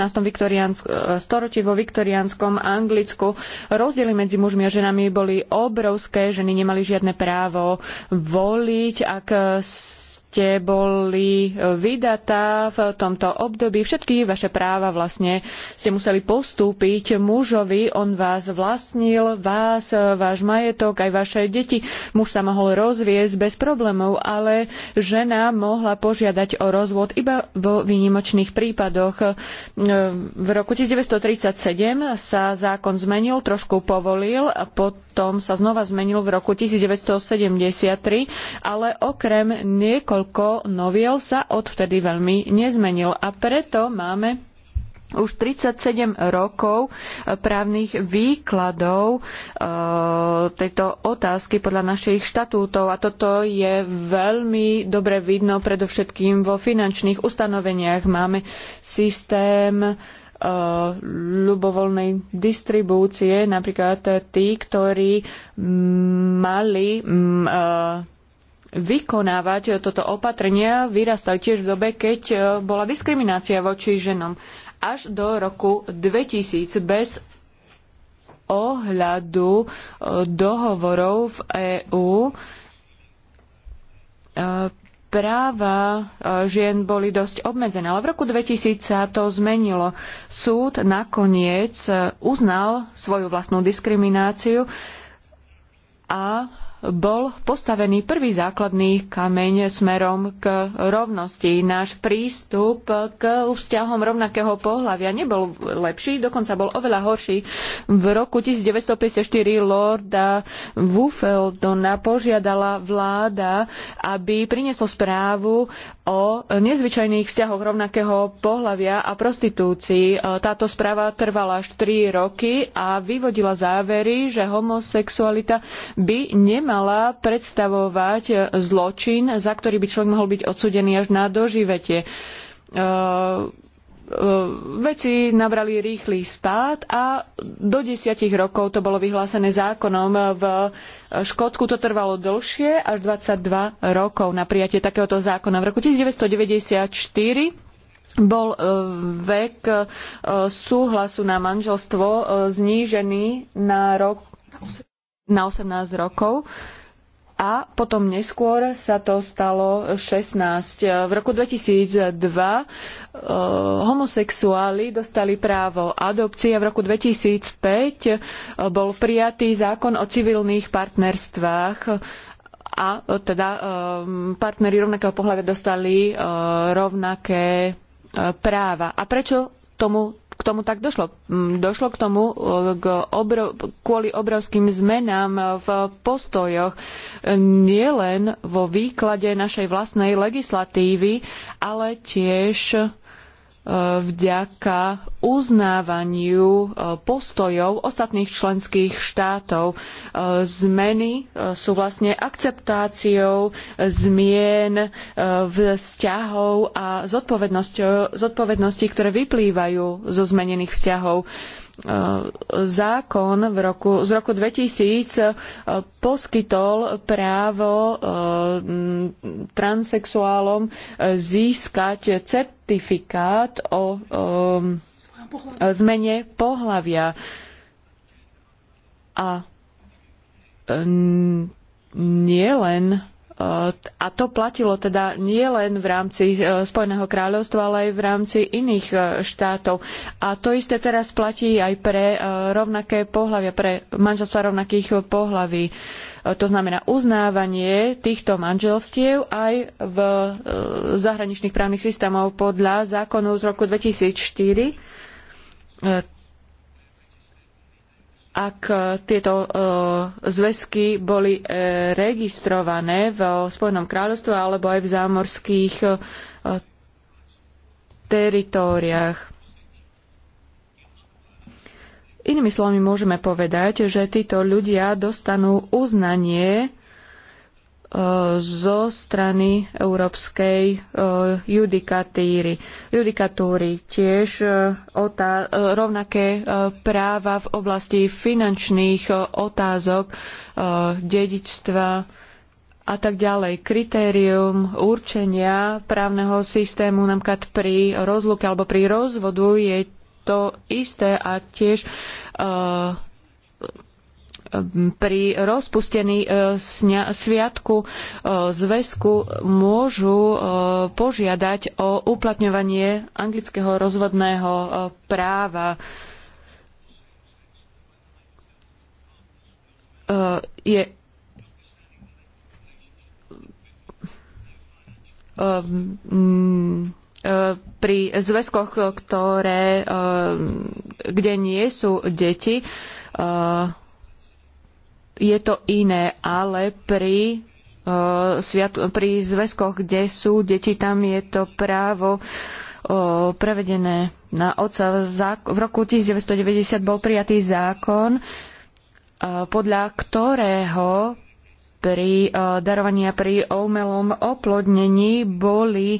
storočí vo viktoriánskom Anglicku rozdiely medzi mužmi a ženami boli obrovské. Ženy nemali žiadne právo voliť, ak ste boli e, vydatá v tomto období. Všetky vaše práva vlastne ste museli postúpiť mužovi. On vás vlastnil, vás, e, váš majetok, aj vaše deti. Muž sa mohol rozviesť bez problémov, ale žena mohla požiadať o rozvod iba vo výnimočných prípadoch. E, v roku 1937 sa zákon zmenil, trošku povolil a potom sa znova zmenil v roku 1973, ale okrem niekoľkých niekoľko noviel sa odvtedy veľmi nezmenil a preto máme už 37 rokov eh, právnych výkladov eh, tejto otázky podľa našich štatútov a toto je veľmi dobre vidno predovšetkým vo finančných ustanoveniach. Máme systém eh, ľubovoľnej distribúcie, napríklad tí, ktorí mali vykonávať toto opatrenia, vyrastal tiež v dobe, keď e, bola diskriminácia voči ženom. Až do roku 2000 bez ohľadu e, dohovorov v EÚ e, práva žien boli dosť obmedzené. Ale v roku 2000 sa to zmenilo. Súd nakoniec uznal svoju vlastnú diskrimináciu a bol postavený prvý základný kameň smerom k rovnosti. Náš prístup k vzťahom rovnakého pohľavia nebol lepší, dokonca bol oveľa horší. V roku 1954 Lorda Wuffeldona požiadala vláda, aby priniesol správu o nezvyčajných vzťahoch rovnakého pohľavia a prostitúcii. Táto správa trvala až 3 roky a vyvodila závery, že homosexualita by nemala nemala predstavovať e, zločin, za ktorý by človek mohol byť odsudený až na doživetie. E, e, veci nabrali rýchly spád a do desiatich rokov to bolo vyhlásené zákonom. V Škótsku to trvalo dlhšie, až 22 rokov na prijatie takéhoto zákona. V roku 1994 bol vek súhlasu na manželstvo znížený na rok na 18 rokov a potom neskôr sa to stalo 16. V roku 2002 e, homosexuáli dostali právo adopcie. a V roku 2005 e, bol prijatý zákon o civilných partnerstvách a e, teda e, partneri rovnakého pohľavia dostali e, rovnaké e, práva. A prečo tomu k tomu tak došlo. Mm, došlo k tomu e, k obrov, kvôli obrovským zmenám v postojoch e, nielen vo výklade našej vlastnej legislatívy, ale tiež vďaka uznávaniu e, postojov ostatných členských štátov. E, zmeny e, sú vlastne akceptáciou zmien vzťahov a zodpovednosti, ktoré vyplývajú zo zmenených vzťahov. E, zákon v roku, z roku 2000 e, poskytol právo e, transexuálom získať certifikát o zmene pohlavia. A nie len a to platilo teda nie len v rámci e, Spojeného kráľovstva, ale aj v rámci iných e, štátov. A to isté teraz platí aj pre e, rovnaké pohlavia, pre manželstva rovnakých pohlaví. To znamená uznávanie týchto manželstiev aj v zahraničných právnych systémov podľa zákonu z roku 2004 ak e, tieto e, zväzky boli e, registrované v Spojenom kráľovstve alebo aj v zámorských teritóriách. Inými slovami môžeme povedať, že títo ľudia dostanú uznanie zo strany Európskej e, judikatúry. Judikatúry tiež e, e, rovnaké práva v oblasti finančných otázok, dedičstva a tak ďalej. Kritérium určenia právneho systému napríklad pri rozluke alebo pri rozvodu je to isté a tiež pri rozpustení e, sviatku e, zväzku môžu e, požiadať o uplatňovanie anglického rozvodného práva. Je pri zväzkoch, ktoré, kde nie sú deti, je to iné, ale pri eh, pri zväzkoch, kde sú deti, tam je to právo eh, prevedené na otca. V roku 1990 bol prijatý zákon, eh, podľa ktorého pri e, darovaní a pri umelom oplodnení boli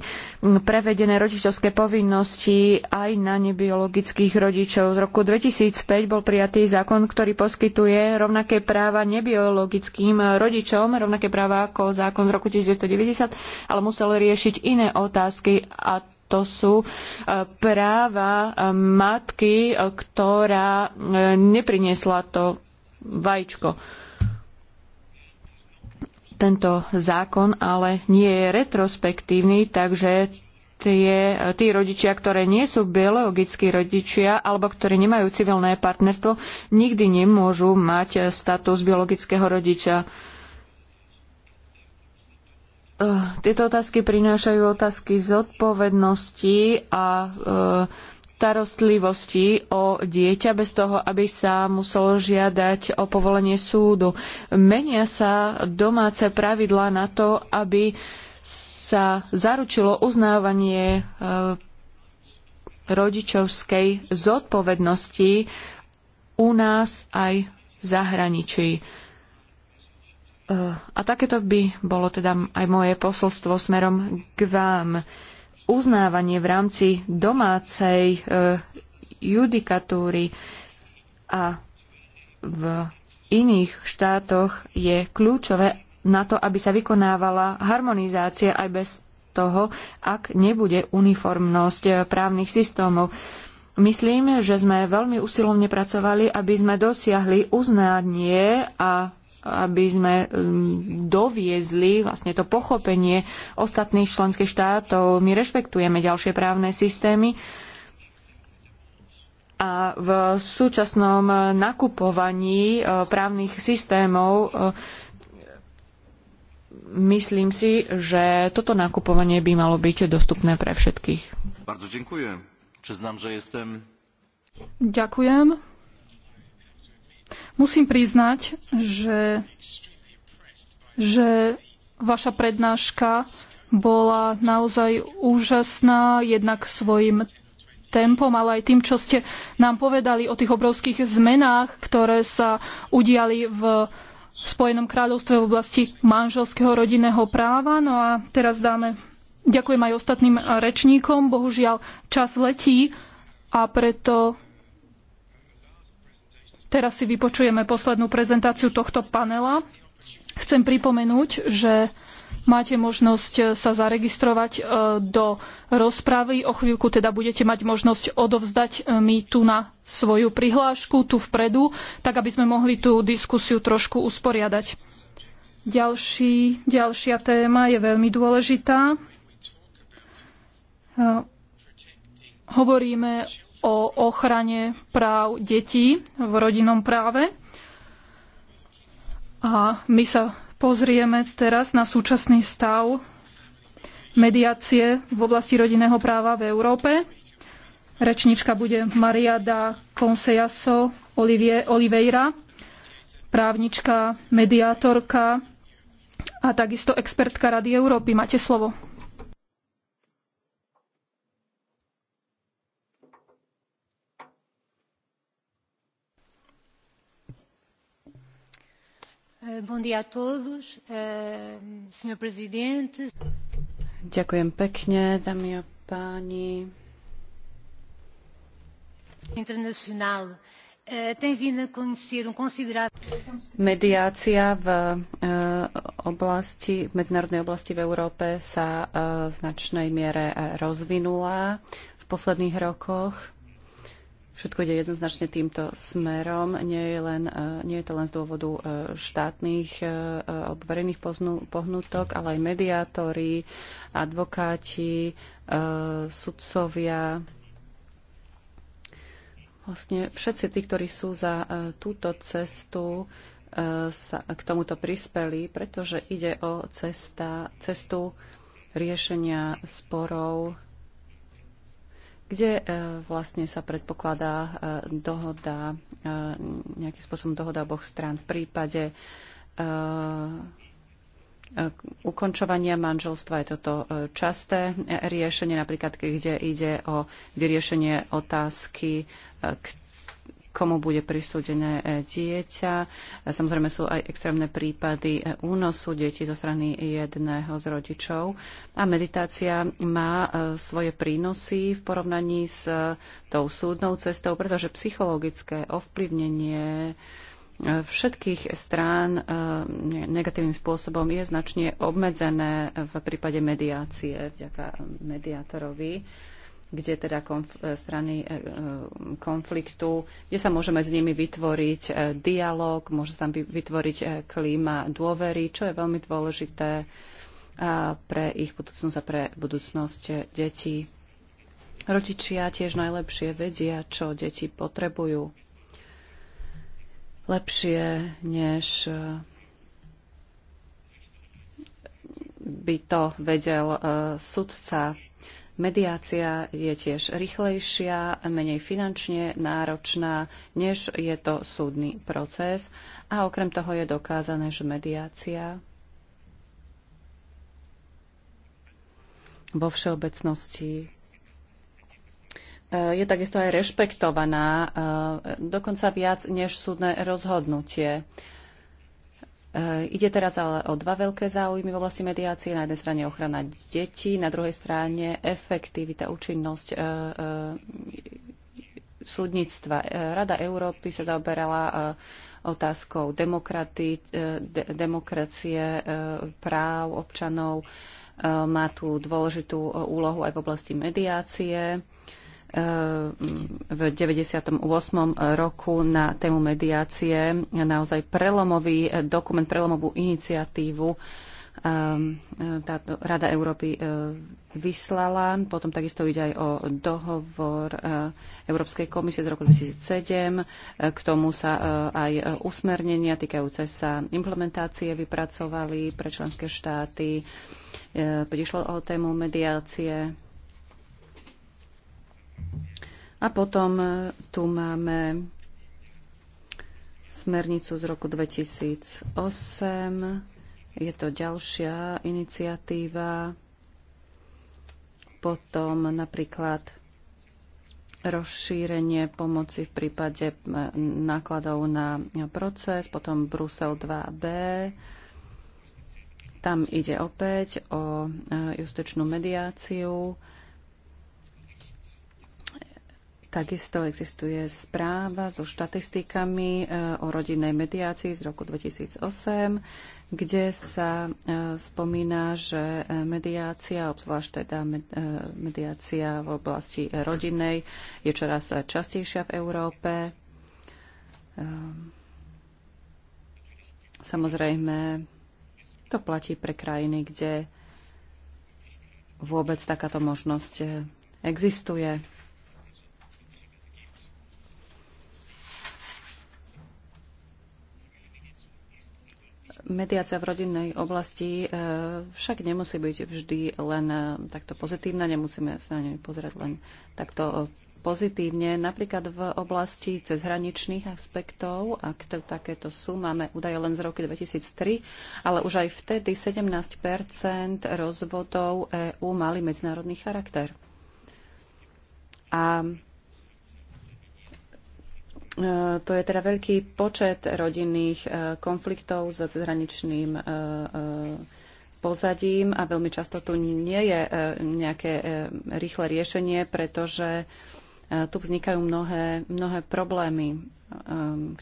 prevedené rodičovské povinnosti aj na nebiologických rodičov. V roku 2005 bol prijatý zákon, ktorý poskytuje rovnaké práva nebiologickým rodičom, rovnaké práva ako zákon z roku 1990, ale musel riešiť iné otázky a to sú e, práva e, matky, ktorá nepriniesla to vajíčko tento zákon, ale nie je retrospektívny, takže tie, tí rodičia, ktoré nie sú biologickí rodičia alebo ktorí nemajú civilné partnerstvo, nikdy nemôžu mať status biologického rodiča. Eh, tieto otázky prinášajú otázky zodpovednosti a eh, starostlivosti o dieťa bez toho, aby sa muselo žiadať o povolenie súdu. Menia sa domáce pravidlá na to, aby sa zaručilo uznávanie e, rodičovskej zodpovednosti u nás aj v zahraničí. E, a takéto by bolo teda aj moje posolstvo smerom k vám uznávanie v rámci domácej e, judikatúry a v iných štátoch je kľúčové na to, aby sa vykonávala harmonizácia aj bez toho, ak nebude uniformnosť e, právnych systémov. Myslím, že sme veľmi usilovne pracovali, aby sme dosiahli uznanie a aby sme um, doviezli vlastne to pochopenie ostatných členských štátov. My rešpektujeme ďalšie právne systémy a v súčasnom nakupovaní uh, právnych systémov uh, myslím si, že toto nakupovanie by malo byť dostupné pre všetkých. Bardzo dziękuję. Przyznam, że jestem... Ďakujem. Musím priznať, že, že vaša prednáška bola naozaj úžasná, jednak svojim tempom, ale aj tým, čo ste nám povedali o tých obrovských zmenách, ktoré sa udiali v Spojenom kráľovstve v oblasti manželského rodinného práva. No a teraz dáme, ďakujem aj ostatným rečníkom. Bohužiaľ, čas letí a preto Teraz si vypočujeme poslednú prezentáciu tohto panela. Chcem pripomenúť, že máte možnosť sa zaregistrovať e, do rozpravy. O chvíľku teda budete mať možnosť odovzdať e, mi tu na svoju prihlášku, tu vpredu, tak aby sme mohli tú diskusiu trošku usporiadať. Ďalší, ďalšia téma je veľmi dôležitá. E, hovoríme o ochrane práv detí v rodinnom práve. A my sa pozrieme teraz na súčasný stav mediácie v oblasti rodinného práva v Európe. Rečnička bude Maria da Consejaso Oliveira, právnička, mediátorka a takisto expertka Rady Európy. Máte slovo. Eh, eh, Ďakujem pekne, dámy a eh, um Mediácia v oblasti, v medzinárodnej oblasti v Európe sa v značnej miere rozvinula v posledných rokoch. Všetko ide jednoznačne týmto smerom. Nie je, len, e, nie je to len z dôvodu e, štátnych e, alebo verejných pohnutok, ale aj mediátori, advokáti, sudcovia. Vlastne všetci tí, ktorí sú za túto cestu, sa k tomuto prispeli, pretože ide o cesta, cestu riešenia sporov kde e, vlastne sa predpokladá e, dohoda, e, nejaký spôsob dohoda oboch strán v prípade ukončovania manželstva je toto časté riešenie, napríklad kde ide o vyriešenie otázky, komu bude prisúdené e, dieťa. Samozrejme sú aj extrémne prípady e, únosu detí zo strany jedného z rodičov. A meditácia má e, svoje prínosy v porovnaní s tou súdnou cestou, pretože psychologické ovplyvnenie všetkých strán negatívnym spôsobom je značne obmedzené v prípade mediácie vďaka mediátorovi kde teda konf- e, strany e, e, konfliktu, kde sa môžeme s nimi vytvoriť dialog, môže sa tam vytvoriť klíma dôvery, čo je veľmi dôležité pre ich budúcnosť a pre budúcnosť detí. Rodičia tiež najlepšie vedia, čo deti potrebujú. Lepšie, než by to vedel sudca Mediácia je tiež rýchlejšia, menej finančne náročná, než je to súdny proces. A okrem toho je dokázané, že mediácia vo všeobecnosti eh, je takisto aj rešpektovaná, eh, dokonca viac než súdne rozhodnutie. E, ide teraz ale o dva veľké záujmy v oblasti mediácie. Na jednej strane ochrana detí, na druhej strane efektivita, účinnosť e, e, súdnictva. Rada Európy sa zaoberala otázkou demokraty, de, demokracie, práv občanov. Má tu dôležitú úlohu aj v oblasti mediácie v 98. roku na tému mediácie naozaj prelomový dokument, prelomovú iniciatívu um, táto Rada Európy uh, vyslala. Potom takisto ide aj o dohovor uh, Európskej komisie z roku 2007. Uh, k tomu sa aj usmernenia týkajúce sa implementácie vypracovali pre členské štáty. Prišlo o tému mediácie a potom e, tu máme smernicu z roku 2008. Je to ďalšia iniciatíva. Potom napríklad rozšírenie pomoci v prípade e, nákladov na proces, potom Brusel 2b. Tam ide opäť o e, justičnú mediáciu Takisto existuje správa so štatistikami e, o rodinnej mediácii z roku 2008, kde sa e, spomína, že e, mediácia, obzvlášť teda mediácia v oblasti rodinnej, je čoraz častejšia v Európe. Ehm, samozrejme, to platí pre krajiny, kde vôbec takáto možnosť existuje. Mediácia v rodinnej oblasti e, však nemusí byť vždy len e, takto pozitívna, nemusíme sa na ňu pozerať len takto e, pozitívne. Napríklad v oblasti cezhraničných aspektov, ak to takéto sú, máme údaje len z roku 2003, ale už aj vtedy 17 rozvodov EÚ mali medzinárodný charakter. A E, to je teda veľký počet rodinných e, konfliktov s zahraničným e, pozadím a veľmi často tu nie je nejaké rýchle riešenie, pretože tu vznikajú mnohé, mnohé problémy,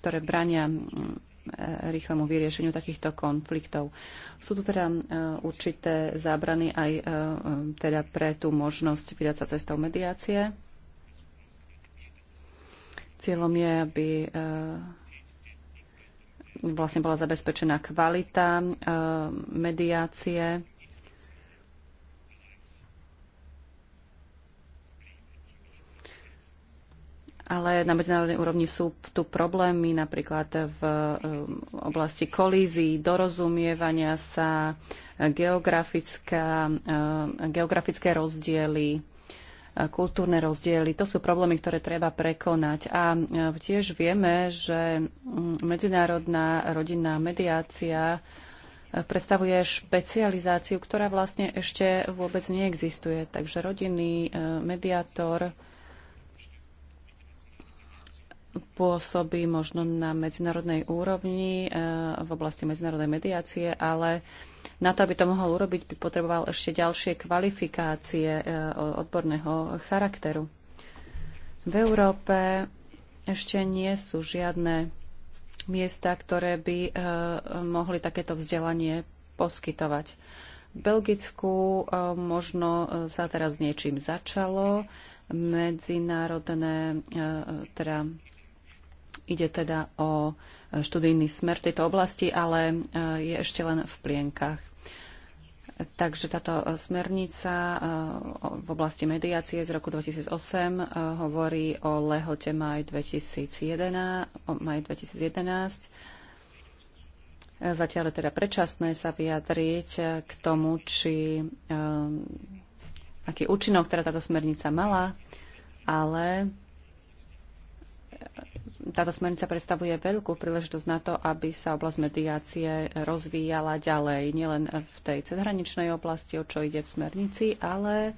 ktoré brania rýchlemu vyriešeniu takýchto konfliktov. Sú tu teda určité zábrany aj teda pre tú možnosť vydať sa cestou mediácie. Cieľom je, aby e, vlastne bola zabezpečená kvalita e, mediácie. Ale na medzinárodnej úrovni sú tu problémy napríklad v e, oblasti kolízií, dorozumievania sa, geografické rozdiely kultúrne rozdiely. To sú problémy, ktoré treba prekonať. A e, tiež vieme, že mm, medzinárodná rodinná mediácia e, predstavuje špecializáciu, ktorá vlastne ešte vôbec neexistuje. Takže rodinný e, mediátor pôsobí možno na medzinárodnej úrovni v oblasti medzinárodnej mediácie, ale na to, aby to mohol urobiť, by potreboval ešte ďalšie kvalifikácie e, odborného charakteru. V Európe ešte nie sú žiadne miesta, ktoré by e, mohli takéto vzdelanie poskytovať. V Belgicku e, možno sa teraz niečím začalo. Medzinárodné, teda ide teda o študijný smer tejto oblasti, ale je ešte len v plienkach. Takže táto e, smernica e, v oblasti mediácie z roku 2008 e, hovorí o lehote maj 2011, maj 2011 Zatiaľ je teda predčasné sa vyjadriť k tomu, či um, aký účinok ktorá teda táto smernica mala, ale táto smernica predstavuje veľkú príležitosť na to, aby sa oblasť mediácie rozvíjala ďalej, nielen v tej cezhraničnej oblasti, o čo ide v smernici, ale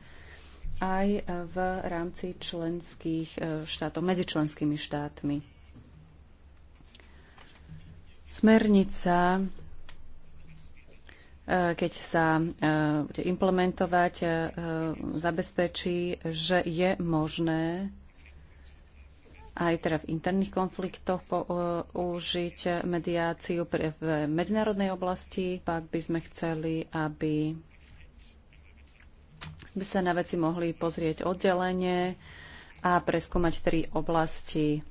aj v rámci členských e, štátov, medzi členskými štátmi. Smernica, e, keď sa e, bude implementovať, zabezpečí, že je možné aj teda v interných konfliktoch e, použiť mediáciu v medzinárodnej oblasti, pak by sme chceli, aby by sa na veci mohli pozrieť oddelenie a preskúmať tri oblasti. E,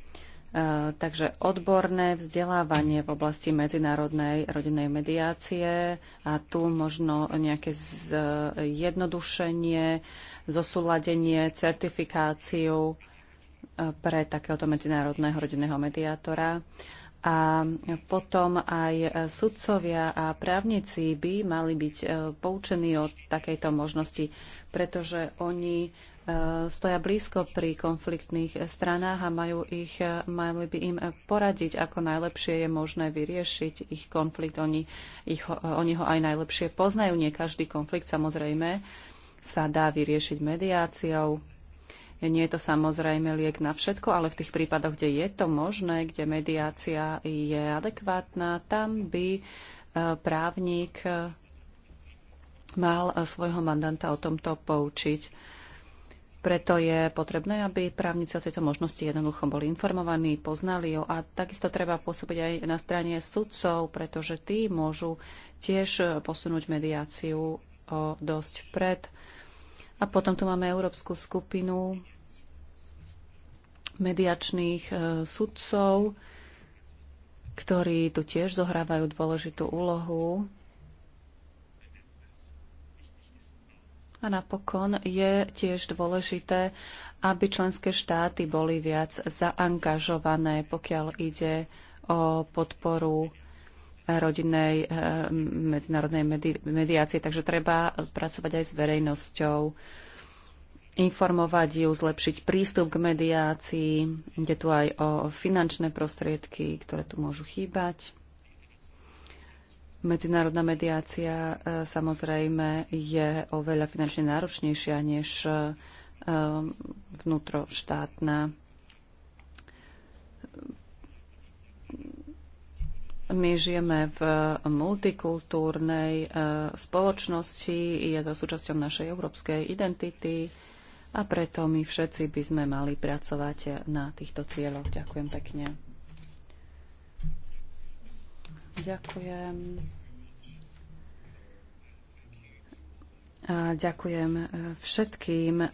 takže odborné vzdelávanie v oblasti medzinárodnej rodinnej mediácie a tu možno nejaké zjednodušenie, zosúladenie, certifikáciu pre takéhoto medzinárodného rodinného mediátora. A potom aj sudcovia a právnici by mali byť e, poučení o takejto možnosti, pretože oni e, stoja blízko pri konfliktných stranách a majú ich, e, mali by im poradiť, ako najlepšie je možné vyriešiť ich konflikt. Oni, ich, oni ho aj najlepšie poznajú. Nie každý konflikt samozrejme sa dá vyriešiť mediáciou nie je to samozrejme liek na všetko, ale v tých prípadoch, kde je to možné, kde mediácia je adekvátna, tam by e, právnik e, mal e, svojho mandanta o tomto poučiť. Preto je potrebné, aby právnici o tejto možnosti jednoducho boli informovaní, poznali ju a takisto treba pôsobiť aj na strane sudcov, pretože tí môžu tiež posunúť mediáciu o dosť vpred. A potom tu máme Európsku skupinu mediačných e, sudcov, ktorí tu tiež zohrávajú dôležitú úlohu. A napokon je tiež dôležité, aby členské štáty boli viac zaangažované, pokiaľ ide o podporu rodinnej eh, medzinárodnej medi- mediácie, takže treba pracovať aj s verejnosťou, informovať ju, zlepšiť prístup k mediácii. Ide tu aj o finančné prostriedky, ktoré tu môžu chýbať. Medzinárodná mediácia eh, samozrejme je oveľa finančne náročnejšia než eh, vnútroštátna my žijeme v multikultúrnej e, spoločnosti, je to súčasťou našej európskej identity a preto my všetci by sme mali pracovať na týchto cieľoch. Ďakujem pekne. Ďakujem. A ďakujem e, všetkým e,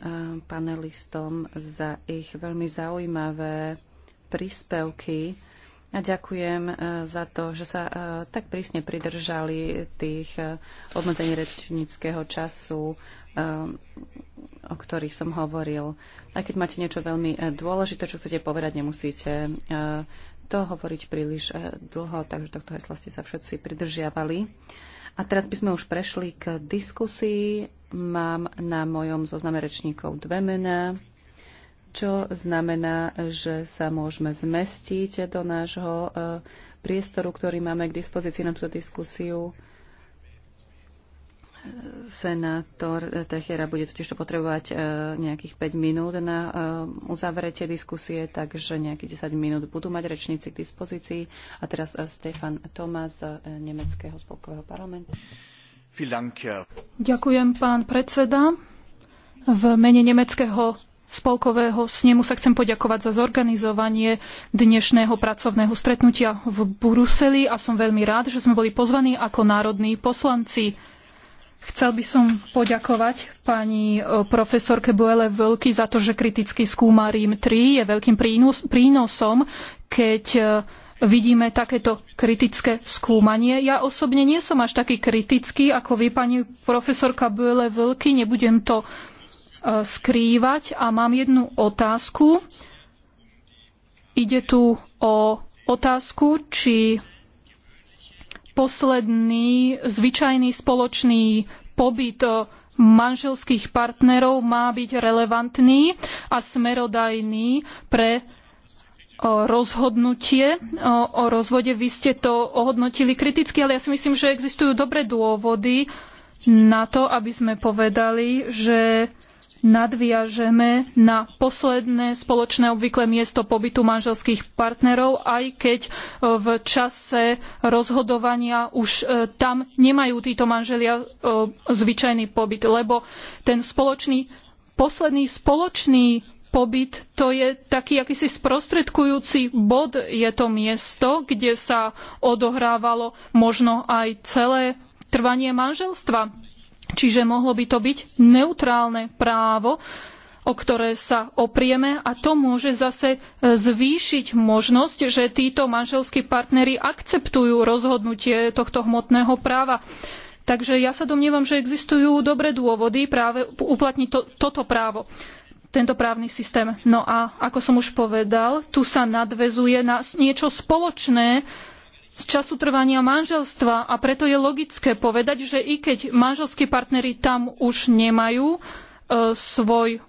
panelistom za ich veľmi zaujímavé príspevky. A ďakujem e, za to, že sa e, tak prísne pridržali tých e, obmedzení rečníckého času, o ktorých som hovoril. A keď máte niečo veľmi dôležité, čo chcete povedať, nemusíte to hovoriť príliš dlho, takže tohto hesla ste sa všetci pridržiavali. A teraz by sme už prešli k diskusii. Mám na mojom zozname rečníkov dve mená čo znamená, že sa môžeme zmestiť do nášho e, priestoru, ktorý máme k dispozícii na túto diskusiu. Senátor Techera bude totiž to potrebovať e, nejakých 5 minút na e, uzavretie diskusie, takže nejakých 10 minút budú mať rečníci k dispozícii. A teraz Stefan Tomás z Nemeckého spolkového parlamentu. Ďakujem, pán predseda. V mene Nemeckého spolkového snemu sa chcem poďakovať za zorganizovanie dnešného pracovného stretnutia v Bruseli a som veľmi rád, že sme boli pozvaní ako národní poslanci. Chcel by som poďakovať pani e, profesorke Boele Vlky za to, že kriticky skúma Rím 3. Je veľkým prínosom, keď e, vidíme takéto kritické skúmanie. Ja osobne nie som až taký kritický ako vy, pani profesorka Boele Vlky. Nebudem to E, skrývať. A mám jednu otázku. Ide tu o otázku, či posledný zvyčajný spoločný pobyt manželských partnerov má byť relevantný a smerodajný pre e, rozhodnutie e, o rozvode. Vy ste to ohodnotili kriticky, ale ja si myslím, že existujú dobré dôvody na to, aby sme povedali, že nadviažeme na posledné spoločné obvyklé miesto pobytu manželských partnerov, aj keď e, v čase rozhodovania už e, tam nemajú títo manželia e, zvyčajný pobyt, lebo ten spoločný, posledný spoločný pobyt to je taký akýsi sprostredkujúci bod, je to miesto, kde sa odohrávalo možno aj celé trvanie manželstva Čiže mohlo by to byť neutrálne právo, o ktoré sa oprieme a to môže zase e, zvýšiť možnosť, že títo manželskí partneri akceptujú rozhodnutie tohto hmotného práva. Takže ja sa domnievam, že existujú dobré dôvody práve uplatniť to, toto právo tento právny systém. No a ako som už povedal, tu sa nadvezuje na niečo spoločné z času trvania manželstva a preto je logické povedať, že i keď manželskí partneri tam už nemajú e, svoj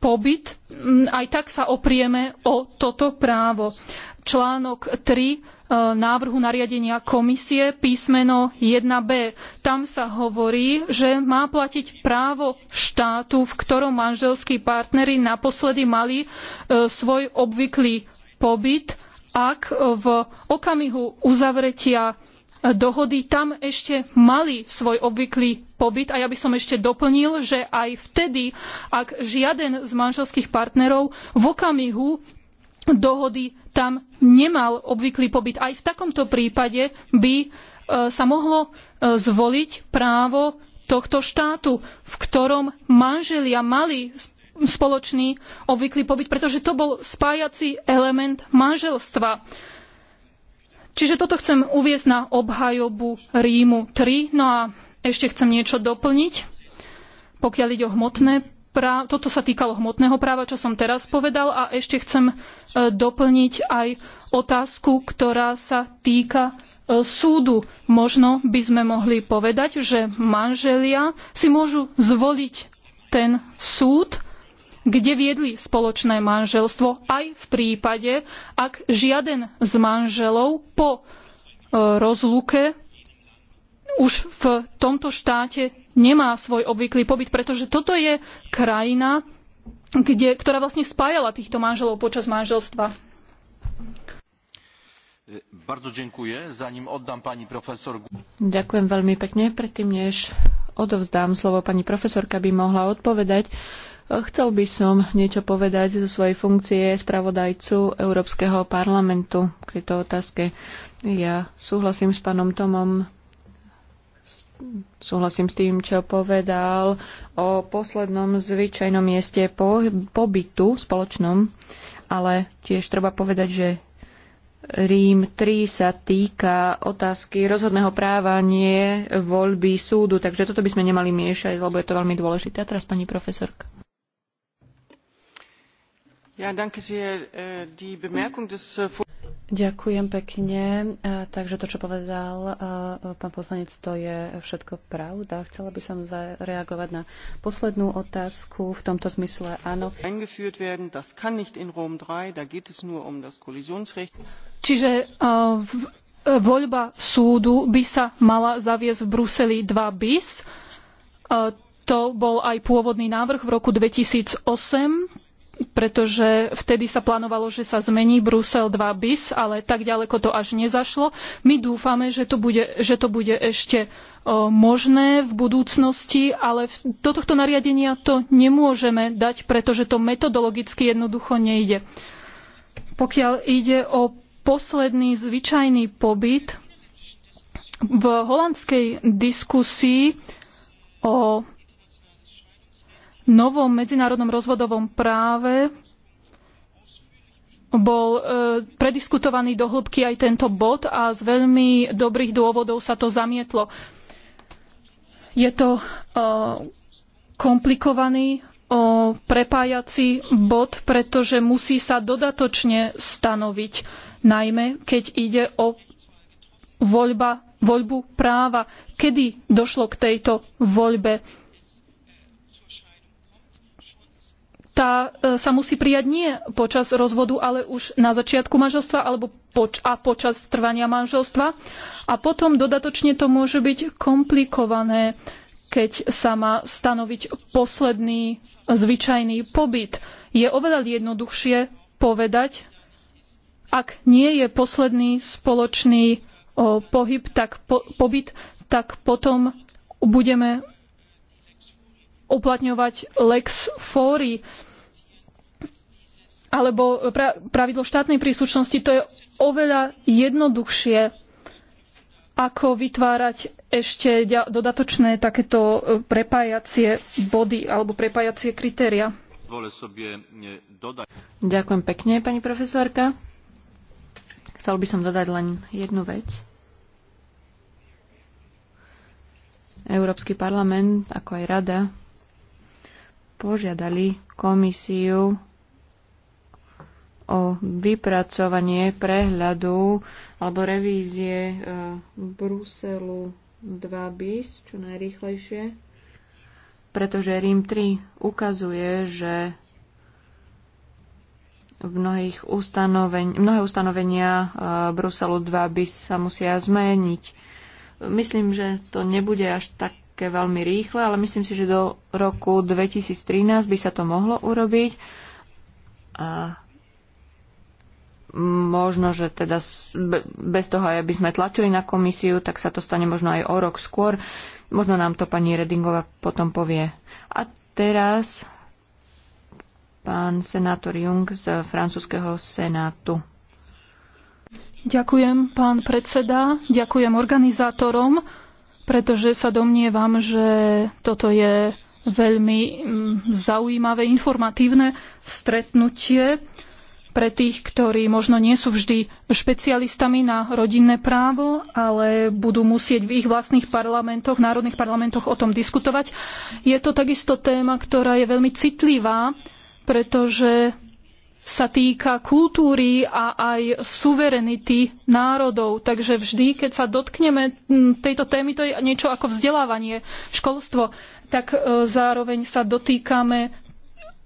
pobyt, aj tak sa oprieme o toto právo. Článok 3 e, návrhu nariadenia komisie písmeno 1b. Tam sa hovorí, že má platiť právo štátu, v ktorom manželskí partneri naposledy mali e, svoj obvyklý pobyt ak e, v okamihu uzavretia e, dohody tam ešte mali svoj obvyklý pobyt a ja by som ešte doplnil, že aj vtedy, ak žiaden z manželských partnerov v okamihu dohody tam nemal obvyklý pobyt, aj v takomto prípade by e, sa mohlo zvoliť právo tohto štátu, v ktorom manželia mali spoločný obvyklý pobyt, pretože to bol spájací element manželstva. Čiže toto chcem uviezť na obhajobu Rímu 3. No a ešte chcem niečo doplniť, pokiaľ ide o hmotné právo. Toto sa týkalo hmotného práva, čo som teraz povedal. A ešte chcem e, doplniť aj otázku, ktorá sa týka e, súdu. Možno by sme mohli povedať, že manželia si môžu zvoliť ten súd, kde viedli spoločné manželstvo aj v prípade, ak žiaden z manželov po e, rozluke už v tomto štáte nemá svoj obvyklý pobyt, pretože toto je krajina, kde, ktorá vlastne spájala týchto manželov počas manželstva. Profesor... Ďakujem veľmi pekne. Predtým, než odovzdám slovo pani profesorka, by mohla odpovedať. Chcel by som niečo povedať zo svojej funkcie spravodajcu Európskeho parlamentu k tejto otázke. Ja súhlasím s pánom Tomom, súhlasím s tým, čo povedal o poslednom zvyčajnom mieste po, pobytu spoločnom, ale tiež treba povedať, že Rím 3 sa týka otázky rozhodného práva, nie voľby súdu, takže toto by sme nemali miešať, lebo je to veľmi dôležité. A teraz pani profesorka. Äh, äh, Ďakujem pekne. Äh, takže to, čo povedal pán poslanec, to je všetko pravda. Chcela by som zareagovať na poslednú otázku v tomto zmysle. Áno. Um Čiže voľba súdu by sa mala zaviesť v Bruseli 2 bis. To bol aj pôvodný návrh v roku 2008 pretože vtedy sa plánovalo, že sa zmení Brusel 2 bis, ale tak ďaleko to až nezašlo. My dúfame, že to bude, že to bude ešte o, e, možné v budúcnosti, ale do tohto nariadenia to nemôžeme dať, pretože to metodologicky jednoducho nejde. Pokiaľ ide o posledný zvyčajný pobyt, v holandskej diskusii o novom medzinárodnom rozvodovom práve bol e, prediskutovaný do hĺbky aj tento bod a z veľmi dobrých dôvodov sa to zamietlo. Je to e, komplikovaný e, prepájací bod, pretože musí sa dodatočne stanoviť, najmä keď ide o voľba, voľbu práva, kedy došlo k tejto voľbe tá e, sa musí prijať nie počas rozvodu, ale už na začiatku manželstva alebo poč- a počas trvania manželstva. A potom dodatočne to môže byť komplikované, keď sa má stanoviť posledný zvyčajný pobyt. Je oveľa jednoduchšie povedať, ak nie je posledný spoločný o, pohyb, tak po, pobyt, tak potom budeme uplatňovať lex fóry alebo e, pravidlo štátnej príslušnosti, to je oveľa jednoduchšie, ako vytvárať ešte dodatočné takéto e, prepájacie body alebo prepájacie kritéria. E, Ďakujem pekne, pani profesorka. Chcel by som dodať len jednu vec. Európsky parlament, ako aj rada, požiadali komisiu o vypracovanie prehľadu alebo revízie e, Bruselu 2 bis čo najrýchlejšie, pretože Rím 3 ukazuje, že v mnohých ustanoveň, mnohé ustanovenia e, Bruselu 2 bis sa musia zmeniť. Myslím, že to nebude až tak také veľmi rýchle, ale myslím si, že do roku 2013 by sa to mohlo urobiť. A možno, že teda bez toho, aby sme tlačili na komisiu, tak sa to stane možno aj o rok skôr. Možno nám to pani Redingová potom povie. A teraz pán senátor Jung z francúzského senátu. Ďakujem, pán predseda, ďakujem organizátorom, pretože sa domnievam, že toto je veľmi mm, zaujímavé, informatívne stretnutie pre tých, ktorí možno nie sú vždy špecialistami na rodinné právo, ale budú musieť v ich vlastných parlamentoch, národných parlamentoch o tom diskutovať. Je to takisto téma, ktorá je veľmi citlivá, pretože sa týka kultúry a aj suverenity národov. Takže vždy, keď sa dotkneme tejto témy, to je niečo ako vzdelávanie, školstvo, tak e, zároveň sa dotýkame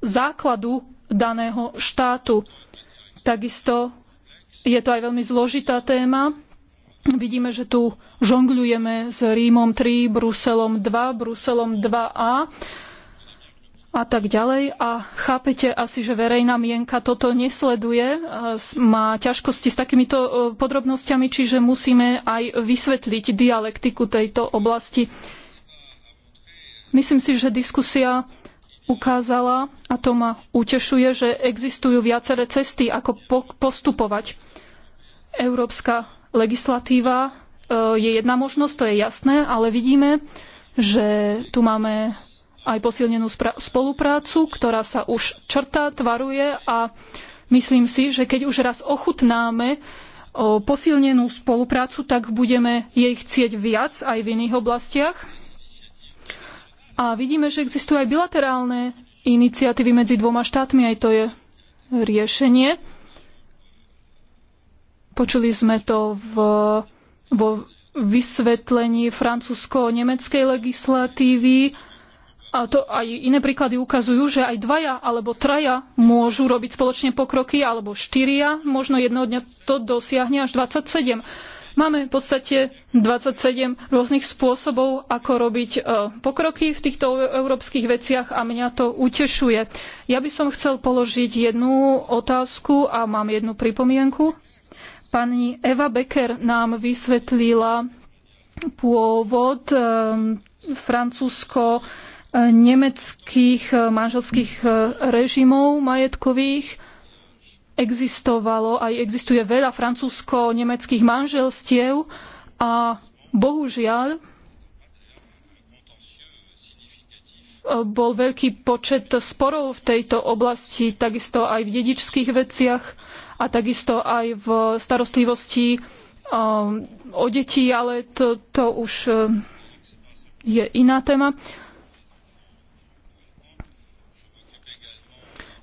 základu daného štátu. Takisto je to aj veľmi zložitá téma. Vidíme, že tu žongľujeme s Rímom 3, Bruselom 2, Bruselom 2a a tak ďalej. A chápete asi, že verejná mienka toto nesleduje, e, má ťažkosti s takýmito e, podrobnosťami, čiže musíme aj vysvetliť dialektiku tejto oblasti. Myslím si, že diskusia ukázala, a to ma utešuje, že existujú viaceré cesty, ako postupovať. Európska legislatíva e, je jedna možnosť, to je jasné, ale vidíme, že tu máme aj posilnenú spoluprácu, ktorá sa už črtá, tvaruje a myslím si, že keď už raz ochutnáme e, posilnenú spoluprácu, tak budeme jej chcieť viac aj v iných oblastiach a vidíme, že existujú aj bilaterálne iniciatívy medzi dvoma štátmi, aj to je riešenie. Počuli sme to v, vo vysvetlení francúzsko-nemeckej legislatívy. A to aj iné príklady ukazujú, že aj dvaja alebo traja môžu robiť spoločne pokroky, alebo štyria, možno jedného dňa to dosiahne až 27. Máme v podstate 27 rôznych spôsobov, ako robiť e, pokroky v týchto e, európskych veciach a mňa to utešuje. Ja by som chcel položiť jednu otázku a mám jednu pripomienku. Pani Eva Becker nám vysvetlila pôvod e, francúzsko-nemeckých manželských režimov majetkových existovalo, aj existuje veľa francúzsko-nemeckých manželstiev a bohužiaľ e, bol veľký počet sporov v tejto oblasti, takisto aj v dedičských veciach a takisto aj v starostlivosti e, o deti, ale to, to už e, je iná téma.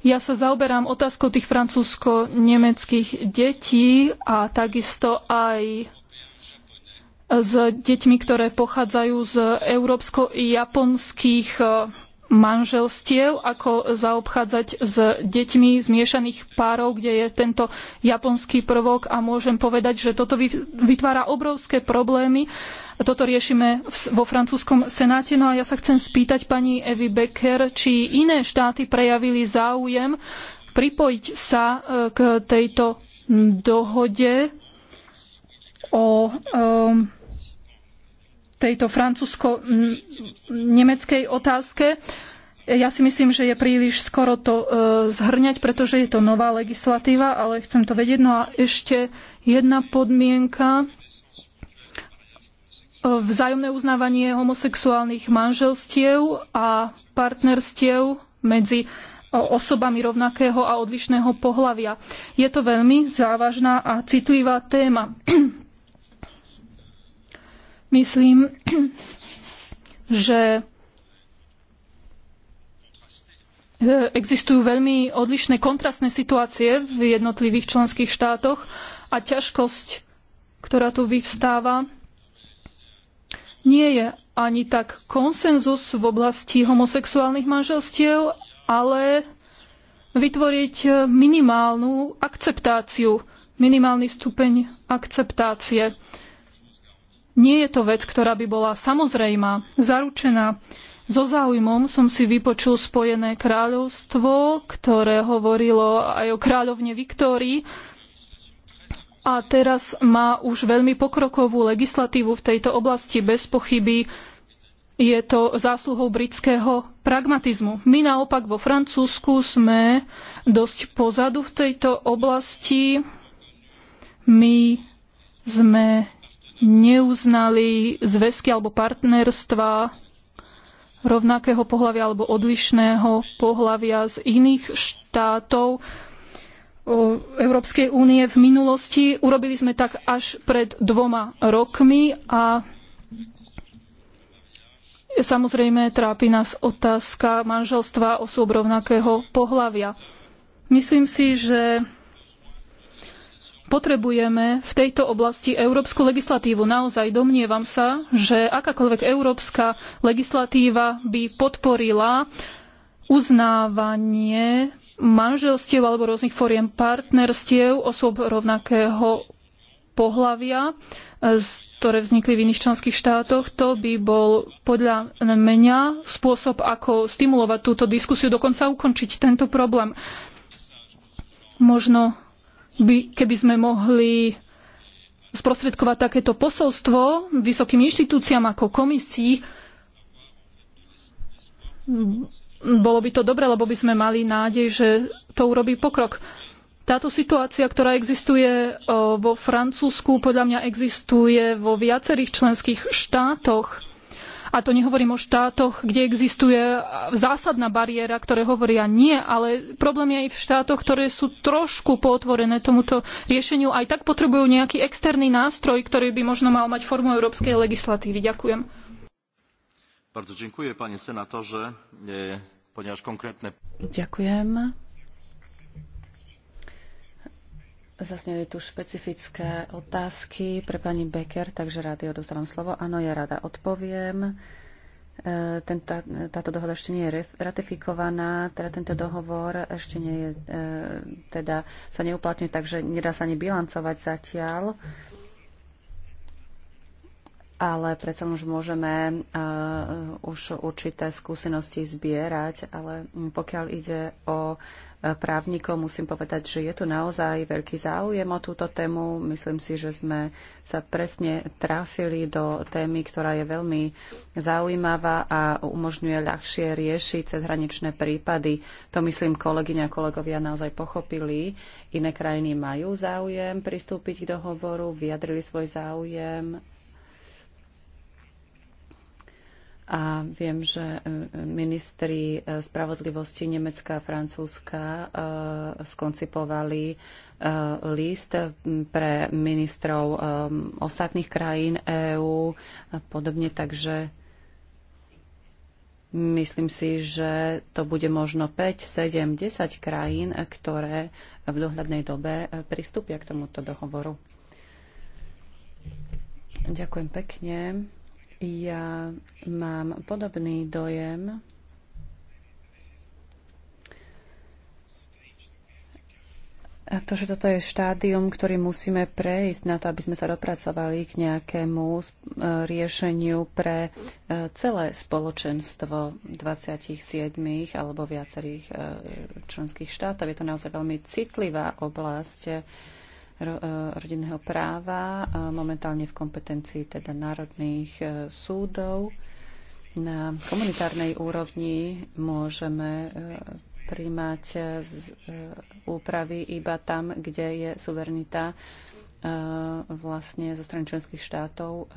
Ja sa zaoberám otázkou tých francúzsko-nemeckých detí a takisto aj s deťmi, ktoré pochádzajú z európsko-japonských manželstiev, ako zaobchádzať s deťmi zmiešaných párov, kde je tento japonský prvok a môžem povedať, že toto vytvára obrovské problémy. Toto riešime vo francúzskom senáte. No a ja sa chcem spýtať pani Evy Becker, či iné štáty prejavili záujem pripojiť sa e, k tejto dohode o um, tejto francúzsko-nemeckej otázke. Ja si myslím, že je príliš skoro to e, zhrňať, pretože je to nová legislatíva, ale chcem to vedieť. No a ešte jedna podmienka. E, vzájomné uznávanie homosexuálnych manželstiev a partnerstiev medzi e, osobami rovnakého a odlišného pohlavia. Je to veľmi závažná a citlivá téma. Myslím, že existujú veľmi odlišné kontrastné situácie v jednotlivých členských štátoch a ťažkosť, ktorá tu vyvstáva, nie je ani tak konsenzus v oblasti homosexuálnych manželstiev, ale vytvoriť minimálnu akceptáciu, minimálny stupeň akceptácie. Nie je to vec, ktorá by bola samozrejmá, zaručená. So záujmom som si vypočul Spojené kráľovstvo, ktoré hovorilo aj o kráľovne Viktórii a teraz má už veľmi pokrokovú legislatívu v tejto oblasti. Bez pochyby je to zásluhou britského pragmatizmu. My naopak vo Francúzsku sme dosť pozadu v tejto oblasti. My sme neuznali zväzky alebo partnerstva rovnakého pohľavia alebo odlišného pohľavia z iných štátov Európskej únie v minulosti. Urobili sme tak až pred dvoma rokmi a samozrejme trápi nás otázka manželstva osôb rovnakého pohľavia. Myslím si, že Potrebujeme v tejto oblasti európsku legislatívu. Naozaj domnievam sa, že akákoľvek európska legislatíva by podporila uznávanie manželstiev alebo rôznych foriem partnerstiev osôb rovnakého pohlavia, ktoré vznikli v iných členských štátoch, to by bol podľa mňa spôsob, ako stimulovať túto diskusiu, dokonca ukončiť tento problém. Možno by, keby sme mohli sprostredkovať takéto posolstvo vysokým inštitúciám ako komisii, bolo by to dobre, lebo by sme mali nádej, že to urobí pokrok. Táto situácia, ktorá existuje e, vo Francúzsku, podľa mňa existuje vo viacerých členských štátoch. A to nehovorím o štátoch, kde existuje zásadná bariéra, ktoré hovoria nie, ale problém je aj v štátoch, ktoré sú trošku pootvorené tomuto riešeniu. Aj tak potrebujú nejaký externý nástroj, ktorý by možno mal mať formu európskej legislatívy. Ďakujem. Bardzo dziękuję panie senatorze, e, ponieważ konkretne... Ďakujem. Zasneli tu špecifické otázky pre pani Becker, takže rád jej odozdávam slovo. Áno, ja rada odpoviem. E, ten, tá, táto dohoda ešte nie je ratifikovaná, teda tento dohovor ešte nie je, e, teda sa neuplatňuje, takže nedá sa ani bilancovať zatiaľ. Ale predsa už môžeme e, už určité skúsenosti zbierať, ale pokiaľ ide o právnikov. Musím povedať, že je tu naozaj veľký záujem o túto tému. Myslím si, že sme sa presne tráfili do témy, ktorá je veľmi zaujímavá a umožňuje ľahšie riešiť cezhraničné prípady. To myslím kolegyňa a kolegovia naozaj pochopili. Iné krajiny majú záujem pristúpiť k dohovoru, vyjadrili svoj záujem A viem, že e, ministri e, spravodlivosti Nemecka a Francúzska e, skoncipovali list pre ministrov ostatných krajín EÚ a podobne, takže Myslím si, že to bude možno 5, 7, 10 krajín, ktoré v dohľadnej dobe pristúpia k tomuto dohovoru. Ďakujem pekne. Ja mám podobný dojem. A to, že toto je štádium, ktorý musíme prejsť na to, aby sme sa dopracovali k nejakému eh, riešeniu pre eh, celé spoločenstvo 27 alebo viacerých eh, členských štátov. Je to naozaj veľmi citlivá oblasť E, rodinného práva, e, momentálne v kompetencii teda národných e, súdov. Na komunitárnej úrovni môžeme príjmať úpravy iba tam, kde je suverenita vlastne zo strany členských štátov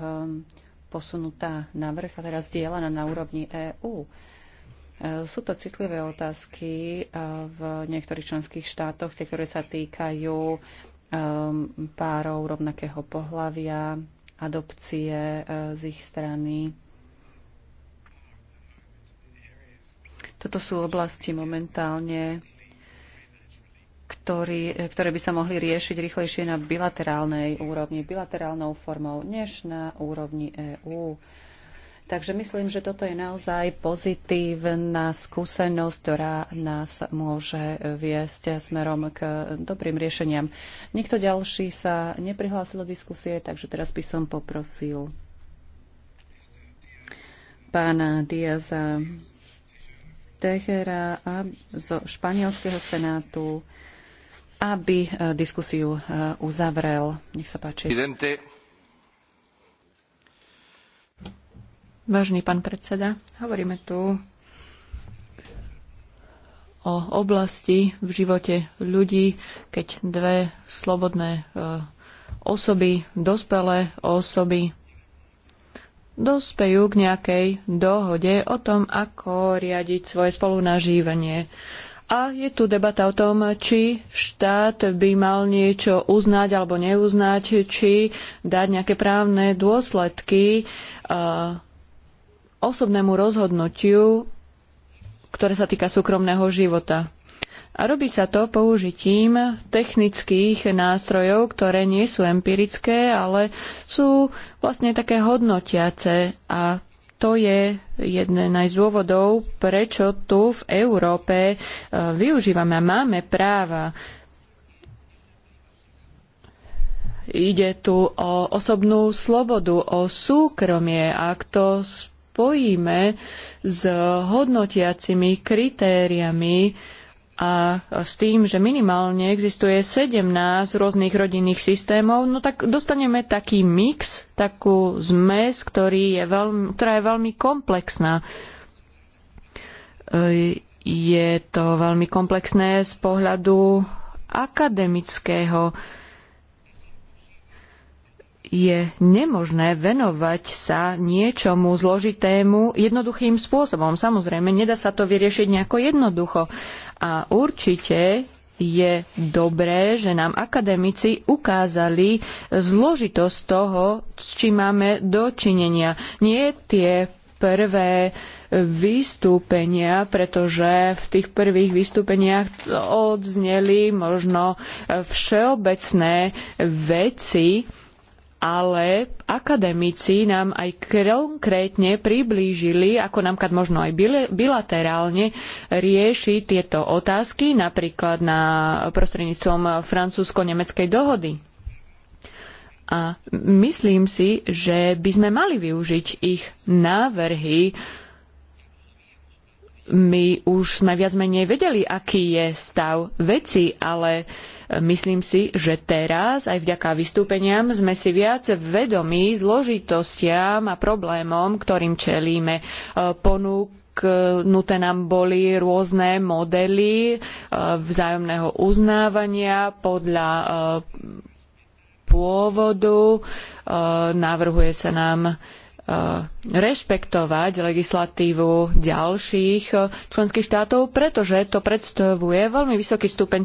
posunutá na vrch a teraz dielaná na úrovni EÚ. Sú to citlivé otázky v niektorých členských štátoch, tie, ktoré sa týkajú Um, párov rovnakého pohlavia, adopcie uh, z ich strany. Toto sú oblasti momentálne, ktorý, ktoré by sa mohli riešiť rýchlejšie na bilaterálnej úrovni, bilaterálnou formou, než na úrovni EÚ. Takže myslím, že toto je naozaj pozitívna skúsenosť, ktorá nás môže viesť smerom k dobrým riešeniam. Nikto ďalší sa neprihlásil do diskusie, takže teraz by som poprosil pána Diaza Tehera a zo španielského senátu, aby diskusiu e, uzavrel. Nech sa páči. Presidente. Vážený pán predseda, hovoríme tu o oblasti v živote ľudí, keď dve slobodné e, osoby, dospelé osoby dospejú k nejakej dohode o tom, ako riadiť svoje spolunažívanie. A je tu debata o tom, či štát by mal niečo uznať alebo neuznať, či dať nejaké právne dôsledky uh, osobnému rozhodnutiu, ktoré sa týka súkromného života. A robí sa to použitím technických nástrojov, ktoré nie sú empirické, ale sú vlastne také hodnotiace a to je jeden z dôvodov, prečo tu v Európe e, využívame a máme práva. Ide tu o osobnú slobodu, o súkromie. Ak to spojíme s hodnotiacimi kritériami a s tým, že minimálne existuje 17 rôznych rodinných systémov, no tak dostaneme taký mix, takú zmes, ktorý je veľmi, ktorá je veľmi komplexná. E, je to veľmi komplexné z pohľadu akademického je nemožné venovať sa niečomu zložitému jednoduchým spôsobom. Samozrejme, nedá sa to vyriešiť nejako jednoducho. A určite je dobré, že nám akademici ukázali zložitosť toho, s čím máme dočinenia. Nie tie prvé vystúpenia, pretože v tých prvých vystúpeniach odzneli možno všeobecné veci, ale akademici nám aj konkrétne priblížili, ako nám kad možno aj bilaterálne rieši tieto otázky, napríklad na prostredníctvom francúzsko-nemeckej dohody. A myslím si, že by sme mali využiť ich návrhy. My už sme viac menej vedeli, aký je stav veci, ale Myslím si, že teraz aj vďaka vystúpeniam sme si viac vedomí zložitostiam a problémom, ktorým čelíme. Ponúk e, ponúknuté nám boli rôzne modely e, vzájomného uznávania podľa e, pôvodu. Navrhuje sa nám Eh, rešpektovať legislatívu ďalších eh, členských štátov, pretože to predstavuje veľmi vysoký stupeň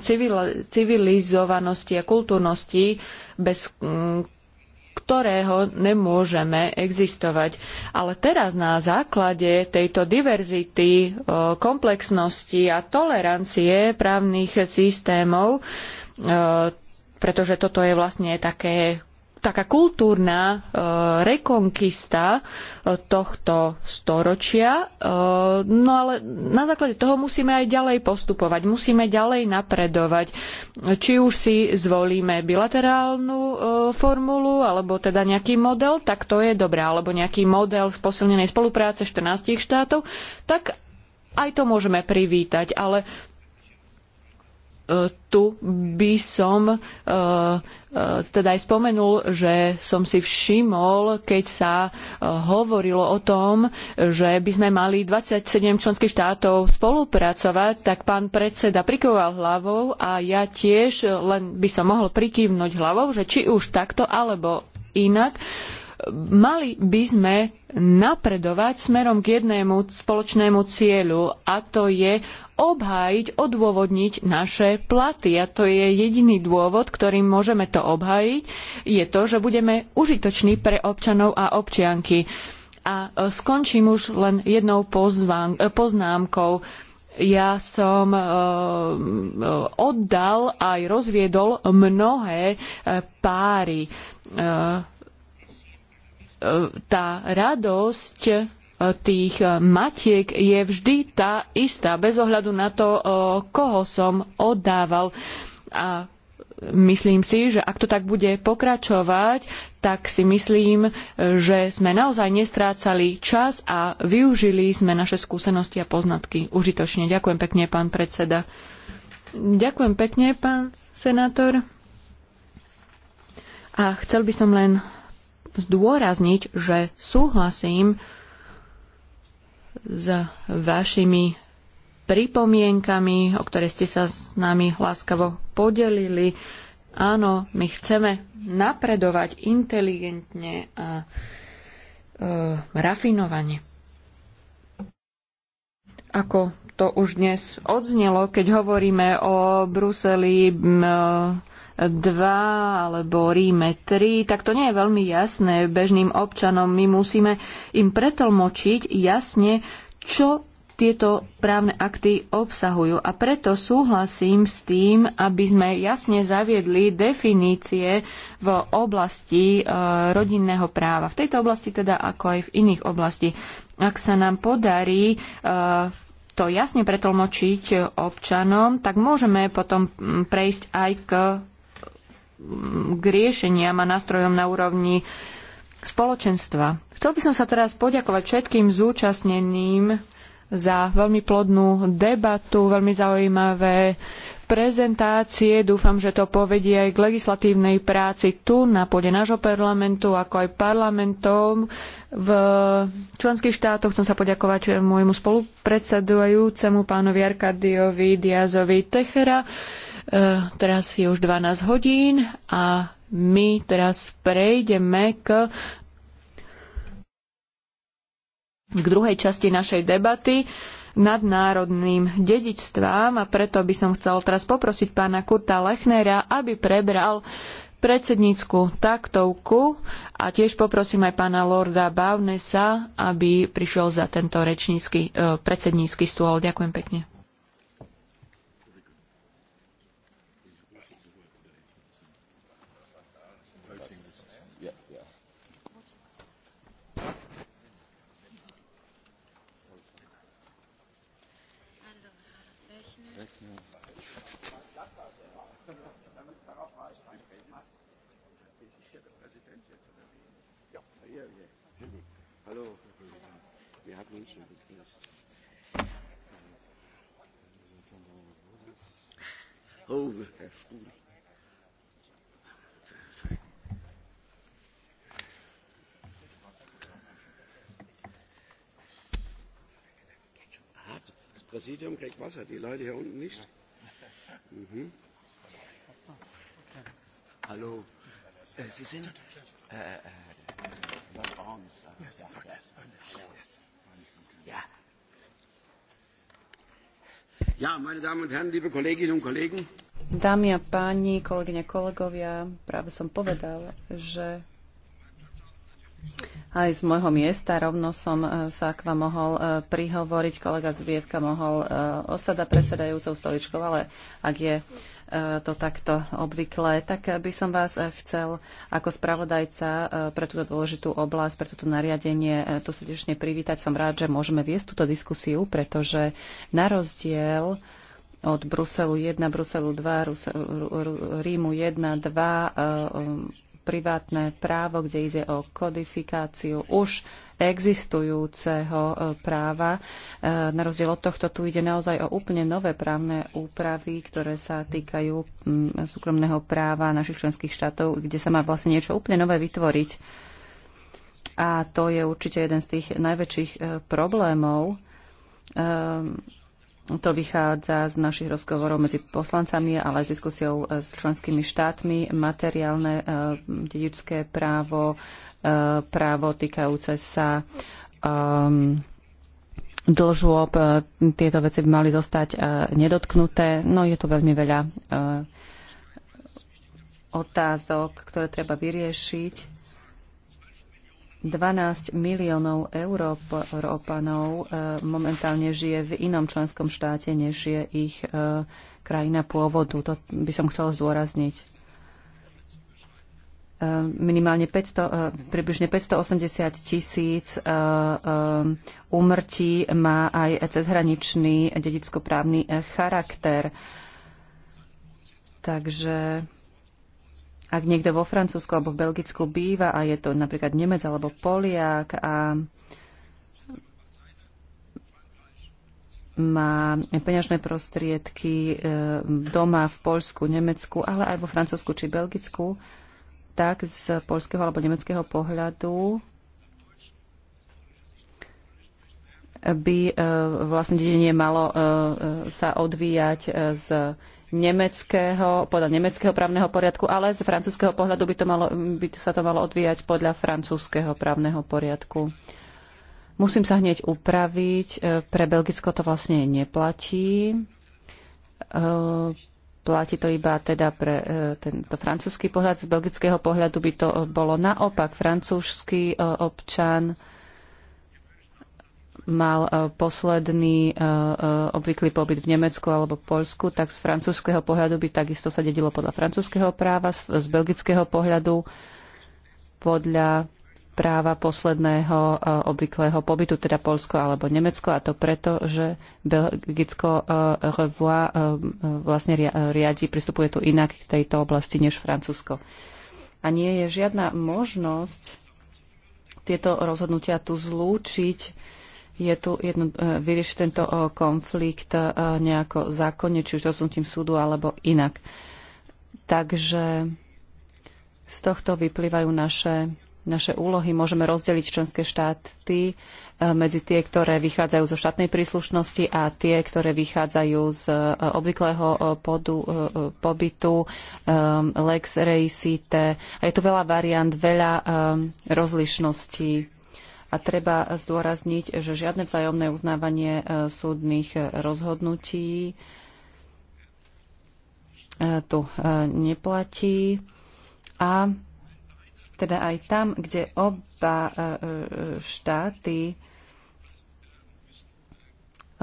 civilizovanosti a kultúrnosti, bez mm, ktorého nemôžeme existovať. Ale teraz na základe tejto diverzity, eh, komplexnosti a tolerancie právnych systémov, pretože toto je vlastne také taká kultúrna e, rekonkista e, tohto storočia. E, no ale na základe toho musíme aj ďalej postupovať, musíme ďalej napredovať. Či už si zvolíme bilaterálnu e, formulu alebo teda nejaký model, tak to je dobré, alebo nejaký model z posilnenej spolupráce 14 štátov, tak aj to môžeme privítať, ale tu by som e, e, teda aj spomenul, že som si všimol, keď sa e, hovorilo o tom, že by sme mali 27 členských štátov spolupracovať, tak pán predseda prikýval hlavou a ja tiež len by som mohol prikývnuť hlavou, že či už takto alebo inak mali by sme napredovať smerom k jednému spoločnému cieľu a to je obhájiť, odôvodniť naše platy. A to je jediný dôvod, ktorým môžeme to obhájiť, je to, že budeme užitoční pre občanov a občianky. A e, skončím už len jednou pozván, e, poznámkou. Ja som e, oddal aj rozviedol mnohé páry. tá radosť tých eh, matiek je vždy tá istá, bez ohľadu na to, eh, koho som oddával. A myslím si, že ak to tak bude pokračovať, tak si myslím, že sme naozaj nestrácali čas a využili sme naše skúsenosti a poznatky užitočne. Ďakujem pekne, pán predseda. Ďakujem pekne, pán senátor. A chcel by som len zdôrazniť, že súhlasím s vašimi pripomienkami, o ktoré ste sa s nami láskavo podelili. Áno, my chceme napredovať inteligentne a e, rafinovane. Ako to už dnes odznelo, keď hovoríme o Bruseli, e, 2 alebo Ríme 3, tak to nie je veľmi jasné bežným občanom. My musíme im pretlmočiť jasne, čo tieto právne akty obsahujú. A preto súhlasím s tým, aby sme jasne zaviedli definície v oblasti e, rodinného práva. V tejto oblasti teda ako aj v iných oblasti. Ak sa nám podarí e, to jasne pretlmočiť občanom, tak môžeme potom prejsť aj k k riešeniam a nástrojom na úrovni spoločenstva. Chcel by som sa teraz poďakovať všetkým zúčastneným za veľmi plodnú debatu, veľmi zaujímavé prezentácie. Dúfam, že to povedie aj k legislatívnej práci tu na pôde nášho parlamentu, ako aj parlamentom v členských štátoch. Chcem sa poďakovať môjmu spolupredsedujúcemu pánovi Arkadiovi Diazovi Techera E, teraz je už 12 hodín a my teraz prejdeme k k druhej časti našej debaty nad národným dedičstvám a preto by som chcel teraz poprosiť pána Kurta Lechnera, aby prebral predsednícku taktovku a tiež poprosím aj pána Lorda Bavnesa, aby prišiel za tento rečnícky, e, predsednícky stôl. Ďakujem pekne. Präsidium kriegt Wasser, die Leute hier unten nicht. Mhm. Hallo. Äh, Sie sind. Äh, äh, ja. ja, meine Damen und Herren, liebe Kolleginnen und Kollegen. Dámy a páni, kolegyne, kolegovia, práve som povedal, že aj z môjho miesta. Rovno som e, sa k vám mohol e, prihovoriť. Kolega Zviedka mohol e, ostať za predsedajúcou stoličkou, ale ak je to takto obvyklé, tak by som vás chcel ako spravodajca pre túto dôležitú oblasť, pre toto nariadenie to srdečne privítať. Som rád, že môžeme viesť túto diskusiu, pretože na rozdiel od Bruselu 1, Bruselu 2, Rímu 1, 2, privátne právo, kde ide o kodifikáciu už existujúceho e, práva. E, na rozdiel od tohto tu ide naozaj o úplne nové právne úpravy, ktoré sa týkajú súkromného práva našich členských štátov, kde sa má vlastne niečo úplne nové vytvoriť. A to je určite jeden z tých najväčších e, problémov, ehm, to vychádza z našich rozhovorov medzi poslancami, ale aj s diskusiou e, s členskými štátmi. Materiálne e, dedičské právo, e, právo týkajúce sa um, dlžôb, tieto veci by mali zostať nedotknuté. No je tu veľmi veľa otázok, ktoré treba vyriešiť. 12 miliónov Európanov eh, momentálne žije v inom členskom štáte, než je ich eh, krajina pôvodu. To by som chcela zdôrazniť. Eh, minimálne 500, približne 580 tisíc úmrtí má aj cezhraničný dedickoprávny charakter. Takže ak niekto vo Francúzsku alebo v Belgicku býva a je to napríklad Nemec alebo Poliak a má peňažné prostriedky e, doma v Poľsku, Nemecku, ale aj vo Francúzsku či Belgicku, tak z polského alebo nemeckého pohľadu by e, vlastne dedenie malo e, sa odvíjať z nemeckého, podľa nemeckého právneho poriadku, ale z francúzského pohľadu by, to malo, by sa to malo odvíjať podľa francúzského právneho poriadku. Musím sa hneď upraviť. E, pre Belgicko to vlastne neplatí. E, platí to iba teda pre e, tento francúzsky pohľad. Z belgického pohľadu by to bolo naopak. Francúzsky občan mal e, posledný e, e, obvyklý pobyt v Nemecku alebo v Poľsku, tak z francúzského pohľadu by takisto sa dedilo podľa francúzského práva, z belgického pohľadu podľa práva posledného obvyklého pobytu, teda Polsko alebo Nemecko, a to preto, že Belgicko revoir vlastne riadi, pristupuje tu inak k tejto oblasti než Francúzsko. A nie je žiadna možnosť tieto rozhodnutia tu zlúčiť je tu jedno, e, vyriešiť tento e, konflikt e, nejako zákonne, či už rozhodnutím súdu alebo inak. Takže z tohto vyplývajú naše, naše úlohy. Môžeme rozdeliť členské štáty medzi tie, ktoré vychádzajú zo štátnej príslušnosti a tie, ktoré vychádzajú z obvyklého podu, pobytu, lex reisite. A je tu veľa variant, veľa rozlišností a treba zdôrazniť, že žiadne vzájomné uznávanie e, súdnych rozhodnutí e, tu e, neplatí. A teda aj tam, kde oba štáty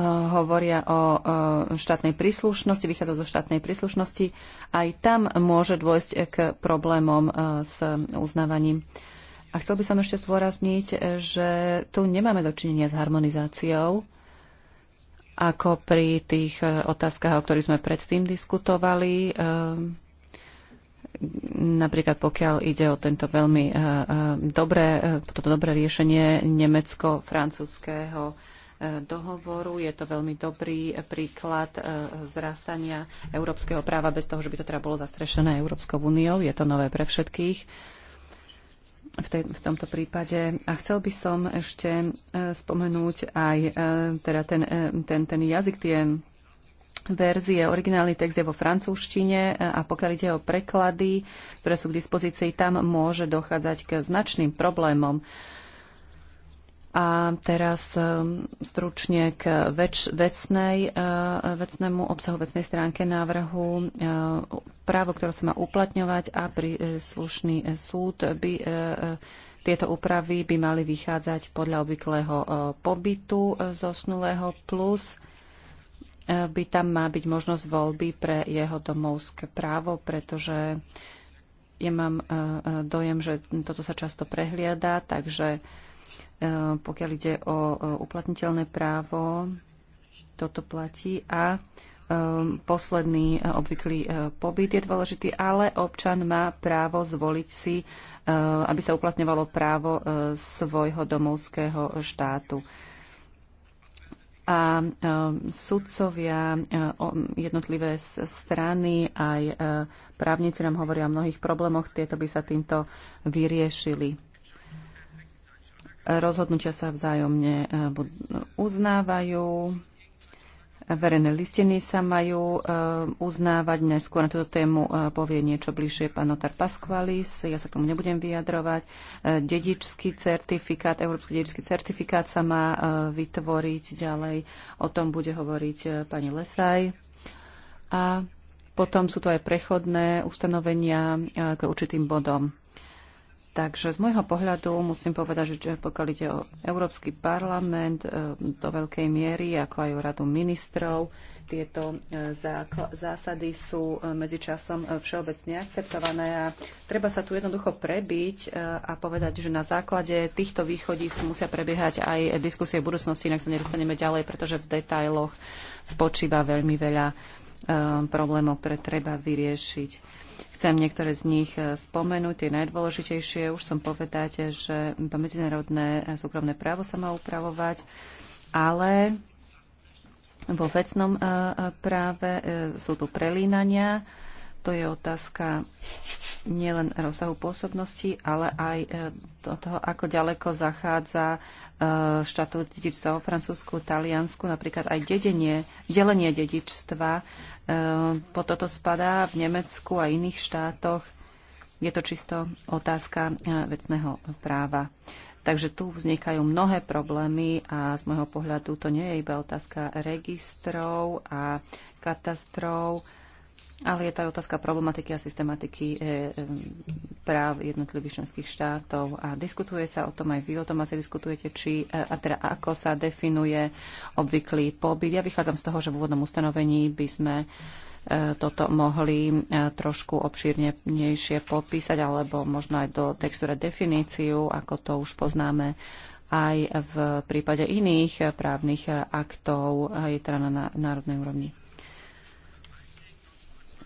hovoria o štátnej príslušnosti, vychádza zo štátnej príslušnosti, aj tam môže dôjsť k problémom s uznávaním a chcel by som ešte zdôrazniť, že tu nemáme dočinenia s harmonizáciou, ako pri tých e, otázkach, o ktorých sme predtým diskutovali. Ehm, napríklad pokiaľ ide o tento veľmi e, e, dobré, toto dobré riešenie nemecko-francúzského dohovoru. Je to veľmi dobrý príklad zrastania európskeho práva bez toho, že by to teda bolo zastrešené Európskou úniou. Je to nové pre všetkých v, tej, v tomto prípade. A chcel by som ešte e, spomenúť aj e, teda ten, e, ten, ten jazyk, tie verzie, originálny text je vo francúzštine a pokiaľ ide o preklady, ktoré sú k dispozícii, tam môže dochádzať k značným problémom. A teraz ehm, stručne k več, vecnej, eh, vecnému obsahu, vecnej stránke návrhu. Eh, právo, ktoré sa má uplatňovať a príslušný eh, súd by tieto úpravy by mali vychádzať podľa obvyklého pobytu zosnulého plus by tam má byť možnosť voľby pre jeho domovské právo, pretože ja mám dojem, že toto sa často prehliada, takže pokiaľ ide o uplatniteľné právo, toto platí a um, posledný e, obvyklý e, pobyt je dôležitý, ale občan má právo zvoliť si, e, aby sa uplatňovalo právo svojho domovského štátu. A um, sudcovia, jednotlivé strany, aj právnici nám hovoria o mnohých problémoch, tieto by sa týmto vyriešili. Rozhodnutia sa vzájomne e, uznávajú. Verejné listiny sa majú e, uznávať. Neskôr na túto tému e, povie niečo bližšie pán notár Pasqualis. Ja sa k tomu nebudem vyjadrovať. Dedičský certifikát, európsky dedičský certifikát sa má vytvoriť ďalej. O tom bude hovoriť pani Lesaj. A potom sú tu aj prechodné ustanovenia k určitým bodom. Takže z môjho pohľadu musím povedať, že pokiaľ ide o Európsky parlament e, do veľkej miery, ako aj o radu ministrov, tieto e, zásady sú e, medzičasom všeobecne akceptované a treba sa tu jednoducho prebiť a povedať, že na základe týchto východísk musia prebiehať aj diskusie v budúcnosti, inak sa nedostaneme ďalej, pretože v detailoch spočíva veľmi veľa Um, problémov, ktoré treba vyriešiť. Chcem niektoré z nich uh, spomenúť, tie najdôležitejšie. Už som povedať, že medzinárodné uh, súkromné právo sa má upravovať, ale vo vecnom uh, práve sú tu prelínania. To je otázka nielen rozsahu pôsobnosti, ale aj do toho, ako ďaleko zachádza štátu dedičstva vo Francúzsku, Taliansku, napríklad aj dedenie, delenie dedičstva Ehm, po toto spadá v Nemecku a iných štátoch. Je to čisto otázka eh, vecného práva. Takže tu vznikajú mnohé problémy a z môjho pohľadu to nie je iba otázka registrov a katastrov, ale je to aj otázka problematiky a systematiky eh, eh, práv jednotlivých členských štátov. A diskutuje sa o tom aj vy, o tom asi diskutujete, či eh, a teda ako sa definuje obvyklý pobyt. Ja vychádzam z toho, že v úvodnom ustanovení by sme toto mohli trošku obšírnejšie popísať, alebo možno aj do textúre definíciu, ako to už poznáme aj v prípade iných právnych aktov, aj teda na národnej úrovni.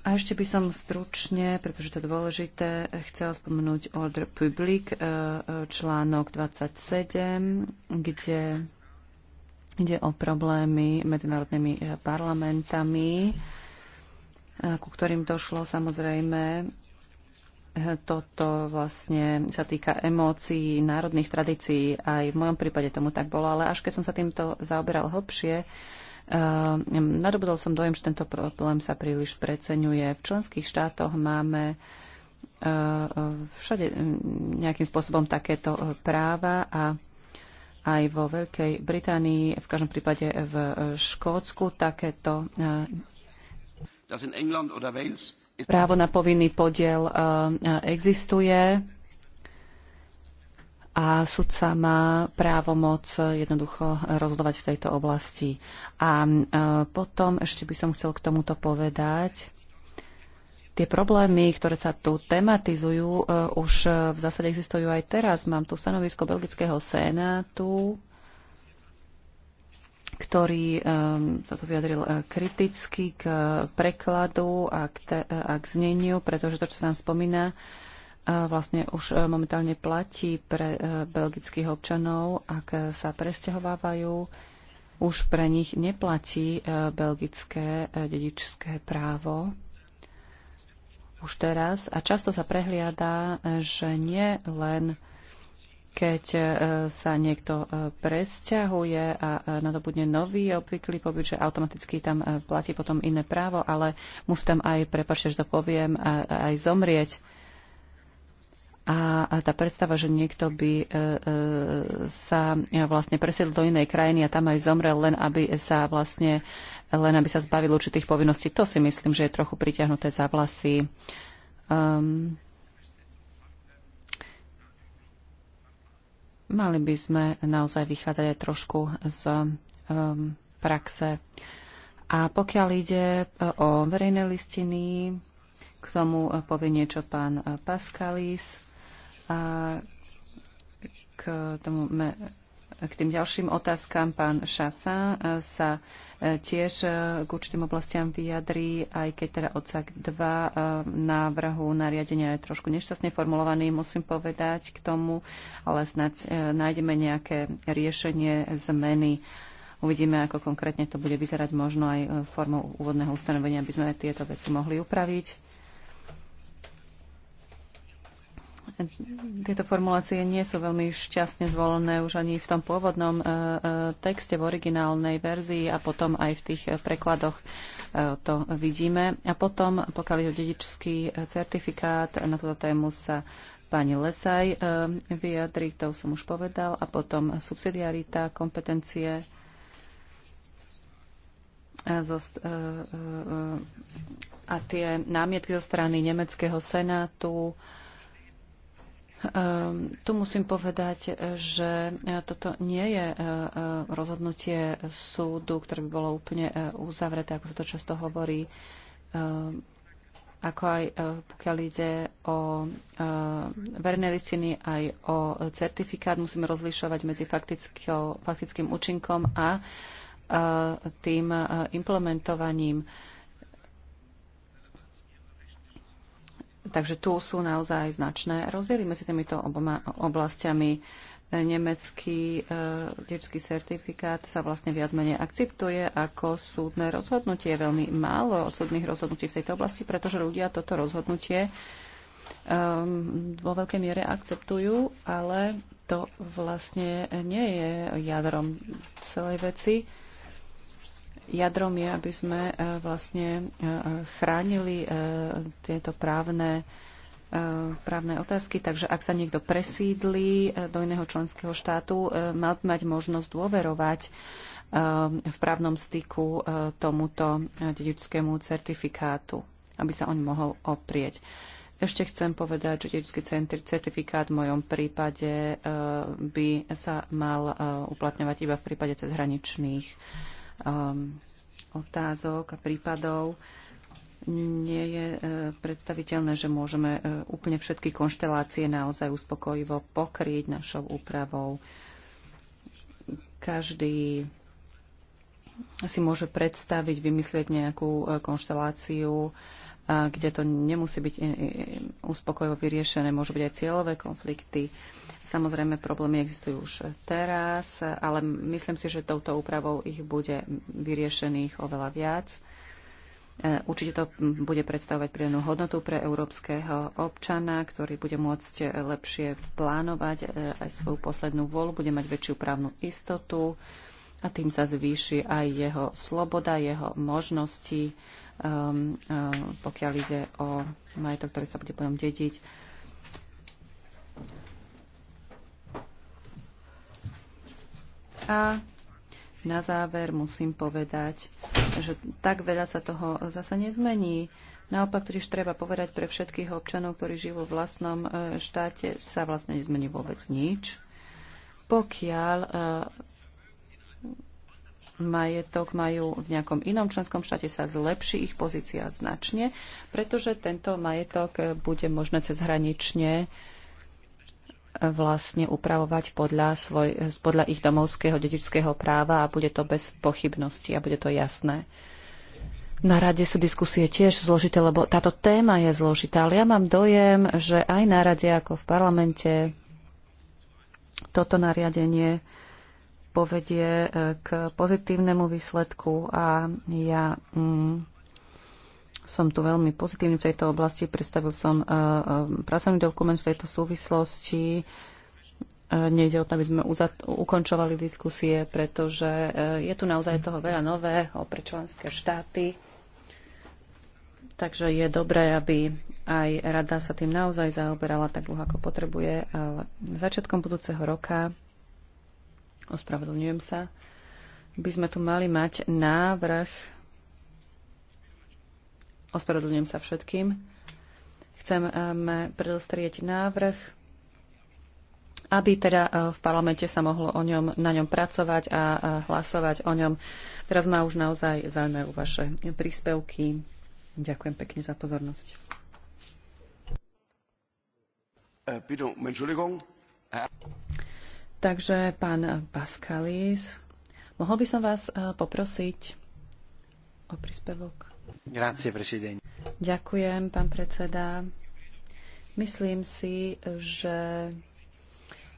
A ešte by som stručne, pretože to je dôležité, chcela spomenúť Order Public, e, e, článok 27, kde ide o problémy medzinárodnými e, parlamentami, ku ktorým došlo samozrejme. Toto vlastne sa týka emócií, národných tradícií. Aj v mojom prípade tomu tak bolo, ale až keď som sa týmto zaoberal hlbšie, Ehm, nadobudol som dojem, že tento problém sa príliš preceňuje. V členských štátoch máme ehm, všade ehm, nejakým spôsobom takéto práva a aj vo Veľkej Británii, v každom prípade v Škótsku takéto právo na povinný podiel existuje a sudca má právomoc jednoducho rozhodovať v tejto oblasti. A e, potom ešte by som chcel k tomuto povedať, Tie problémy, ktoré sa tu tematizujú, e, už v zásade existujú aj teraz. Mám tu stanovisko Belgického senátu, ktorý um, sa tu vyjadril kriticky k prekladu a k, te, a k zneniu, pretože to, čo sa tam spomína, vlastne už e, momentálne platí pre e, belgických občanov, ak e, sa presťahovávajú, už pre nich neplatí belgické dedičské právo už teraz a často sa prehliada, že nie len keď sa niekto presťahuje a nadobudne nový obvyklý pobyt, že automaticky tam platí potom iné právo, ale musí tam aj, prepačte, že to poviem, aj zomrieť a, tá predstava, že niekto by e, e, sa e, vlastne presiedl do inej krajiny a tam aj zomrel, len aby sa vlastne len aby sa zbavil určitých povinností. To si myslím, že je trochu priťahnuté za vlasy. Um, mali by sme naozaj vychádzať aj trošku z um, praxe. A pokiaľ ide o verejné listiny, k tomu povie niečo pán Paskalis. A k, tomu, k tým ďalším otázkam pán Šasa e, sa e, tiež e, k určitým oblastiam vyjadrí, aj keď teda odsak 2 návrhu nariadenia je trošku nešťastne formulovaný, musím povedať k tomu, ale snad nájdeme nejaké riešenie zmeny. Uvidíme, ako konkrétne to bude vyzerať možno aj formou úvodného ustanovenia, aby sme tieto veci mohli upraviť. Tieto formulácie nie sú veľmi šťastne zvolené už ani v tom pôvodnom e, e, texte, v originálnej verzii a potom aj v tých e, prekladoch to vidíme. A potom, pokiaľ je dedičský certifikát, na túto tému sa pani Lesaj vyjadri, to som už povedal, a potom subsidiarita, kompetencie a tie námietky zo strany Nemeckého senátu, Ehm, tu musím povedať, že e, toto nie je e, e, rozhodnutie súdu, ktoré by bolo úplne uzavreté, ako sa to často hovorí, ehm, ako aj pokiaľ ide o verejné listiny, aj o certifikát. Musíme rozlišovať medzi faktickým účinkom a tým implementovaním Takže tu sú naozaj značné rozdiely medzi týmito oboma oblastiami. Nemecký detský eh, certifikát sa vlastne viac menej akceptuje ako súdne rozhodnutie. Veľmi málo súdnych rozhodnutí v tejto oblasti, pretože ľudia toto rozhodnutie um, vo veľkej miere akceptujú, ale to vlastne nie je jadrom celej veci Jadrom je, aby sme e, vlastne e, e, chránili tieto právne právne otázky, takže ak sa niekto presídli do iného členského štátu, mal by mať možnosť dôverovať v právnom styku tomuto dedičskému certifikátu, aby sa on mohol oprieť. Ešte chcem povedať, že dedičský certifikát v mojom prípade by sa mal uplatňovať iba v prípade cezhraničných um, otázok a prípadov, nie je e, predstaviteľné, že môžeme e, úplne všetky konštelácie naozaj uspokojivo pokryť našou úpravou. Každý si môže predstaviť, vymyslieť nejakú e, konšteláciu, a kde to nemusí byť uspokojivo vyriešené. Môžu byť aj cieľové konflikty. Samozrejme, problémy existujú už teraz, ale myslím si, že touto úpravou ich bude vyriešených oveľa viac. E, určite to bude predstavovať pridanú hodnotu pre európskeho občana, ktorý bude môcť lepšie plánovať e, aj svoju poslednú voľu, bude mať väčšiu právnu istotu a tým sa zvýši aj jeho sloboda, jeho možnosti, um, um, pokiaľ ide o majetok, ktorý sa bude potom dediť A na záver musím povedať, že tak veľa sa toho zase nezmení. Naopak, totiž treba povedať pre všetkých občanov, ktorí žijú v vlastnom e, štáte, sa vlastne nezmení vôbec nič. Pokiaľ e, majetok majú v nejakom inom členskom štáte, sa zlepší ich pozícia značne, pretože tento majetok e, bude možné cezhranične vlastne upravovať podľa, svoj, podľa ich domovského dedičského práva a bude to bez pochybnosti a bude to jasné. Na rade sú diskusie tiež zložité, lebo táto téma je zložitá, ale ja mám dojem, že aj na rade ako v parlamente toto nariadenie povedie eh, k pozitívnemu výsledku a ja mm, som tu veľmi pozitívny v tejto oblasti. Predstavil som eh, eh, pracovný dokument v tejto súvislosti. Eh, nejde o to, aby sme ukončovali diskusie, pretože je tu naozaj toho veľa nového pre členské štáty. Takže je dobré, aby aj rada sa tým naozaj zaoberala tak dlho, ako potrebuje. Ale začiatkom budúceho roka, ospravedlňujem sa, by sme tu mali mať návrh Ospravedlňujem sa všetkým. Chcem eh, predostrieť návrh, aby teda eh, v parlamente sa mohlo o ňom, na ňom pracovať a eh, hlasovať o ňom. Teraz ma už naozaj zaujímajú vaše príspevky. Ďakujem pekne za pozornosť. Takže pán Paskalis, mohol by som vás poprosiť o príspevok? Ďakujem, pán predseda. Myslím si, že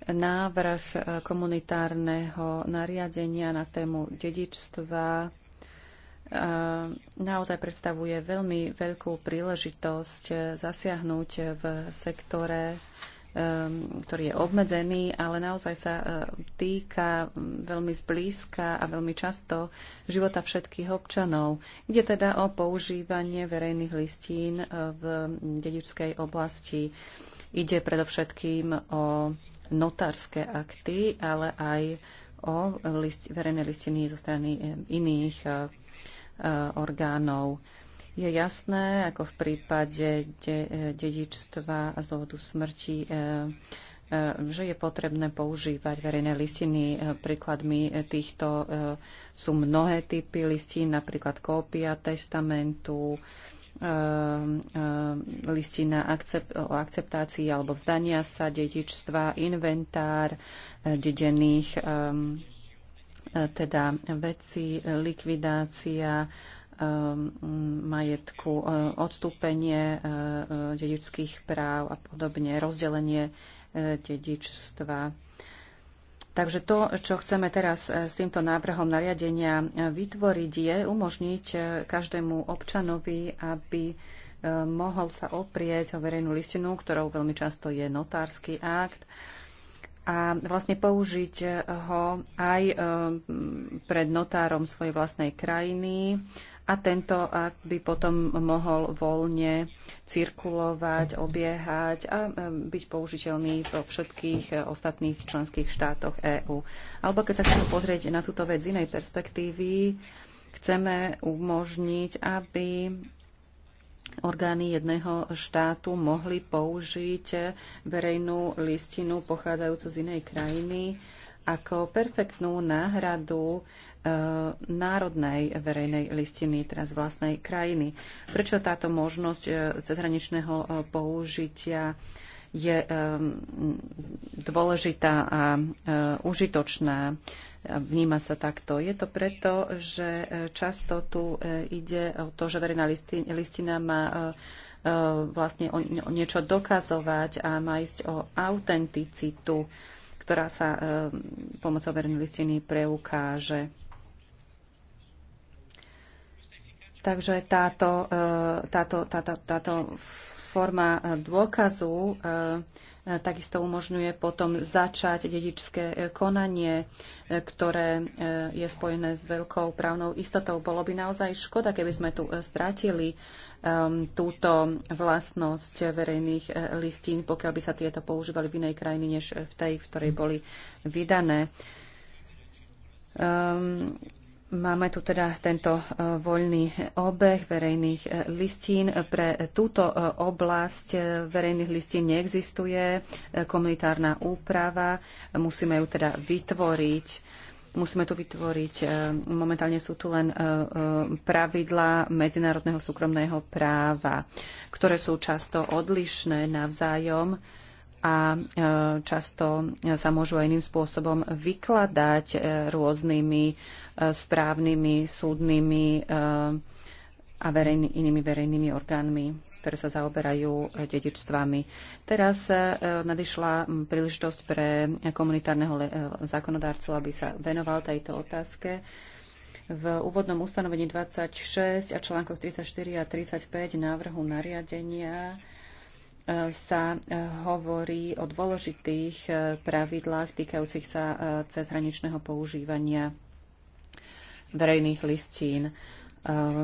návrh e, komunitárneho nariadenia na tému dedičstva e, naozaj predstavuje veľmi veľkú príležitosť e, zasiahnuť v sektore ktorý je obmedzený, ale naozaj sa e, týka veľmi zblízka a veľmi často života všetkých občanov. Ide teda o používanie verejných listín e, v dedičskej oblasti. Ide predovšetkým o notárske akty, ale aj o list, verejné listiny zo strany iných e, orgánov. Je jasné, ako v prípade de- e, dedičstva a z dôvodu smrti, e, e, že je potrebné používať verejné listiny. Príkladmi týchto sú mnohé typy listín, napríklad kópia testamentu, listina akcept, o akceptácii alebo vzdania sa dedičstva, inventár dedených teda veci, likvidácia Um, majetku, uh, odstúpenie uh, uh, dedičských práv a podobne, rozdelenie dedičstva. Takže to, čo chceme teraz s týmto návrhom nariadenia vytvoriť, je umožniť každému občanovi, aby mohol sa oprieť o verejnú listinu, ktorou veľmi často je notársky akt, a vlastne použiť ho aj um, pred notárom svojej vlastnej krajiny a tento ak by potom mohol voľne cirkulovať, obiehať a e, byť použiteľný vo všetkých e, ostatných členských štátoch EÚ. Alebo keď sa chceme pozrieť na túto vec z inej perspektívy, chceme umožniť, aby orgány jedného štátu mohli použiť verejnú listinu pochádzajúcu z inej krajiny ako perfektnú náhradu E, národnej verejnej listiny, teraz vlastnej krajiny. Prečo táto možnosť e, cezhraničného e, použitia je dôležitá a užitočná? Vníma sa takto. Je to preto, že často tu ide o to, že verejná listina má vlastne o niečo dokazovať a má ísť o autenticitu, ktorá sa pomocou verejnej listiny preukáže. Takže táto, e, táto, táto, táto forma e, dôkazu e, takisto umožňuje potom začať dedičské konanie, ktoré je spojené s veľkou právnou istotou. Bolo by naozaj škoda, keby sme tu stratili túto vlastnosť verejných listín, pokiaľ by sa tieto používali v inej krajine než v tej, v ktorej boli vydané. Máme tu teda tento e, voľný obeh verejných e, listín. Pre túto e, oblasť verejných listín neexistuje komunitárna úprava. Musíme ju teda vytvoriť. Musíme tu vytvoriť, momentálne sú tu len pravidlá medzinárodného súkromného práva, ktoré sú často odlišné navzájom a e, často sa môžu aj iným spôsobom vykladať e, rôznymi e, správnymi, súdnymi a verejný, inými verejnými orgánmi, ktoré sa zaoberajú dedičstvami. Teraz nadišla príležitosť pre komunitárneho zákonodárcu, aby sa venoval tejto otázke. V úvodnom ustanovení 26 a článkoch 34 a 35 návrhu nariadenia sa e, hovorí o dôležitých e, pravidlách týkajúcich sa e, cezhraničného používania verejných listín.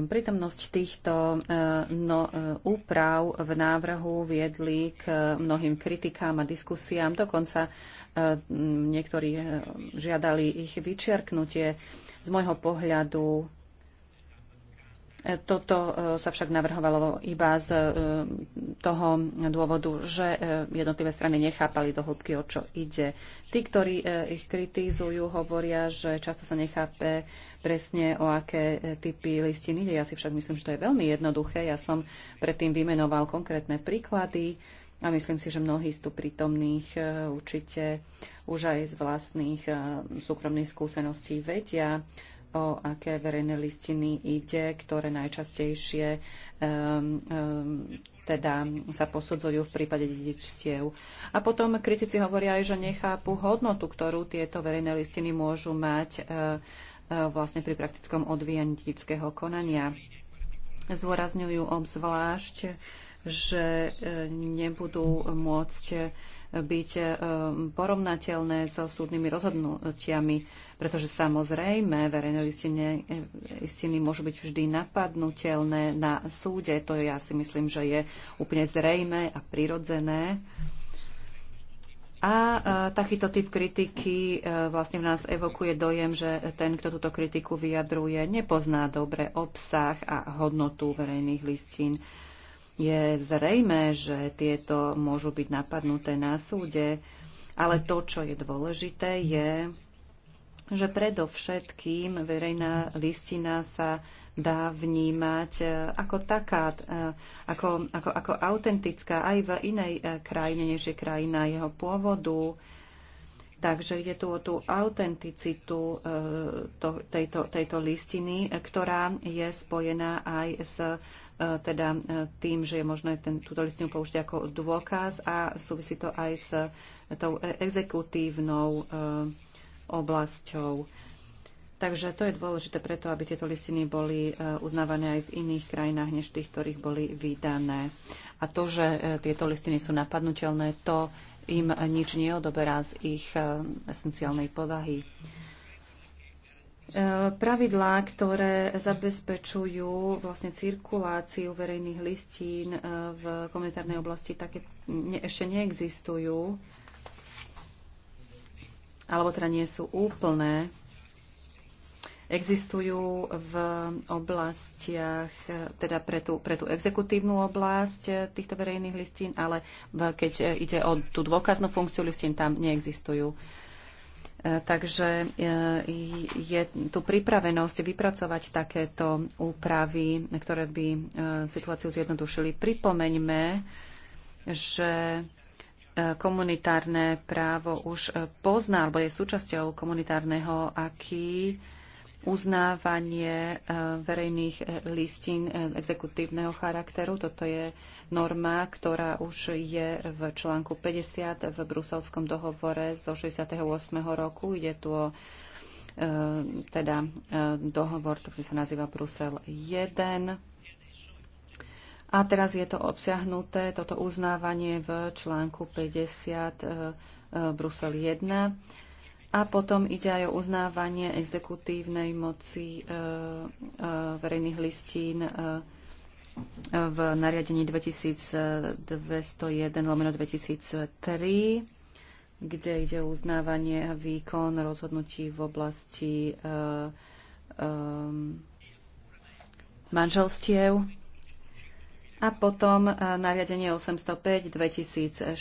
Prítomnosť týchto no, úprav v návrhu viedli k mnohým kritikám a diskusiám. Dokonca niektorí žiadali ich vyčerknutie. Z môjho pohľadu toto e, sa však navrhovalo iba z e, toho dôvodu, že e, jednotlivé strany nechápali do hĺbky, o čo ide. Tí, ktorí ich kritizujú, hovoria, že často sa nechápe presne, o aké typy listiny ide. Ja si však myslím, že to je veľmi jednoduché. Ja som predtým vymenoval konkrétne príklady a myslím si, že mnohí z tu prítomných určite už aj z vlastných súkromných skúseností vedia, o aké verejné listiny ide, ktoré najčastejšie um, um, teda sa posudzujú v prípade dedičstiev. A potom kritici hovoria aj, že nechápu hodnotu, ktorú tieto verejné listiny môžu mať uh, uh, vlastne pri praktickom odvíjaní dedického konania. Zdôrazňujú obzvlášť, že uh, nebudú môcť byť e, porovnateľné so súdnymi rozhodnutiami, pretože samozrejme verejné listiny, e, listiny môžu byť vždy napadnutelné na súde. To ja si myslím, že je úplne zrejme a prirodzené. A e, takýto typ kritiky vlastne v nás evokuje dojem, že ten, kto túto kritiku vyjadruje, nepozná dobre obsah a hodnotu verejných listín. Je zrejme, že tieto môžu byť napadnuté na súde, ale to, čo je dôležité, je, že predovšetkým verejná listina sa dá vnímať e, ako taká, e, ako, ako, ako autentická aj v inej e, krajine, než je krajina jeho pôvodu. Takže ide tu o tú autenticitu to, tejto, tejto listiny, ktorá je spojená aj s E, teda e, tým, že je možné ten, túto listinu použiť ako dôkaz a súvisí to aj s tou e, exekutívnou oblasťou. Takže to je dôležité preto, aby tieto listiny boli uznávané aj v iných krajinách, než tých, ktorých boli vydané. A to, že tieto listiny sú napadnutelné, to im nič neodoberá z ich esenciálnej povahy. E, pravidlá, ktoré zabezpečujú vlastne cirkuláciu verejných listín e, v komunitárnej oblasti, také ešte neexistujú, alebo teda nie sú úplné. Existujú v oblastiach, e, teda pre tú, pre tú exekutívnu oblasť týchto verejných listín, ale keď ide o tú dôkaznú funkciu listín, tam neexistujú. Takže e, je tu pripravenosť vypracovať takéto úpravy, ktoré by e, situáciu zjednodušili. Pripomeňme, že e, komunitárne právo už pozná, alebo je súčasťou komunitárneho aký uznávanie e, verejných e, listín e, exekutívneho charakteru. Toto je norma, ktorá už je v článku 50 v bruselskom dohovore zo 68. roku. Ide tu o teda dohovor, ktorý sa nazýva Brusel 1. A teraz je to obsiahnuté, toto uznávanie v článku 50 Brusel 1 a potom ide aj o uznávanie exekutívnej moci e, e, verejných listín e, e v nariadení 2201 lomeno 2003, kde ide o uznávanie a výkon rozhodnutí v oblasti e, e, manželstiev a potom e, nariadenie 805 2004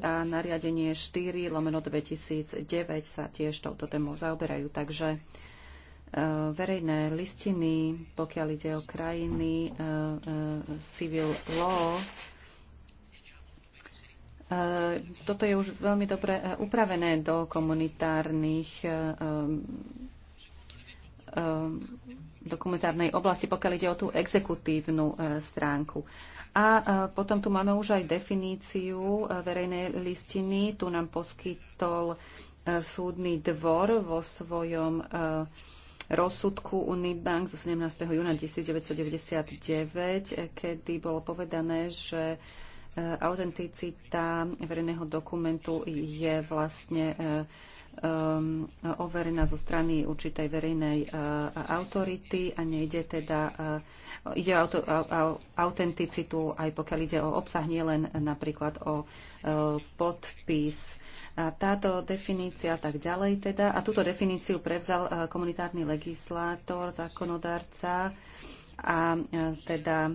a nariadenie 4 lomeno 2009 sa tiež touto témou zaoberajú. Takže e, verejné listiny, pokiaľ ide o krajiny, e, civil law, toto je už veľmi dobre upravené do komunitárnych dokumentárnej oblasti, pokiaľ ide o tú exekutívnu e, stránku. A e, potom tu máme už aj definíciu e, verejnej listiny. Tu nám poskytol súdny dvor vo svojom rozsudku Unibank zo 17. júna 1999, kedy bolo povedané, že autenticita verejného dokumentu je vlastne um, overená zo strany určitej verejnej uh, autority a nejde teda uh, ide o, to, o, o autenticitu, aj pokiaľ ide o obsah, nie len napríklad o uh, podpis. A táto definícia tak ďalej teda, a túto definíciu prevzal uh, komunitárny legislátor, zákonodárca a uh, teda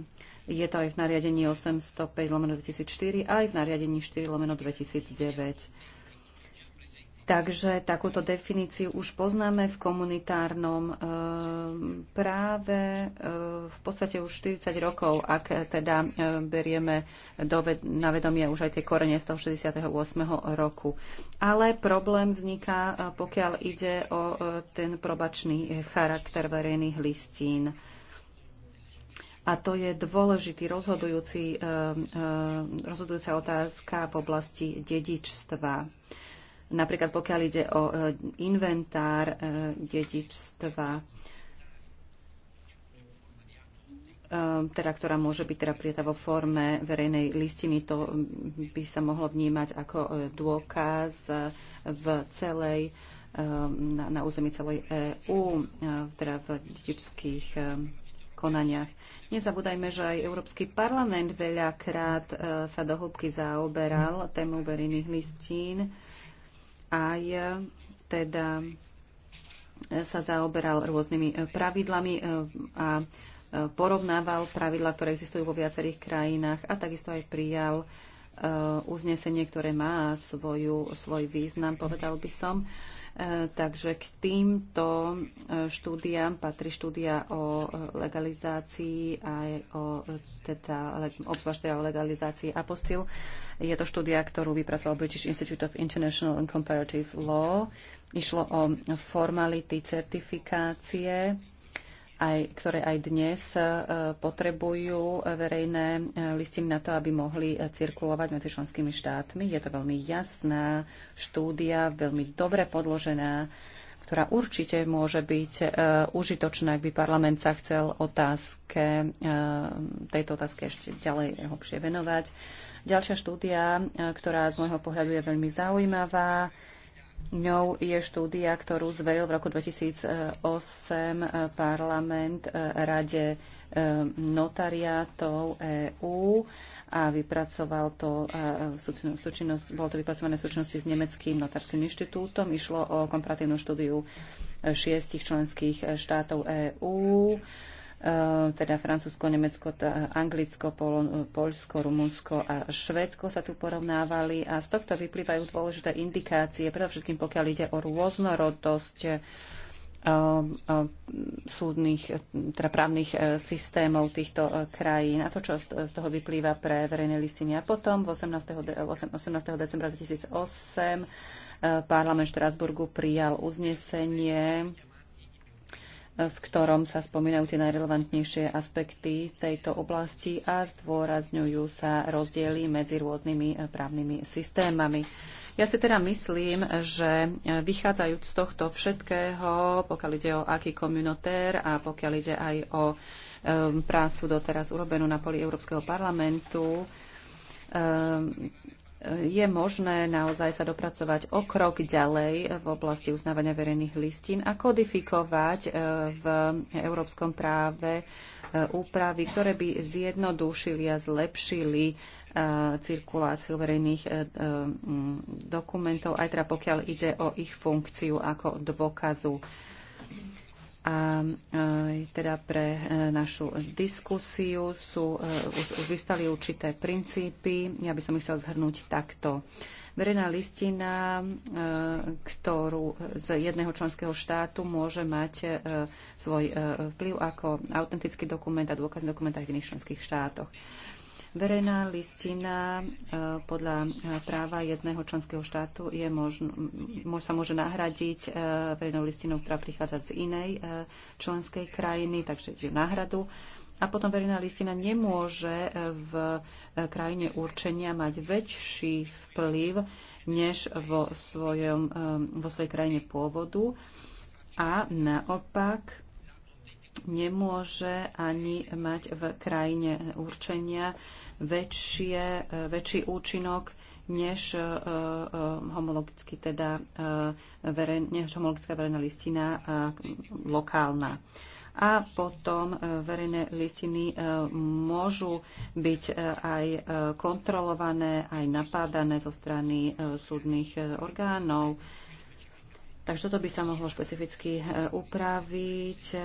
je to aj v nariadení 805 2004, aj v nariadení 4 2009. Takže takúto definíciu už poznáme v komunitárnom eh, práve eh, v podstate už 40 rokov, ak teda eh, berieme do, na vedomie už aj tie korene z toho 68. roku. Ale problém vzniká, pokiaľ ide o ten probačný charakter verejných listín. A to je dôležitý rozhodujúci, rozhodujúca otázka v oblasti dedičstva napríklad pokiaľ ide o e, inventár e, dedičstva, e, teda, ktorá môže byť teda prijatá vo forme verejnej listiny. To by sa mohlo vnímať ako dôkaz v celej, na, na území celej EÚ, teda v dedičských konaniach. Nezabúdajme, že aj Európsky parlament veľakrát sa do hĺbky zaoberal tému verejných listín aj e, teda e, sa zaoberal rôznymi e, pravidlami a porovnával pravidla, ktoré existujú vo viacerých krajinách a takisto aj prijal uznesenie, ktoré má svoju, svoj význam, povedal by som. E, takže k týmto e, štúdiám patrí štúdia o e, legalizácii aj o teda, obzvlášť teda o legalizácii apostil. Je to štúdia, ktorú vypracoval British Institute of International and Comparative Law. Išlo o formality certifikácie aj, ktoré aj dnes e, potrebujú verejné e, listiny na to, aby mohli e, cirkulovať medzi členskými štátmi. Je to veľmi jasná štúdia, veľmi dobre podložená, ktorá určite môže byť užitočná, ak by parlament sa chcel otázke, tejto otázke ešte ďalej hlbšie venovať. Ďalšia štúdia, ktorá z môjho pohľadu je veľmi zaujímavá, ňou je štúdia, ktorú zveril v roku 2008 eh, parlament eh, Rade eh, notariátov EÚ a vypracoval to súčinnosť, bolo to vypracované v súčinnosti s Nemeckým notárským inštitútom. Išlo o komparatívnu štúdiu šiestich členských štátov EÚ E, teda Francúzsko, Nemecko, Anglicko, Polsko, Rumunsko a Švédsko sa tu porovnávali a z tohto vyplývajú dôležité indikácie, predovšetkým pokiaľ ide o rôznorodosť e, e, súdnych, teda právnych systémov týchto krajín a to, čo z toho vyplýva pre verejné listiny. A potom 18. De 18. decembra 2008 parlament Štrasburgu prijal uznesenie v ktorom sa spomínajú tie najrelevantnejšie aspekty tejto oblasti a zdôrazňujú sa rozdiely medzi rôznymi eh, právnymi systémami. Ja si teda myslím, že eh, vychádzajúc z tohto všetkého, pokiaľ ide o aký komunotér a pokiaľ ide aj o eh, prácu doteraz urobenú na poli Európskeho parlamentu, je možné naozaj sa dopracovať o krok ďalej v oblasti uznávania verejných listín a kodifikovať e, v európskom práve e, úpravy, ktoré by zjednodušili a zlepšili e, cirkuláciu verejných dokumentov, aj teda pokiaľ ide o ich funkciu ako dôkazu a e, teda pre e, našu diskusiu sú, e, už, už vystali určité princípy. Ja by som ich chcel zhrnúť takto. Verejná listina, ktorú z jedného členského štátu môže mať svoj vplyv ako autentický dokument a dôkazný dokument aj v iných členských štátoch. Verejná listina e, podľa e, práva jedného členského štátu je možno, sa môže nahradiť e, verejnou listinou, ktorá prichádza z inej členskej krajiny, takže ide náhradu. A potom verejná listina nemôže v krajine určenia mať väčší vplyv než vo, svojom, vo svojej krajine pôvodu. A naopak nemôže ani mať v krajine určenia väčšie, e, väčší účinok než e, e, homologicky teda veren, než homologická verejná listina lokálna. A potom verejné listiny môžu byť aj kontrolované, aj napádané zo strany súdnych orgánov Takže toto by sa mohlo špecificky e, upraviť. E, e,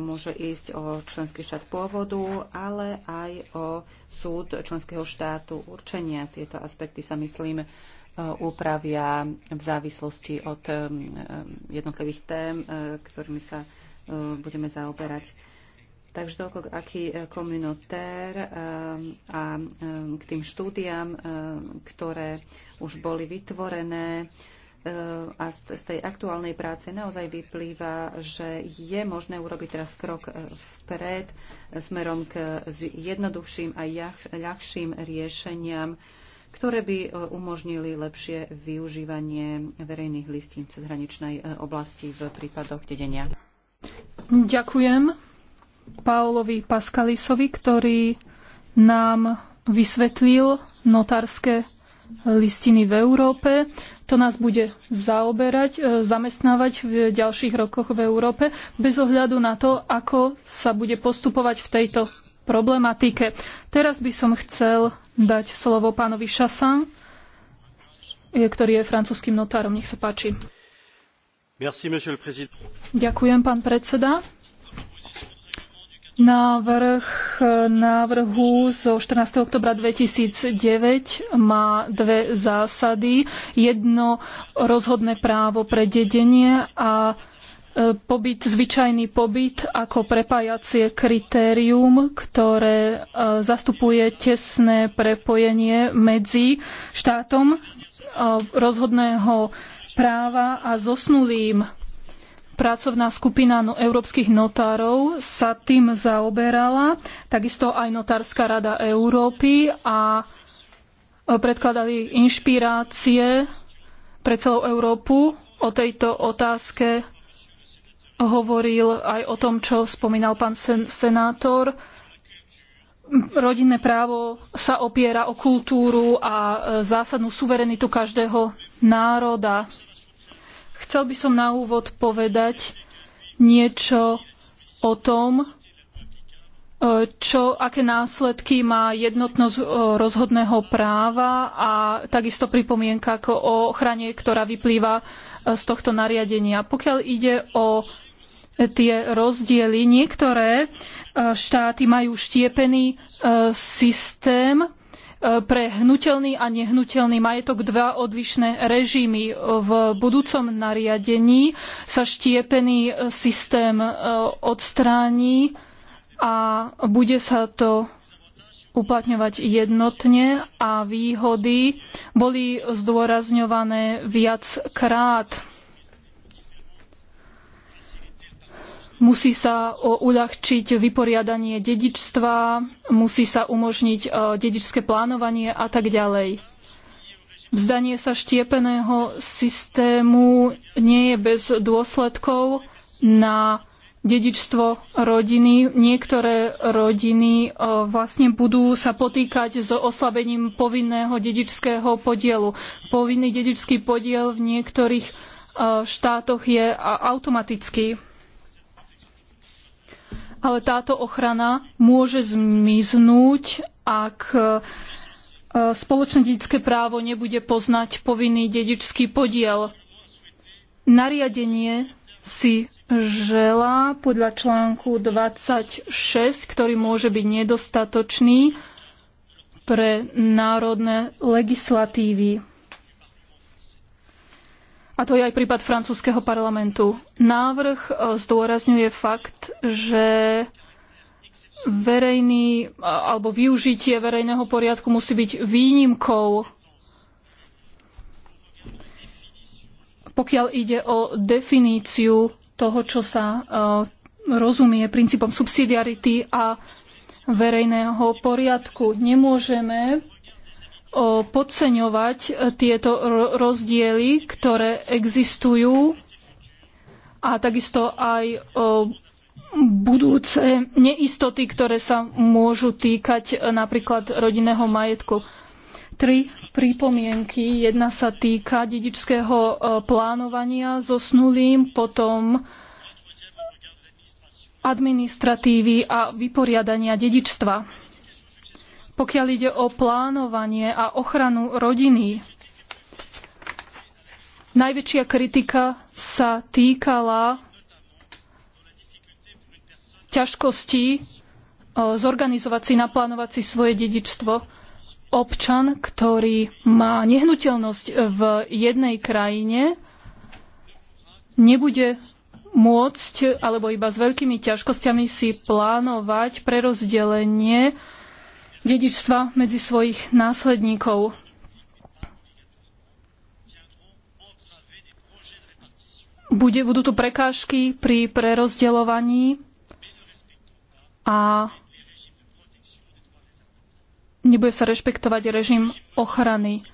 môže ísť o členský štát pôvodu, ale aj o súd členského štátu určenia. Tieto aspekty sa, myslím, upravia v závislosti od jednotlivých tém, ktorými sa budeme zaoberať. Takže toľko aký komunitér a k tým štúdiám, ktoré už boli vytvorené a z tej aktuálnej práce naozaj vyplýva, že je možné urobiť teraz krok e, vpred e, smerom k e, jednoduchším a ľahším riešeniam, ktoré by umožnili lepšie využívanie verejných listín cezhraničnej oblasti v prípadoch dedenia. Ďakujem Paolovi Paskalisovi, ktorý nám vysvetlil notárske listiny v Európe. To nás bude zaoberať, e, zamestnávať v ďalších rokoch v Európe, bez ohľadu na to, ako sa bude postupovať v tejto problematike. Teraz by som chcel dať slovo pánovi Chassin, e, ktorý je francúzským notárom. Nech sa páči. Merci, Ďakujem, pán predseda. Návrh e, návrhu zo 14. oktobra 2009 má dve zásady. Jedno rozhodné právo pre dedenie a e, pobyt, zvyčajný pobyt ako prepájacie kritérium, ktoré e, zastupuje tesné prepojenie medzi štátom rozhodného práva a zosnulým Pracovná skupina no- európskych notárov sa tým zaoberala, takisto aj Notárska rada Európy a e, predkladali inšpirácie pre celú Európu o tejto otázke hovoril aj o tom, čo spomínal pán sen senátor. Rodinné právo sa opiera o kultúru a e, zásadnú suverenitu každého národa. Chcel by som na úvod povedať niečo o tom, e, čo, aké následky má jednotnosť e, rozhodného práva a takisto pripomienka ako o ochrane, ktorá vyplýva e, z tohto nariadenia. Pokiaľ ide o tie rozdiely, niektoré štáty majú štiepený systém pre hnutelný a nehnuteľný majetok dva odlišné režimy. V budúcom nariadení sa štiepený systém e, odstráni a bude sa to uplatňovať jednotne a výhody boli zdôrazňované viackrát Musí sa e, uľahčiť vyporiadanie dedičstva, musí sa umožniť e, dedičské plánovanie a tak ďalej. Vzdanie sa štiepeného systému nie je bez dôsledkov na dedičstvo rodiny. Niektoré rodiny e, vlastne budú sa potýkať s oslabením povinného dedičského podielu. Povinný dedičský podiel v niektorých štátoch je automatický ale táto ochrana môže zmiznúť, ak e, spoločné dedičské právo nebude poznať povinný dedičský podiel. Nariadenie si želá podľa článku 26, ktorý môže byť nedostatočný pre národné legislatívy a to je aj prípad francúzského parlamentu. Návrh e, zdôrazňuje fakt, že verejný alebo využitie verejného poriadku musí byť výnimkou, pokiaľ ide o definíciu toho, čo sa e, rozumie princípom subsidiarity a verejného poriadku. Nemôžeme podceňovať e, tieto rozdiely, ktoré existujú a takisto aj budúce neistoty, ktoré sa môžu týkať e, napríklad rodinného majetku. Tri pripomienky. Jedna sa týka dedičského e, plánovania so snulým, potom administratívy a vyporiadania dedičstva pokiaľ ide o plánovanie a ochranu rodiny. Najväčšia kritika sa týkala ťažkostí e, zorganizovať si, naplánovať si svoje dedičstvo. Občan, ktorý má nehnuteľnosť v jednej krajine, nebude môcť alebo iba s veľkými ťažkosťami si plánovať prerozdelenie dedičstva medzi svojich následníkov. Bude, budú tu prekážky pri prerozdeľovaní a nebude sa rešpektovať režim ochrany.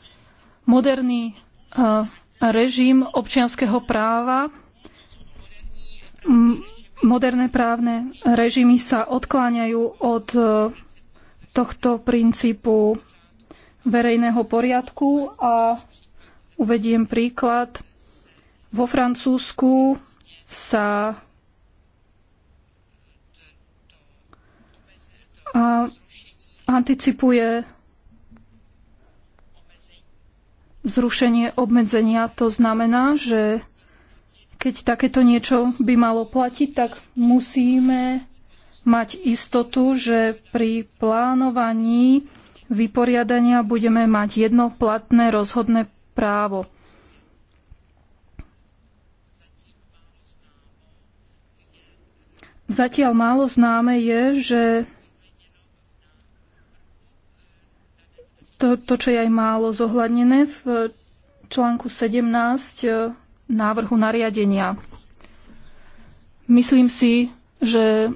Moderný uh, režim občianskeho práva, moderné právne režimy sa odkláňajú od uh, tohto princípu verejného poriadku a uvediem príklad. Vo Francúzsku sa a anticipuje zrušenie obmedzenia. To znamená, že keď takéto niečo by malo platiť, tak musíme mať istotu, že pri plánovaní vyporiadania budeme mať jedno platné rozhodné právo. Zatiaľ málo známe je, že to, to, čo je aj málo zohľadnené v článku 17 e, návrhu nariadenia. Myslím si, že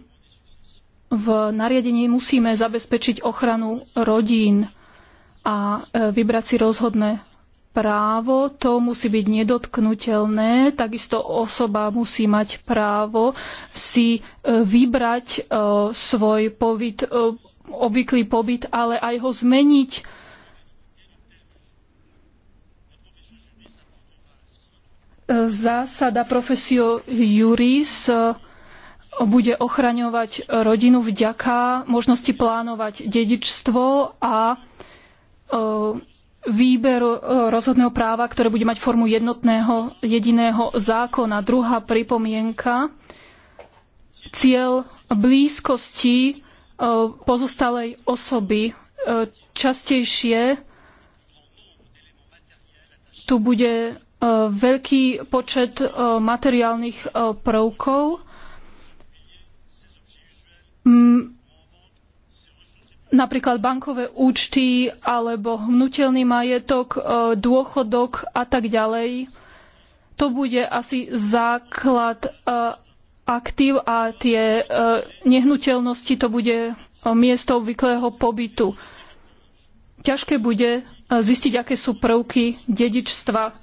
v nariadení musíme zabezpečiť ochranu rodín a e, vybrať si rozhodné právo, to musí byť nedotknutelné. Takisto osoba musí mať právo si e, vybrať e, svoj pobyt, obvyklý pobyt, ale aj ho zmeniť. Zásada profesio juris bude ochraňovať rodinu vďaka možnosti plánovať dedičstvo a e, výber e, rozhodného práva, ktoré bude mať formu jednotného, jediného zákona. Druhá pripomienka, cieľ blízkosti e, pozostalej osoby. Častejšie tu bude veľký počet materiálnych prvkov, napríklad bankové účty alebo hnutelný majetok, e, dôchodok a tak ďalej. To bude asi základ e, aktív a tie e, nehnuteľnosti to bude miesto obvyklého pobytu. Ťažké bude zistiť, aké sú prvky dedičstva.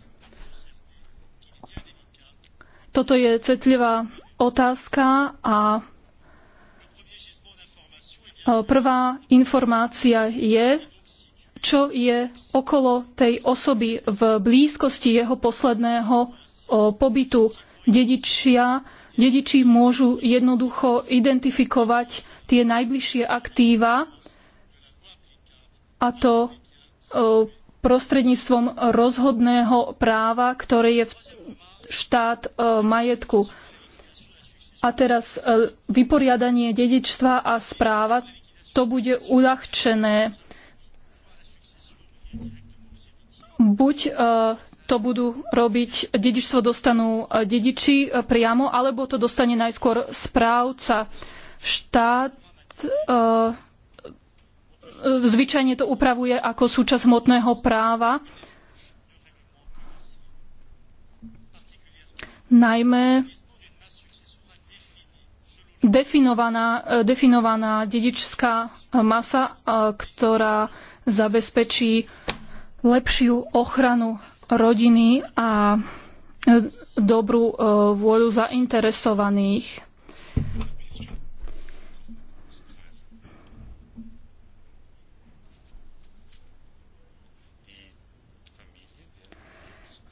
Toto je citlivá otázka a Eh, prvá informácia je, čo je okolo tej osoby v blízkosti jeho posledného eh, pobytu. Dedičia, dediči môžu jednoducho identifikovať tie najbližšie aktíva a to eh, prostredníctvom rozhodného práva, ktoré je v štát majetku. A teraz e, vyporiadanie dedičstva a správa, to bude uľahčené. Buď e, to budú robiť, dedičstvo dostanú e, dediči priamo, alebo to dostane najskôr správca. Štát zvyčajne to upravuje ako súčasť hmotného práva. Najmä definovaná, e, definovaná dedičská e, masa, e, ktorá zabezpečí lepšiu ochranu rodiny a dobrú vôľu zainteresovaných.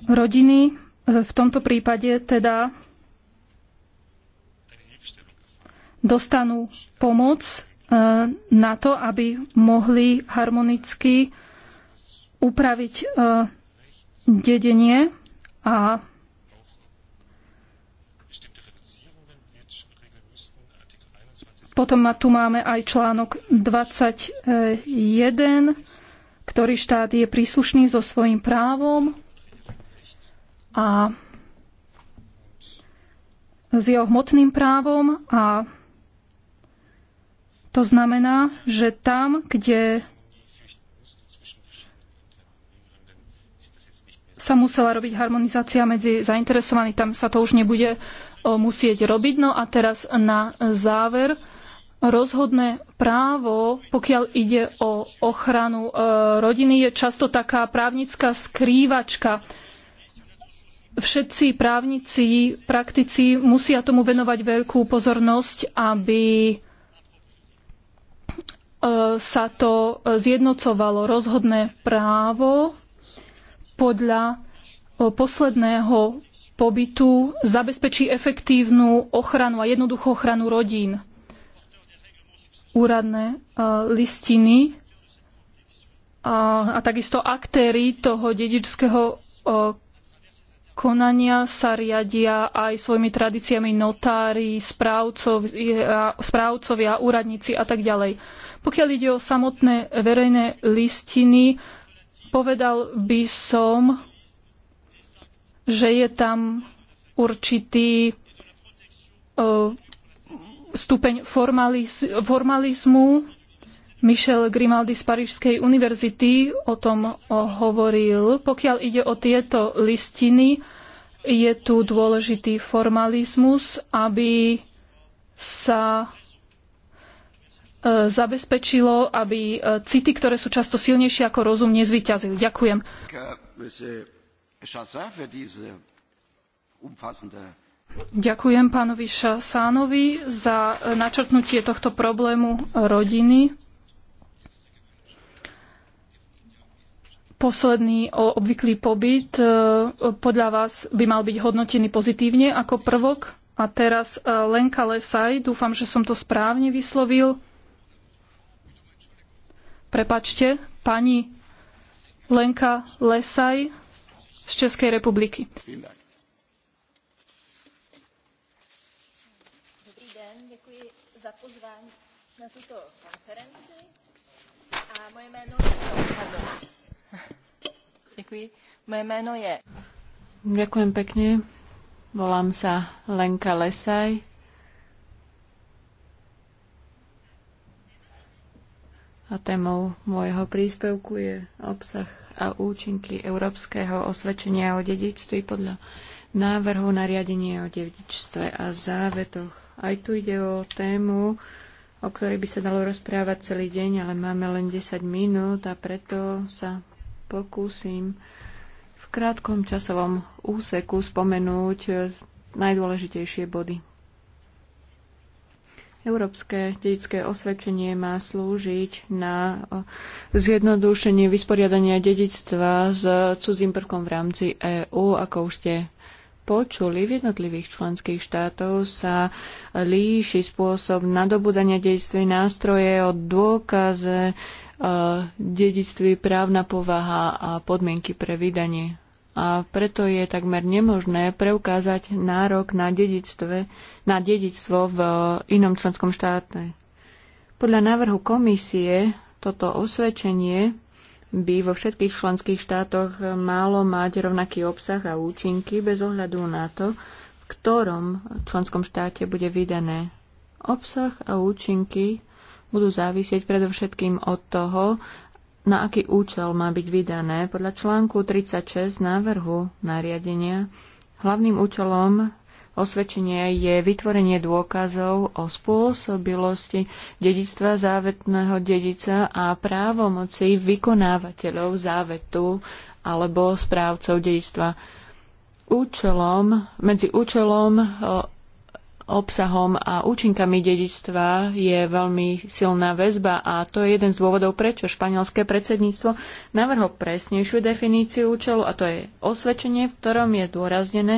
Rodiny v tomto prípade teda dostanú pomoc e, na to, aby mohli harmonicky upraviť e, dedenie a potom tu máme aj článok 21, ktorý štát je príslušný so svojím právom a s jeho hmotným právom a to znamená, že tam, kde sa musela robiť harmonizácia medzi zainteresovaní, tam sa to už nebude musieť robiť. No a teraz na záver rozhodné právo, pokiaľ ide o ochranu e, rodiny, je často taká právnická skrývačka. Všetci právnici, praktici musia tomu venovať veľkú pozornosť, aby E, sa to zjednocovalo rozhodné právo podľa e, posledného pobytu zabezpečí efektívnu ochranu a jednoduchú ochranu rodín. Úradné e, listiny a, a takisto aktéry toho dedičského konania sa riadia aj svojimi tradíciami notári, správcovia, správcovia úradníci a tak ďalej. Pokiaľ ide o samotné verejné listiny, povedal by som, že je tam určitý e, stupeň formaliz formalizmu Michel Grimaldi z Parížskej univerzity o tom hovoril. Pokiaľ ide o tieto listiny, je tu dôležitý formalizmus, aby sa e, zabezpečilo, aby e, city, ktoré sú často silnejšie ako rozum, nezvyťazili. Ďakujem. Ďakujem pánovi Šasánovi za e, načrtnutie tohto problému rodiny. posledný obvyklý pobyt e, podľa vás by mal byť hodnotený pozitívne ako prvok. A teraz e, Lenka Lesaj, dúfam, že som to správne vyslovil. Prepačte, pani Lenka Lesaj z Českej republiky. Moje meno je... Ďakujem pekne. Volám sa Lenka Lesaj. A témou môjho príspevku je obsah a účinky Európskeho osvedčenia o dedičstve podľa návrhu nariadenia o dedičstve a závetoch. Aj tu ide o tému, o ktorej by sa dalo rozprávať celý deň, ale máme len 10 minút a preto sa pokúsim v krátkom časovom úseku spomenúť najdôležitejšie body. Európske dedické osvedčenie má slúžiť na zjednodušenie vysporiadania dedictva s cudzím prvkom v rámci EÚ, ako už ste počuli, v jednotlivých členských štátov sa líši spôsob nadobúdania dejství nástroje od dôkaze dedictví, právna povaha a podmienky pre vydanie. A preto je takmer nemožné preukázať nárok na, dedictve, na dedictvo v e, inom členskom štáte. Podľa návrhu komisie toto osvedčenie by vo všetkých členských štátoch malo mať rovnaký obsah a účinky bez ohľadu na to, v ktorom členskom štáte bude vydané. Obsah a účinky budú závisieť predovšetkým od toho, na aký účel má byť vydané. Podľa článku 36 návrhu nariadenia hlavným účelom osvedčenia je vytvorenie dôkazov o spôsobilosti dedictva závetného dedica a právomoci vykonávateľov závetu alebo správcov dedictva. Účelom, medzi účelom obsahom a účinkami dedičstva je veľmi silná väzba a to je jeden z dôvodov, prečo španielské predsedníctvo navrhlo presnejšiu definíciu účelu a to je osvedčenie, v ktorom je dôraznené,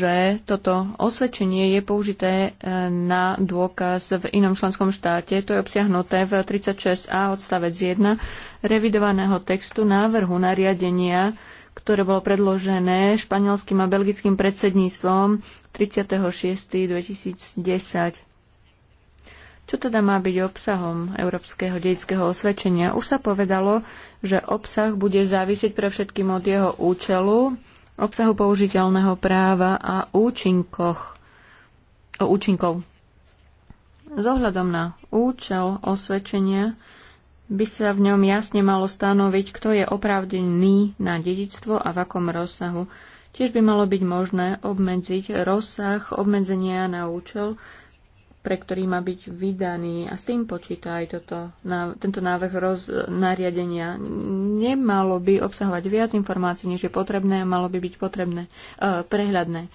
že toto osvedčenie je použité e, na dôkaz v inom členskom štáte. To je obsiahnuté v 36a odstavec 1 revidovaného textu návrhu nariadenia ktoré bolo predložené španielským a belgickým predsedníctvom 36.2010. Čo teda má byť obsahom Európskeho dedického osvedčenia? Už sa povedalo, že obsah bude závisieť pre všetkým od jeho účelu, obsahu použiteľného práva a účinkoch. O účinkov. Zohľadom na účel osvedčenia by sa v ňom jasne malo stanoviť, kto je opravdený na dedictvo a v akom rozsahu. Tiež by malo byť možné obmedziť rozsah obmedzenia na účel, pre ktorý má byť vydaný a s tým počíta aj toto, na, tento návrh roz, nariadenia. Nemalo by obsahovať viac informácií, než je potrebné a malo by byť potrebné, e, prehľadné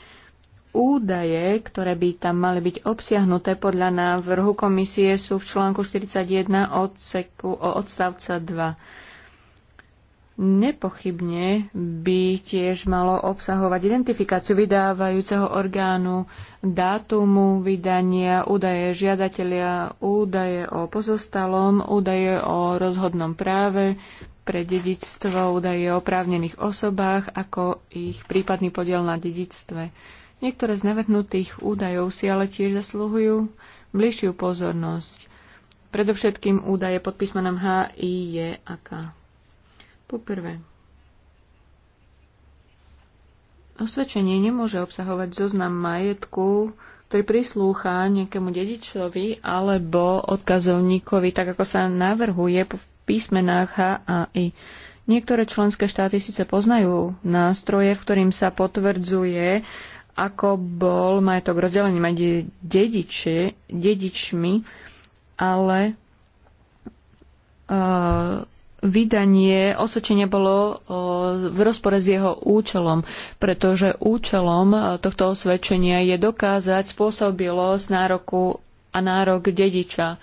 údaje, ktoré by tam mali byť obsiahnuté podľa návrhu komisie sú v článku 41 odseku, odstavca 2. Nepochybne by tiež malo obsahovať identifikáciu vydávajúceho orgánu, dátumu vydania, údaje žiadatelia, údaje o pozostalom, údaje o rozhodnom práve, pre dedičstvo, údaje o oprávnených osobách, ako ich prípadný podiel na dedičstve. Niektoré z navrhnutých údajov si ale tiež zasluhujú bližšiu pozornosť. Predovšetkým údaje pod písmenom H, I, J a K. Poprvé, osvedčenie nemôže obsahovať zoznam majetku, ktorý prislúcha nejakému dedičovi alebo odkazovníkovi, tak ako sa navrhuje v písmenách H a I. Niektoré členské štáty síce poznajú nástroje, v ktorým sa potvrdzuje ako bol majetok rozdelený medzi dediči, dedičmi, ale uh, vydanie osočenia bolo eh, v rozpore s jeho účelom, pretože účelom eh, tohto osvedčenia je dokázať spôsobilosť nároku a nárok dediča.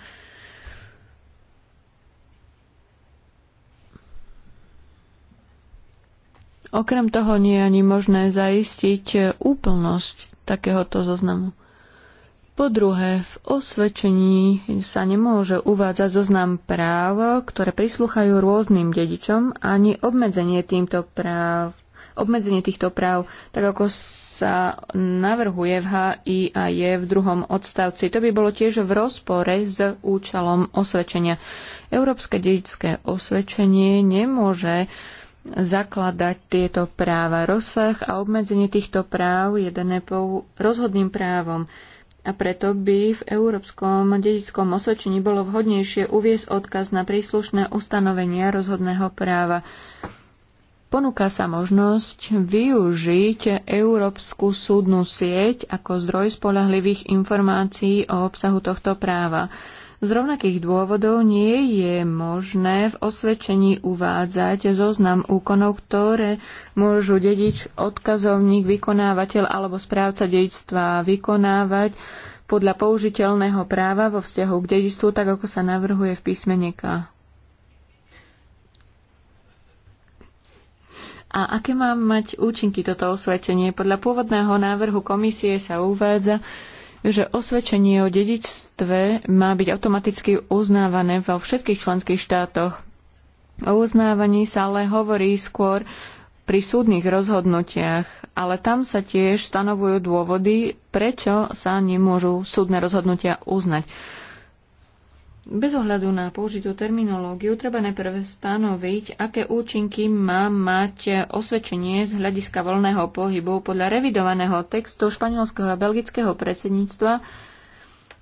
Okrem toho nie je ani možné zaistiť úplnosť takéhoto zoznamu. Po druhé, v osvedčení sa nemôže uvádzať zoznam práv, ktoré prislúchajú rôznym dedičom, ani obmedzenie, týmto práv, obmedzenie týchto práv, tak ako sa navrhuje v HI a je v druhom odstavci. To by bolo tiež v rozpore s účelom osvedčenia. Európske dedické osvedčenie nemôže zakladať tieto práva. Rozsah a obmedzenie týchto práv je dané rozhodným právom a preto by v Európskom dedickom osvedčení bolo vhodnejšie uviesť odkaz na príslušné ustanovenia rozhodného práva. Ponúka sa možnosť využiť Európsku súdnu sieť ako zdroj spolahlivých informácií o obsahu tohto práva. Z rovnakých dôvodov nie je možné v osvedčení uvádzať zoznam úkonov, ktoré môžu dedič, odkazovník, vykonávateľ alebo správca dedičstva vykonávať podľa použiteľného práva vo vzťahu k dedičstvu, tak ako sa navrhuje v písmene K. A aké má mať účinky toto osvedčenie? Podľa pôvodného návrhu komisie sa uvádza, že osvedčenie o dedičstve má byť automaticky uznávané vo všetkých členských štátoch. O uznávaní sa ale hovorí skôr pri súdnych rozhodnutiach, ale tam sa tiež stanovujú dôvody, prečo sa nemôžu súdne rozhodnutia uznať. Bez ohľadu na použitú terminológiu treba najprv stanoviť, aké účinky má mať osvedčenie z hľadiska voľného pohybu. Podľa revidovaného textu španielského a belgického predsedníctva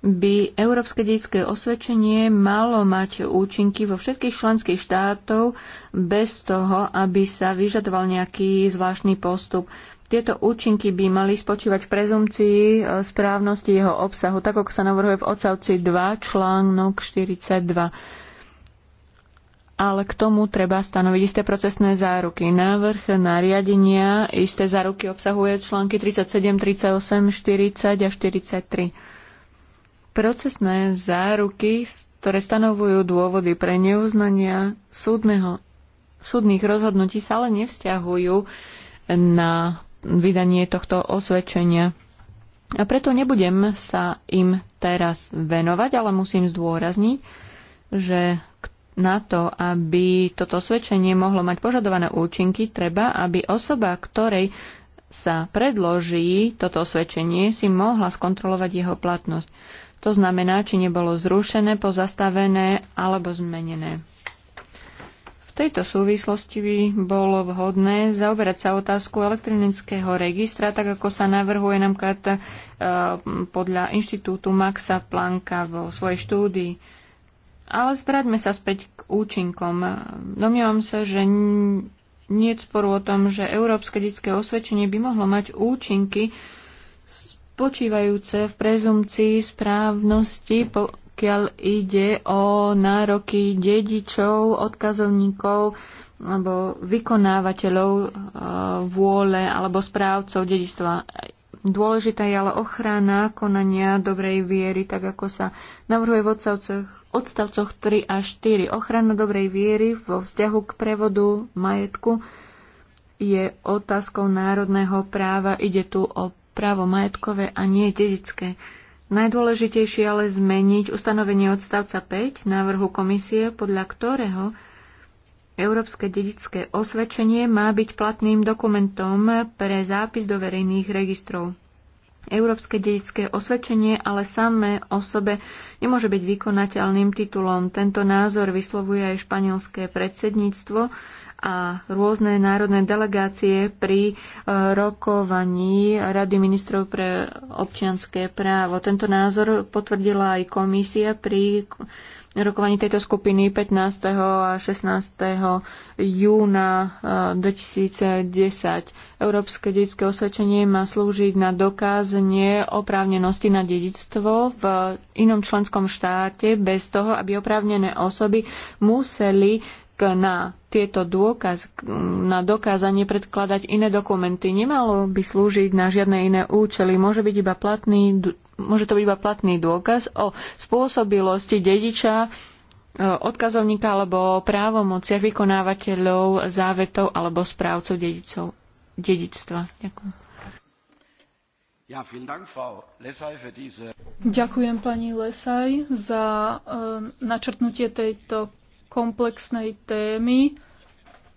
by Európske detské osvedčenie malo mať účinky vo všetkých členských štátov bez toho, aby sa vyžadoval nejaký zvláštny postup. Tieto účinky by mali spočívať v prezumcii e, správnosti jeho obsahu, tak ako sa navrhuje v odsavci 2 článok 42. Ale k tomu treba stanoviť isté procesné záruky. Návrh nariadenia isté záruky obsahuje články 37, 38, 40 a 43. Procesné záruky, ktoré stanovujú dôvody pre neuznania súdneho, súdnych rozhodnutí, sa ale nevzťahujú na vydanie tohto osvedčenia. A preto nebudem sa im teraz venovať, ale musím zdôrazniť, že na to, aby toto osvedčenie mohlo mať požadované účinky, treba, aby osoba, ktorej sa predloží toto osvedčenie, si mohla skontrolovať jeho platnosť. To znamená, či nebolo zrušené, pozastavené alebo zmenené tejto súvislosti by bolo vhodné zaoberať sa otázku elektronického registra, tak ako sa navrhuje nám uh, e, podľa Inštitútu Maxa Plancka vo svojej štúdii. Ale zvráťme sa späť k účinkom. Domnievam sa, že nie je sporu o tom, že európske detské osvedčenie by mohlo mať účinky spočívajúce v prezumcii správnosti po pokiaľ ide o nároky dedičov, odkazovníkov alebo vykonávateľov e, vôle alebo správcov dedičstva. Dôležitá je ale ochrana konania dobrej viery, tak ako sa navrhuje v odstavcoch, odstavcoch 3 a 4. Ochrana dobrej viery vo vzťahu k prevodu majetku je otázkou národného práva. Ide tu o právo majetkové a nie dedické. Najdôležitejšie ale zmeniť ustanovenie odstavca 5 návrhu komisie, podľa ktorého Európske dedické osvedčenie má byť platným dokumentom pre zápis do verejných registrov. Európske dedické osvedčenie ale samé o sebe nemôže byť vykonateľným titulom. Tento názor vyslovuje aj španielské predsedníctvo a rôzne národné delegácie pri e, rokovaní Rady ministrov pre občianské právo. Tento názor potvrdila aj komisia pri rokovaní tejto skupiny 15. a 16. júna 2010. E, Európske dedické osvedčenie má slúžiť na dokázanie oprávnenosti na dedictvo v inom členskom štáte bez toho, aby oprávnené osoby museli na tieto dôkaz, na dokázanie predkladať iné dokumenty. Nemalo by slúžiť na žiadne iné účely. Môže, byť iba platný, môže to byť iba platný dôkaz o spôsobilosti dediča, e, odkazovníka alebo právomociach vykonávateľov, závetov alebo správcov dedicov, dedictva. Ďakujem. Ja, Dank, Frau Lesaj, für diese... Ďakujem pani Lesaj za um, načrtnutie tejto komplexnej témy,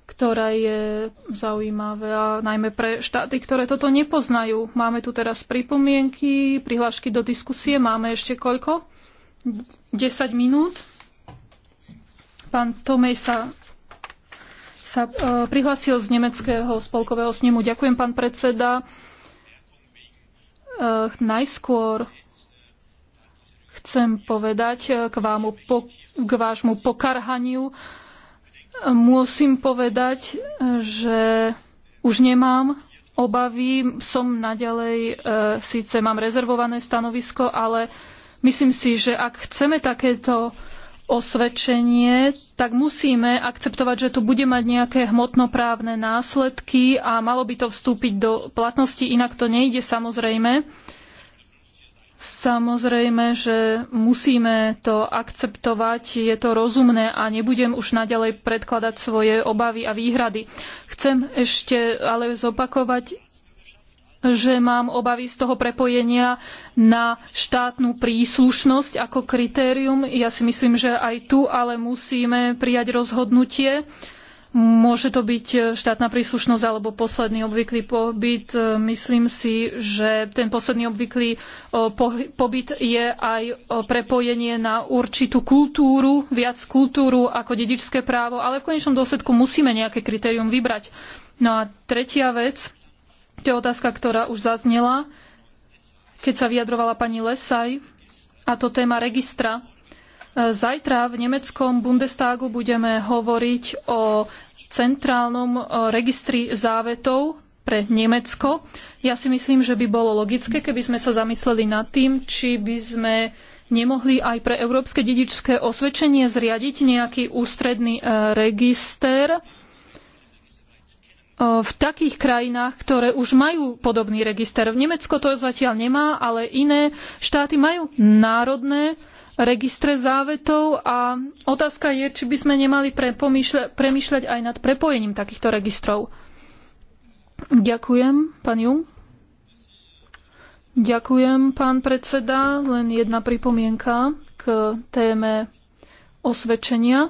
ktorá je zaujímavá najmä pre štáty, ktoré toto nepoznajú. Máme tu teraz pripomienky, prihlášky do diskusie. Máme ešte koľko? 10 minút. Pán Tomej sa, sa uh, prihlásil z Nemeckého spolkového snemu. Ďakujem, pán predseda. Uh, najskôr chcem povedať eh, k, vámu, po, k vášmu pokarhaniu. Musím povedať, eh, že už nemám obavy. Som naďalej, eh, síce mám rezervované stanovisko, ale myslím si, že ak chceme takéto osvedčenie, tak musíme akceptovať, že to bude mať nejaké hmotnoprávne následky a malo by to vstúpiť do platnosti, inak to nejde samozrejme. Uh, Samozrejme, že musíme to akceptovať, je to rozumné a nebudem už naďalej predkladať svoje obavy a výhrady. Chcem ešte ale zopakovať, že mám obavy z toho prepojenia na štátnu príslušnosť ako kritérium. Ja si myslím, že aj tu ale musíme prijať rozhodnutie. Uh, Môže to byť štátna príslušnosť alebo posledný obvyklý pobyt. Myslím si, že ten posledný obvyklý pobyt je aj prepojenie na určitú kultúru, viac kultúru ako dedičské právo, ale v konečnom dôsledku musíme nejaké kritérium vybrať. No a tretia vec, to je otázka, ktorá už zaznela, keď sa vyjadrovala pani Lesaj, a to téma registra Zajtra v nemeckom Bundestagu budeme hovoriť o centrálnom e, registri závetov pre Nemecko. Ja si myslím, že by bolo logické, keby sme sa zamysleli nad tým, či by sme nemohli aj pre európske dedičské osvedčenie zriadiť nejaký ústredný e, register e, v takých krajinách, ktoré už majú podobný register. V Nemecko to zatiaľ nemá, ale iné štáty majú národné registre závetov a otázka je, či by sme nemali premýšľať aj nad prepojením takýchto registrov. Ďakujem, pán Jung. Ďakujem, pán predseda. Len jedna pripomienka k téme osvedčenia,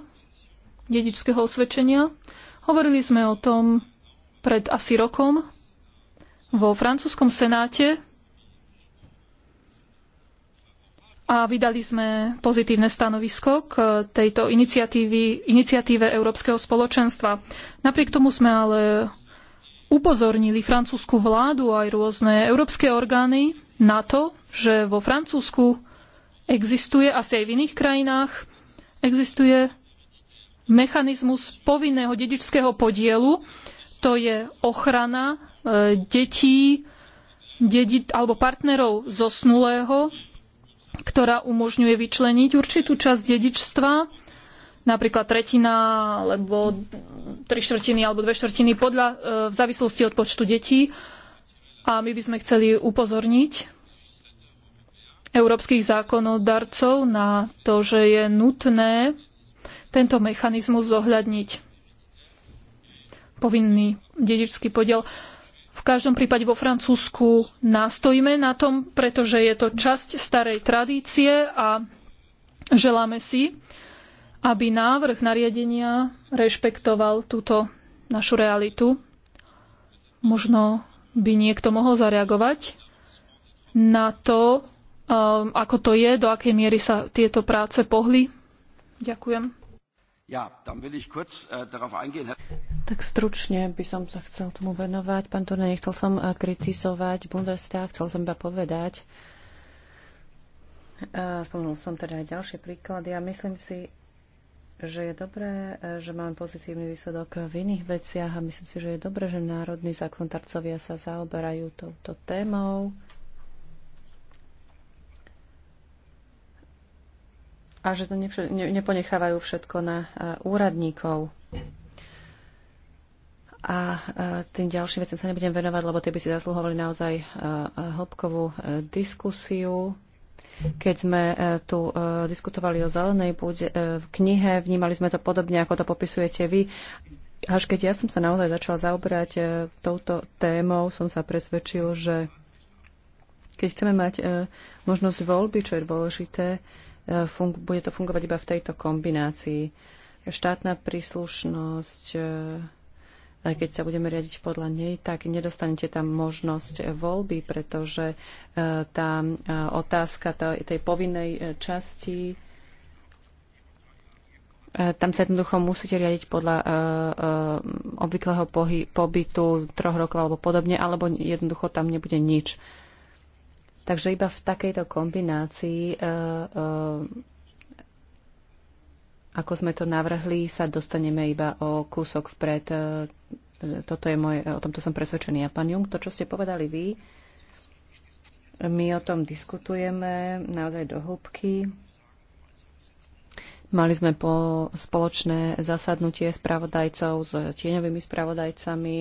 dedičského osvedčenia. Hovorili sme o tom pred asi rokom vo francúzskom senáte a vydali sme pozitívne stanovisko k tejto iniciatíve Európskeho spoločenstva. Napriek tomu sme ale upozornili francúzsku vládu aj rôzne európske orgány na to, že vo Francúzsku existuje, asi aj v iných krajinách, existuje mechanizmus povinného dedičského podielu, to je ochrana e, detí, dedi, alebo partnerov zosnulého ktorá umožňuje vyčleniť určitú časť dedičstva, napríklad tretina alebo tri štvrtiny alebo dve štvrtiny podľa, e, v závislosti od počtu detí. A my by sme chceli upozorniť európskych zákonodarcov na to, že je nutné tento mechanizmus zohľadniť. Povinný dedičský podiel. V každom prípade vo Francúzsku nástojíme na tom, pretože je to časť starej tradície a želáme si, aby návrh nariadenia rešpektoval túto našu realitu. Možno by niekto mohol zareagovať na to, um, ako to je, do akej miery sa tieto práce pohli. Ďakujem. Ja, will ich kurz äh, eingehen. Tak stručne by som sa chcel tomu venovať. Pán Turne, nechcel som äh, kritizovať Bundestag, chcel som iba povedať. A äh, spomenul som teda aj ďalšie príklady a myslím si, že je dobré, že máme pozitívny výsledok v iných veciach a myslím si, že je dobré, že národní zákontarcovia sa zaoberajú touto témou a že to ne- neponechávajú všetko na e, úradníkov. A e, tým ďalším vecem sa nebudem venovať, lebo tie by si zasluhovali naozaj e, hĺbkovú diskusiu. Keď sme tu diskutovali o zelenej bude, v knihe, vnímali sme to podobne, ako to popisujete vy. Až keď ja som sa naozaj začala zaoberať touto témou, som sa presvedčil, že keď chceme mať možnosť voľby, čo je dôležité, bude to fungovať iba v tejto kombinácii. Štátna príslušnosť, e, keď sa budeme riadiť podľa nej, tak nedostanete tam možnosť voľby, pretože e, tá e, otázka tej povinnej časti tam sa jednoducho musíte riadiť podľa uh, uh, obvyklého pohy, pobytu, troch rokov alebo podobne, alebo jednoducho tam nebude nič. Takže iba v takejto kombinácii, e, e, ako sme to navrhli, sa dostaneme iba o kúsok vpred. E, toto je moje, o tomto som presvedčený. A pán Jung, to, čo ste povedali vy, my o tom diskutujeme naozaj do hĺbky. Mali sme po spoločné zasadnutie spravodajcov s tieňovými spravodajcami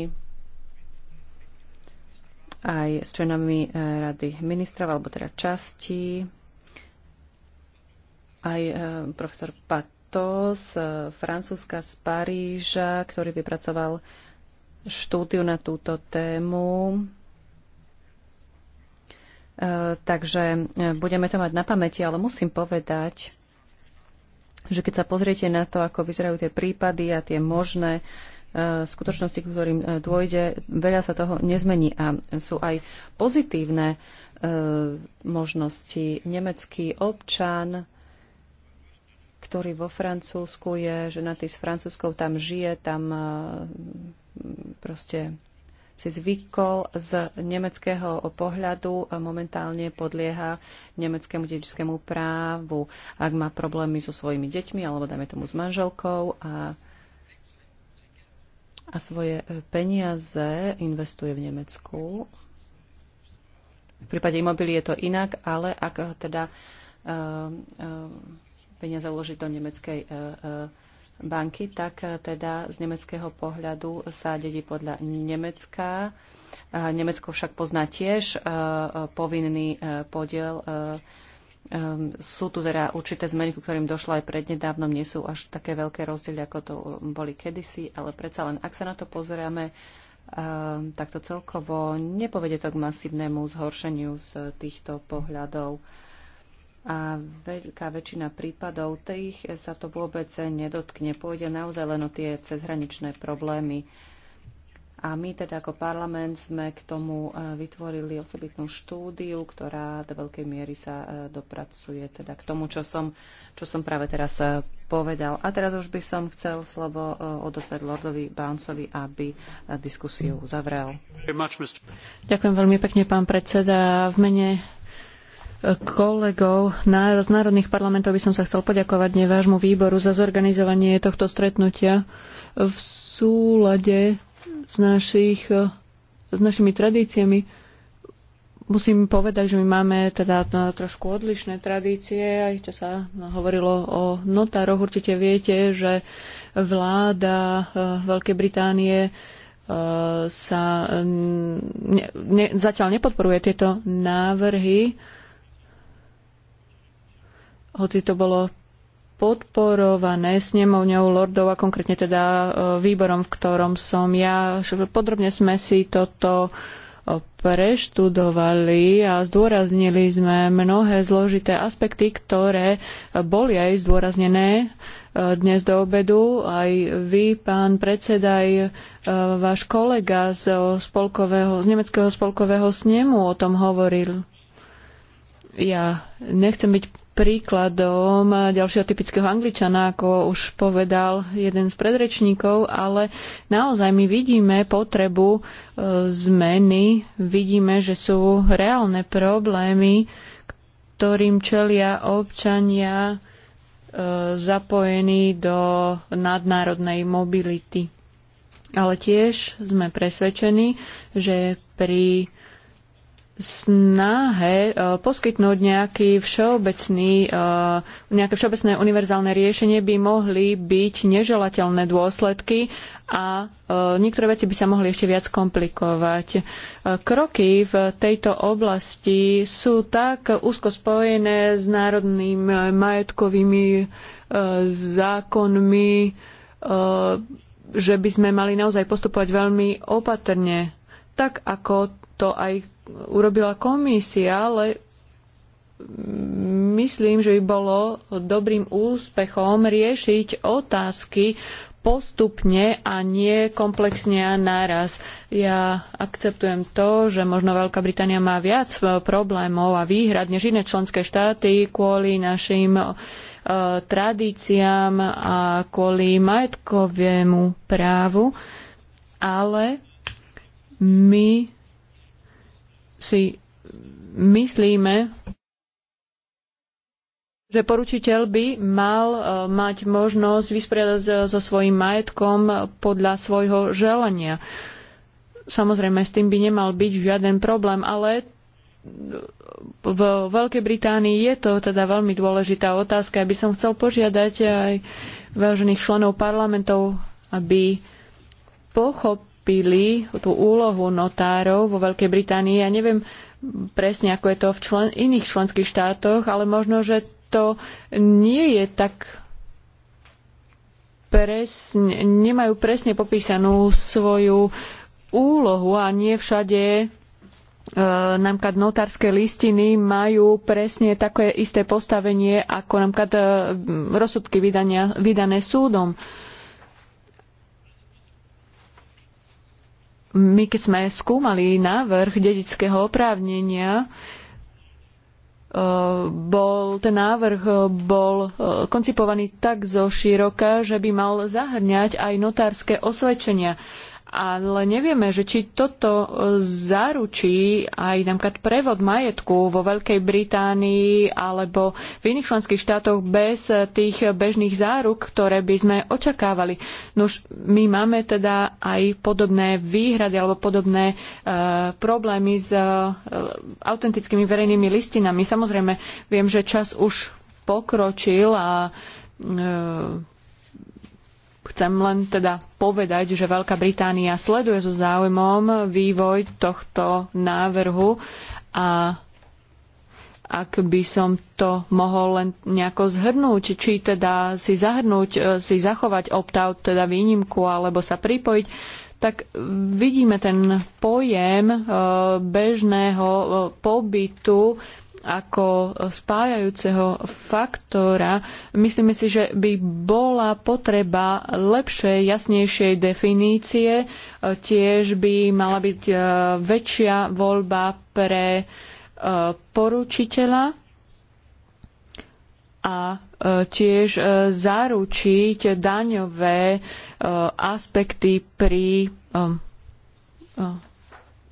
aj s členami eh, Rady ministrov, alebo teda časti. Aj eh, profesor Pato z eh, Francúzska, z Paríža, ktorý vypracoval štúdiu na túto tému. Takže budeme to mať na pamäti, ale musím povedať, že keď sa pozriete na to, ako vyzerajú tie prípady a tie možné E, skutočnosti, ktorým e, dôjde, veľa sa toho nezmení a sú aj pozitívne e, možnosti. Nemecký občan, ktorý vo Francúzsku je ženatý s Francúzskou, tam žije, tam proste si zvykol z nemeckého pohľadu momentálne podlieha nemeckému dedičskému právu. Ak má problémy so svojimi deťmi, alebo dajme tomu s manželkou a a svoje e, peniaze investuje v Nemecku. V prípade imobilie je to inak, ale ak e, teda e, peniaze uložiť do nemeckej banky, tak teda z nemeckého pohľadu sa dedí podľa Nemecka. Nemecko však pozná tiež povinný podiel Um, sú tu teda určité zmeny, ku ktorým došlo aj prednedávnom, nie sú až také veľké rozdiely, ako to boli kedysi, ale predsa len, ak sa na to pozeráme, um, ehm, to celkovo nepovede to k masívnemu zhoršeniu z týchto pohľadov. A veľká väčšina prípadov tých sa to vôbec nedotkne. Pôjde naozaj len o tie cezhraničné problémy. Uh, a my teda ako parlament sme k tomu e, vytvorili osobitnú štúdiu, ktorá do veľkej miery sa e, dopracuje teda k tomu, čo som, čo som práve teraz e, povedal. A teraz už by som chcel slovo odozdať Lordovi Bouncovi, aby diskusiu uzavrel. Ďakujem veľmi pekne, pán predseda. V mene kolegov z národných parlamentov by som sa chcel poďakovať vášmu výboru za zorganizovanie tohto stretnutia v súlade s, našich, e, s našimi tradíciami. Musím povedať, že my máme teda trošku odlišné tradície, aj čo sa hovorilo o notároch. Určite viete, že vláda e, Veľkej Británie e, sa ne, ne, zatiaľ nepodporuje tieto návrhy, hoci to bolo podporované snemovňou lordov a konkrétne teda e, výborom, v ktorom som ja. Podrobne sme si toto e, preštudovali a zdôraznili sme mnohé zložité aspekty, ktoré boli aj zdôraznené e, dnes do obedu. Aj vy, pán predseda, aj váš kolega z, spolkového, z nemeckého spolkového snemu o tom hovoril. Ja nechcem byť príkladom ďalšieho typického angličana, ako už povedal jeden z predrečníkov, ale naozaj my vidíme potrebu e, zmeny, vidíme, že sú reálne problémy, ktorým čelia občania e, zapojení do nadnárodnej mobility. Ale tiež sme presvedčení, že pri snahe eh, poskytnúť nejaký všeobecný, eh, nejaké všeobecné univerzálne riešenie by mohli byť neželateľné dôsledky a eh, niektoré veci by sa mohli ešte viac komplikovať. Kroky v tejto oblasti sú tak úzko spojené s národnými majetkovými zákonmi, že by sme mali naozaj postupovať veľmi opatrne, tak ako to aj urobila komisia, ale myslím, že by bolo dobrým úspechom riešiť otázky postupne a nie komplexne a naraz. Ja akceptujem to, že možno Veľká Británia má viac problémov a výhrad než iné členské štáty kvôli našim e, tradíciám a kvôli majetkovému právu, ale my si myslíme, že poručiteľ by mal e, mať možnosť vysporiadať so svojím majetkom podľa svojho želania. Samozrejme, s tým by nemal byť žiaden problém, ale v Veľkej Británii je to teda veľmi dôležitá otázka. Aby som chcel požiadať aj vážených členov parlamentov, aby pochop, pochopili tú úlohu notárov vo Veľkej Británii. Ja neviem presne, ako je to v člen- iných členských štátoch, ale možno, že to nie je tak presne, nemajú presne popísanú svoju úlohu a nie všade e, napríklad notárske listiny majú presne také isté postavenie ako napríklad e, rozsudky vydania, vydané súdom. E, my keď sme skúmali návrh dedického oprávnenia, e, bol, ten návrh bol e, koncipovaný tak zo široka, že by mal zahrňať aj notárske osvedčenia ale nevieme, že či toto e, zaručí aj napríklad prevod majetku vo Veľkej Británii alebo v iných členských štátoch bez e, tých bežných záruk, ktoré by sme očakávali. Nož my máme teda aj podobné výhrady alebo podobné uh, problémy s uh, autentickými verejnými listinami. Samozrejme, viem, že čas už pokročil a Chcem len teda povedať, že Veľká Británia sleduje so záujmom vývoj tohto návrhu a ak by som to mohol len nejako zhrnúť, či teda si zahrnúť, e, si zachovať opt-out, teda výnimku, alebo sa pripojiť, tak vidíme ten pojem e, bežného e, pobytu ako spájajúceho faktora, myslíme si, že by bola potreba lepšej, jasnejšej definície. E, tiež by mala byť e, väčšia voľba pre e, poručiteľa a tiež zaručiť daňové aspekty pri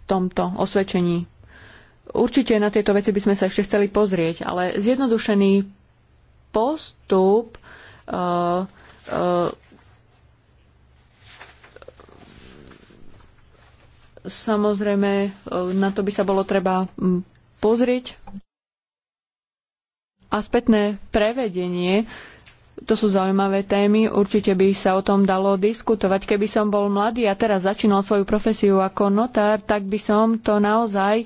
tomto osvedčení Určite na tieto veci by sme sa ešte chceli pozrieť, ale zjednodušený postup uh, uh, samozrejme e, na to by sa bolo treba pozrieť. A spätné prevedenie to sú zaujímavé témy, určite by sa o tom dalo diskutovať. Keby som bol mladý a teraz začínal svoju profesiu ako notár, tak by som to naozaj e,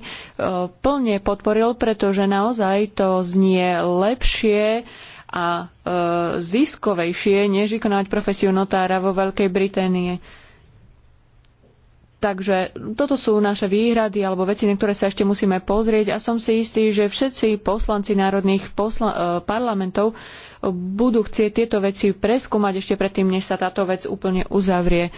plne podporil, pretože naozaj to znie lepšie a e, ziskovejšie, než vykonávať profesiu notára vo Veľkej Británii. Takže toto sú naše výhrady alebo veci, na ktoré sa ešte musíme pozrieť a som si istý, že všetci poslanci národných posla- e, parlamentov budú chcieť tieto veci preskúmať ešte predtým, než sa táto vec úplne uzavrie.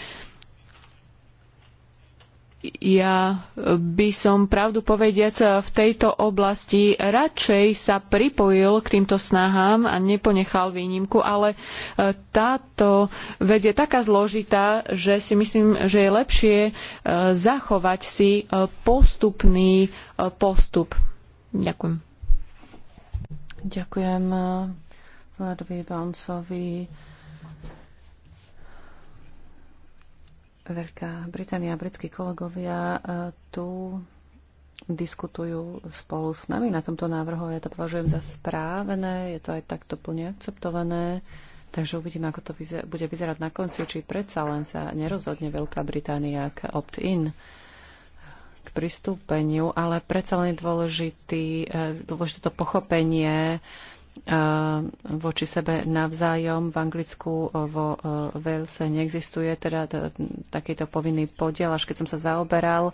Ja by som pravdu povediac v tejto oblasti radšej sa pripojil k týmto snahám a neponechal výnimku, ale e, táto vec je taká zložitá, že si myslím, že je lepšie e, zachovať si e, postupný postup. Ďakujem. Ďakujem Ledvi Bouncovi. Veľká Británia a britskí kolegovia e, tu diskutujú spolu s nami na tomto návrhu. Ja to považujem za správne, je to aj takto plne akceptované. Takže uvidíme, ako to bude vyzerať na konci, či predsa len sa nerozhodne Veľká Británia k opt-in k pristúpeniu, ale predsa len je e, dôležité to pochopenie voči sebe navzájom. V Anglicku vo Walese neexistuje teda takýto povinný podiel. Až keď som sa zaoberal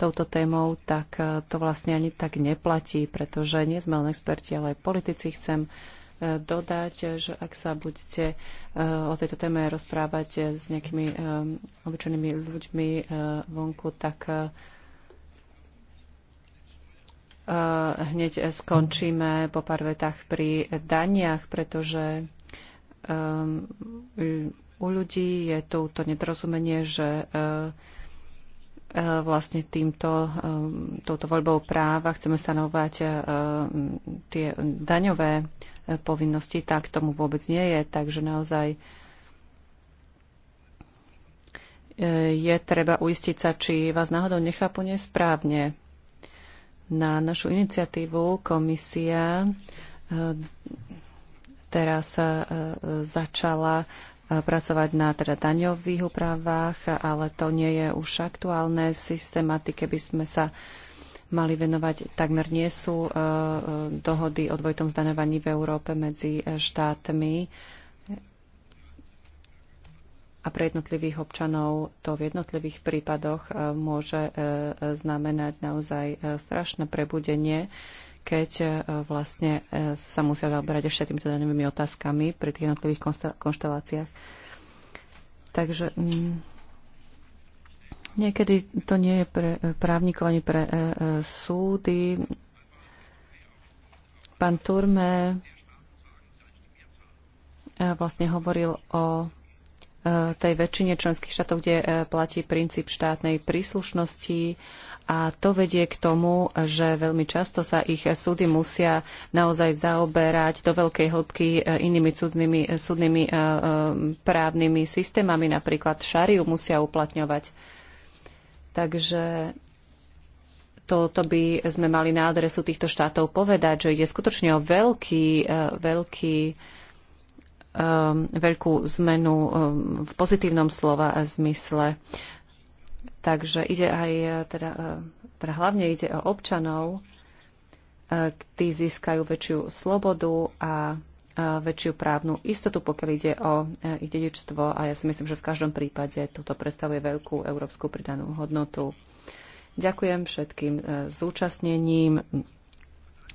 touto témou, tak e, to vlastne ani tak neplatí, pretože nie sme len experti, ale aj politici. Chcem e, dodať, že ak sa budete e, o tejto téme rozprávať s nejakými obyčajnými ľuďmi vonku, tak hneď skončíme po pár vetách pri daniach, pretože ehm, u ľudí je tu to nedorozumenie, že e, e, vlastne týmto, e, touto voľbou práva chceme stanovať tie daňové povinnosti, tak tomu vôbec nie je. Takže naozaj je treba uistiť sa, či vás náhodou nechápu nesprávne. Na našu iniciatívu komisia eh, teraz eh, začala eh, pracovať na teda daňových úpravách, ale to nie je už aktuálne systematiky, by sme sa mali venovať. Takmer nie sú dohody o dvojitom zdaňovaní v Európe medzi štátmi a pre jednotlivých občanov to v jednotlivých prípadoch e, môže e, znamenať naozaj e, strašné prebudenie, keď vlastne sa musia zaoberať ešte týmito daňovými otázkami pri tých jednotlivých konšteláciách. Takže mm, niekedy to nie je pre právnikov ani pre súdy. Pán Turme vlastne hovoril o tej väčšine členských štátov, kde e, platí princíp štátnej príslušnosti a to vedie k tomu, že veľmi často sa ich súdy musia naozaj zaoberať do veľkej hĺbky e, inými cudnými, e, súdnymi právnymi systémami, napríklad šariu musia uplatňovať. Takže toto by sme mali na adresu týchto štátov povedať, že ide skutočne o veľký, veľký Um, veľkú zmenu um, v pozitívnom slova a zmysle. Takže ide aj, e, teda, e, teda hlavne ide o občanov, e, tí získajú väčšiu slobodu a väčšiu právnu istotu, pokiaľ ide o ich dedičstvo a ja si myslím, že v každom prípade toto predstavuje veľkú európsku pridanú hodnotu. Ďakujem všetkým zúčastnením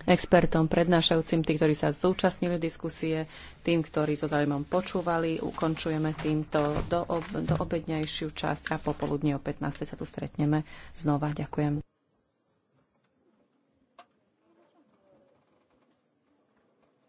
expertom, prednášajúcim, tí, ktorí sa zúčastnili diskusie, tým, ktorí so záujmom počúvali. Ukončujeme týmto do, ob, do obednejšiu časť a popoludne o 15. sa tu stretneme znova. Ďakujem.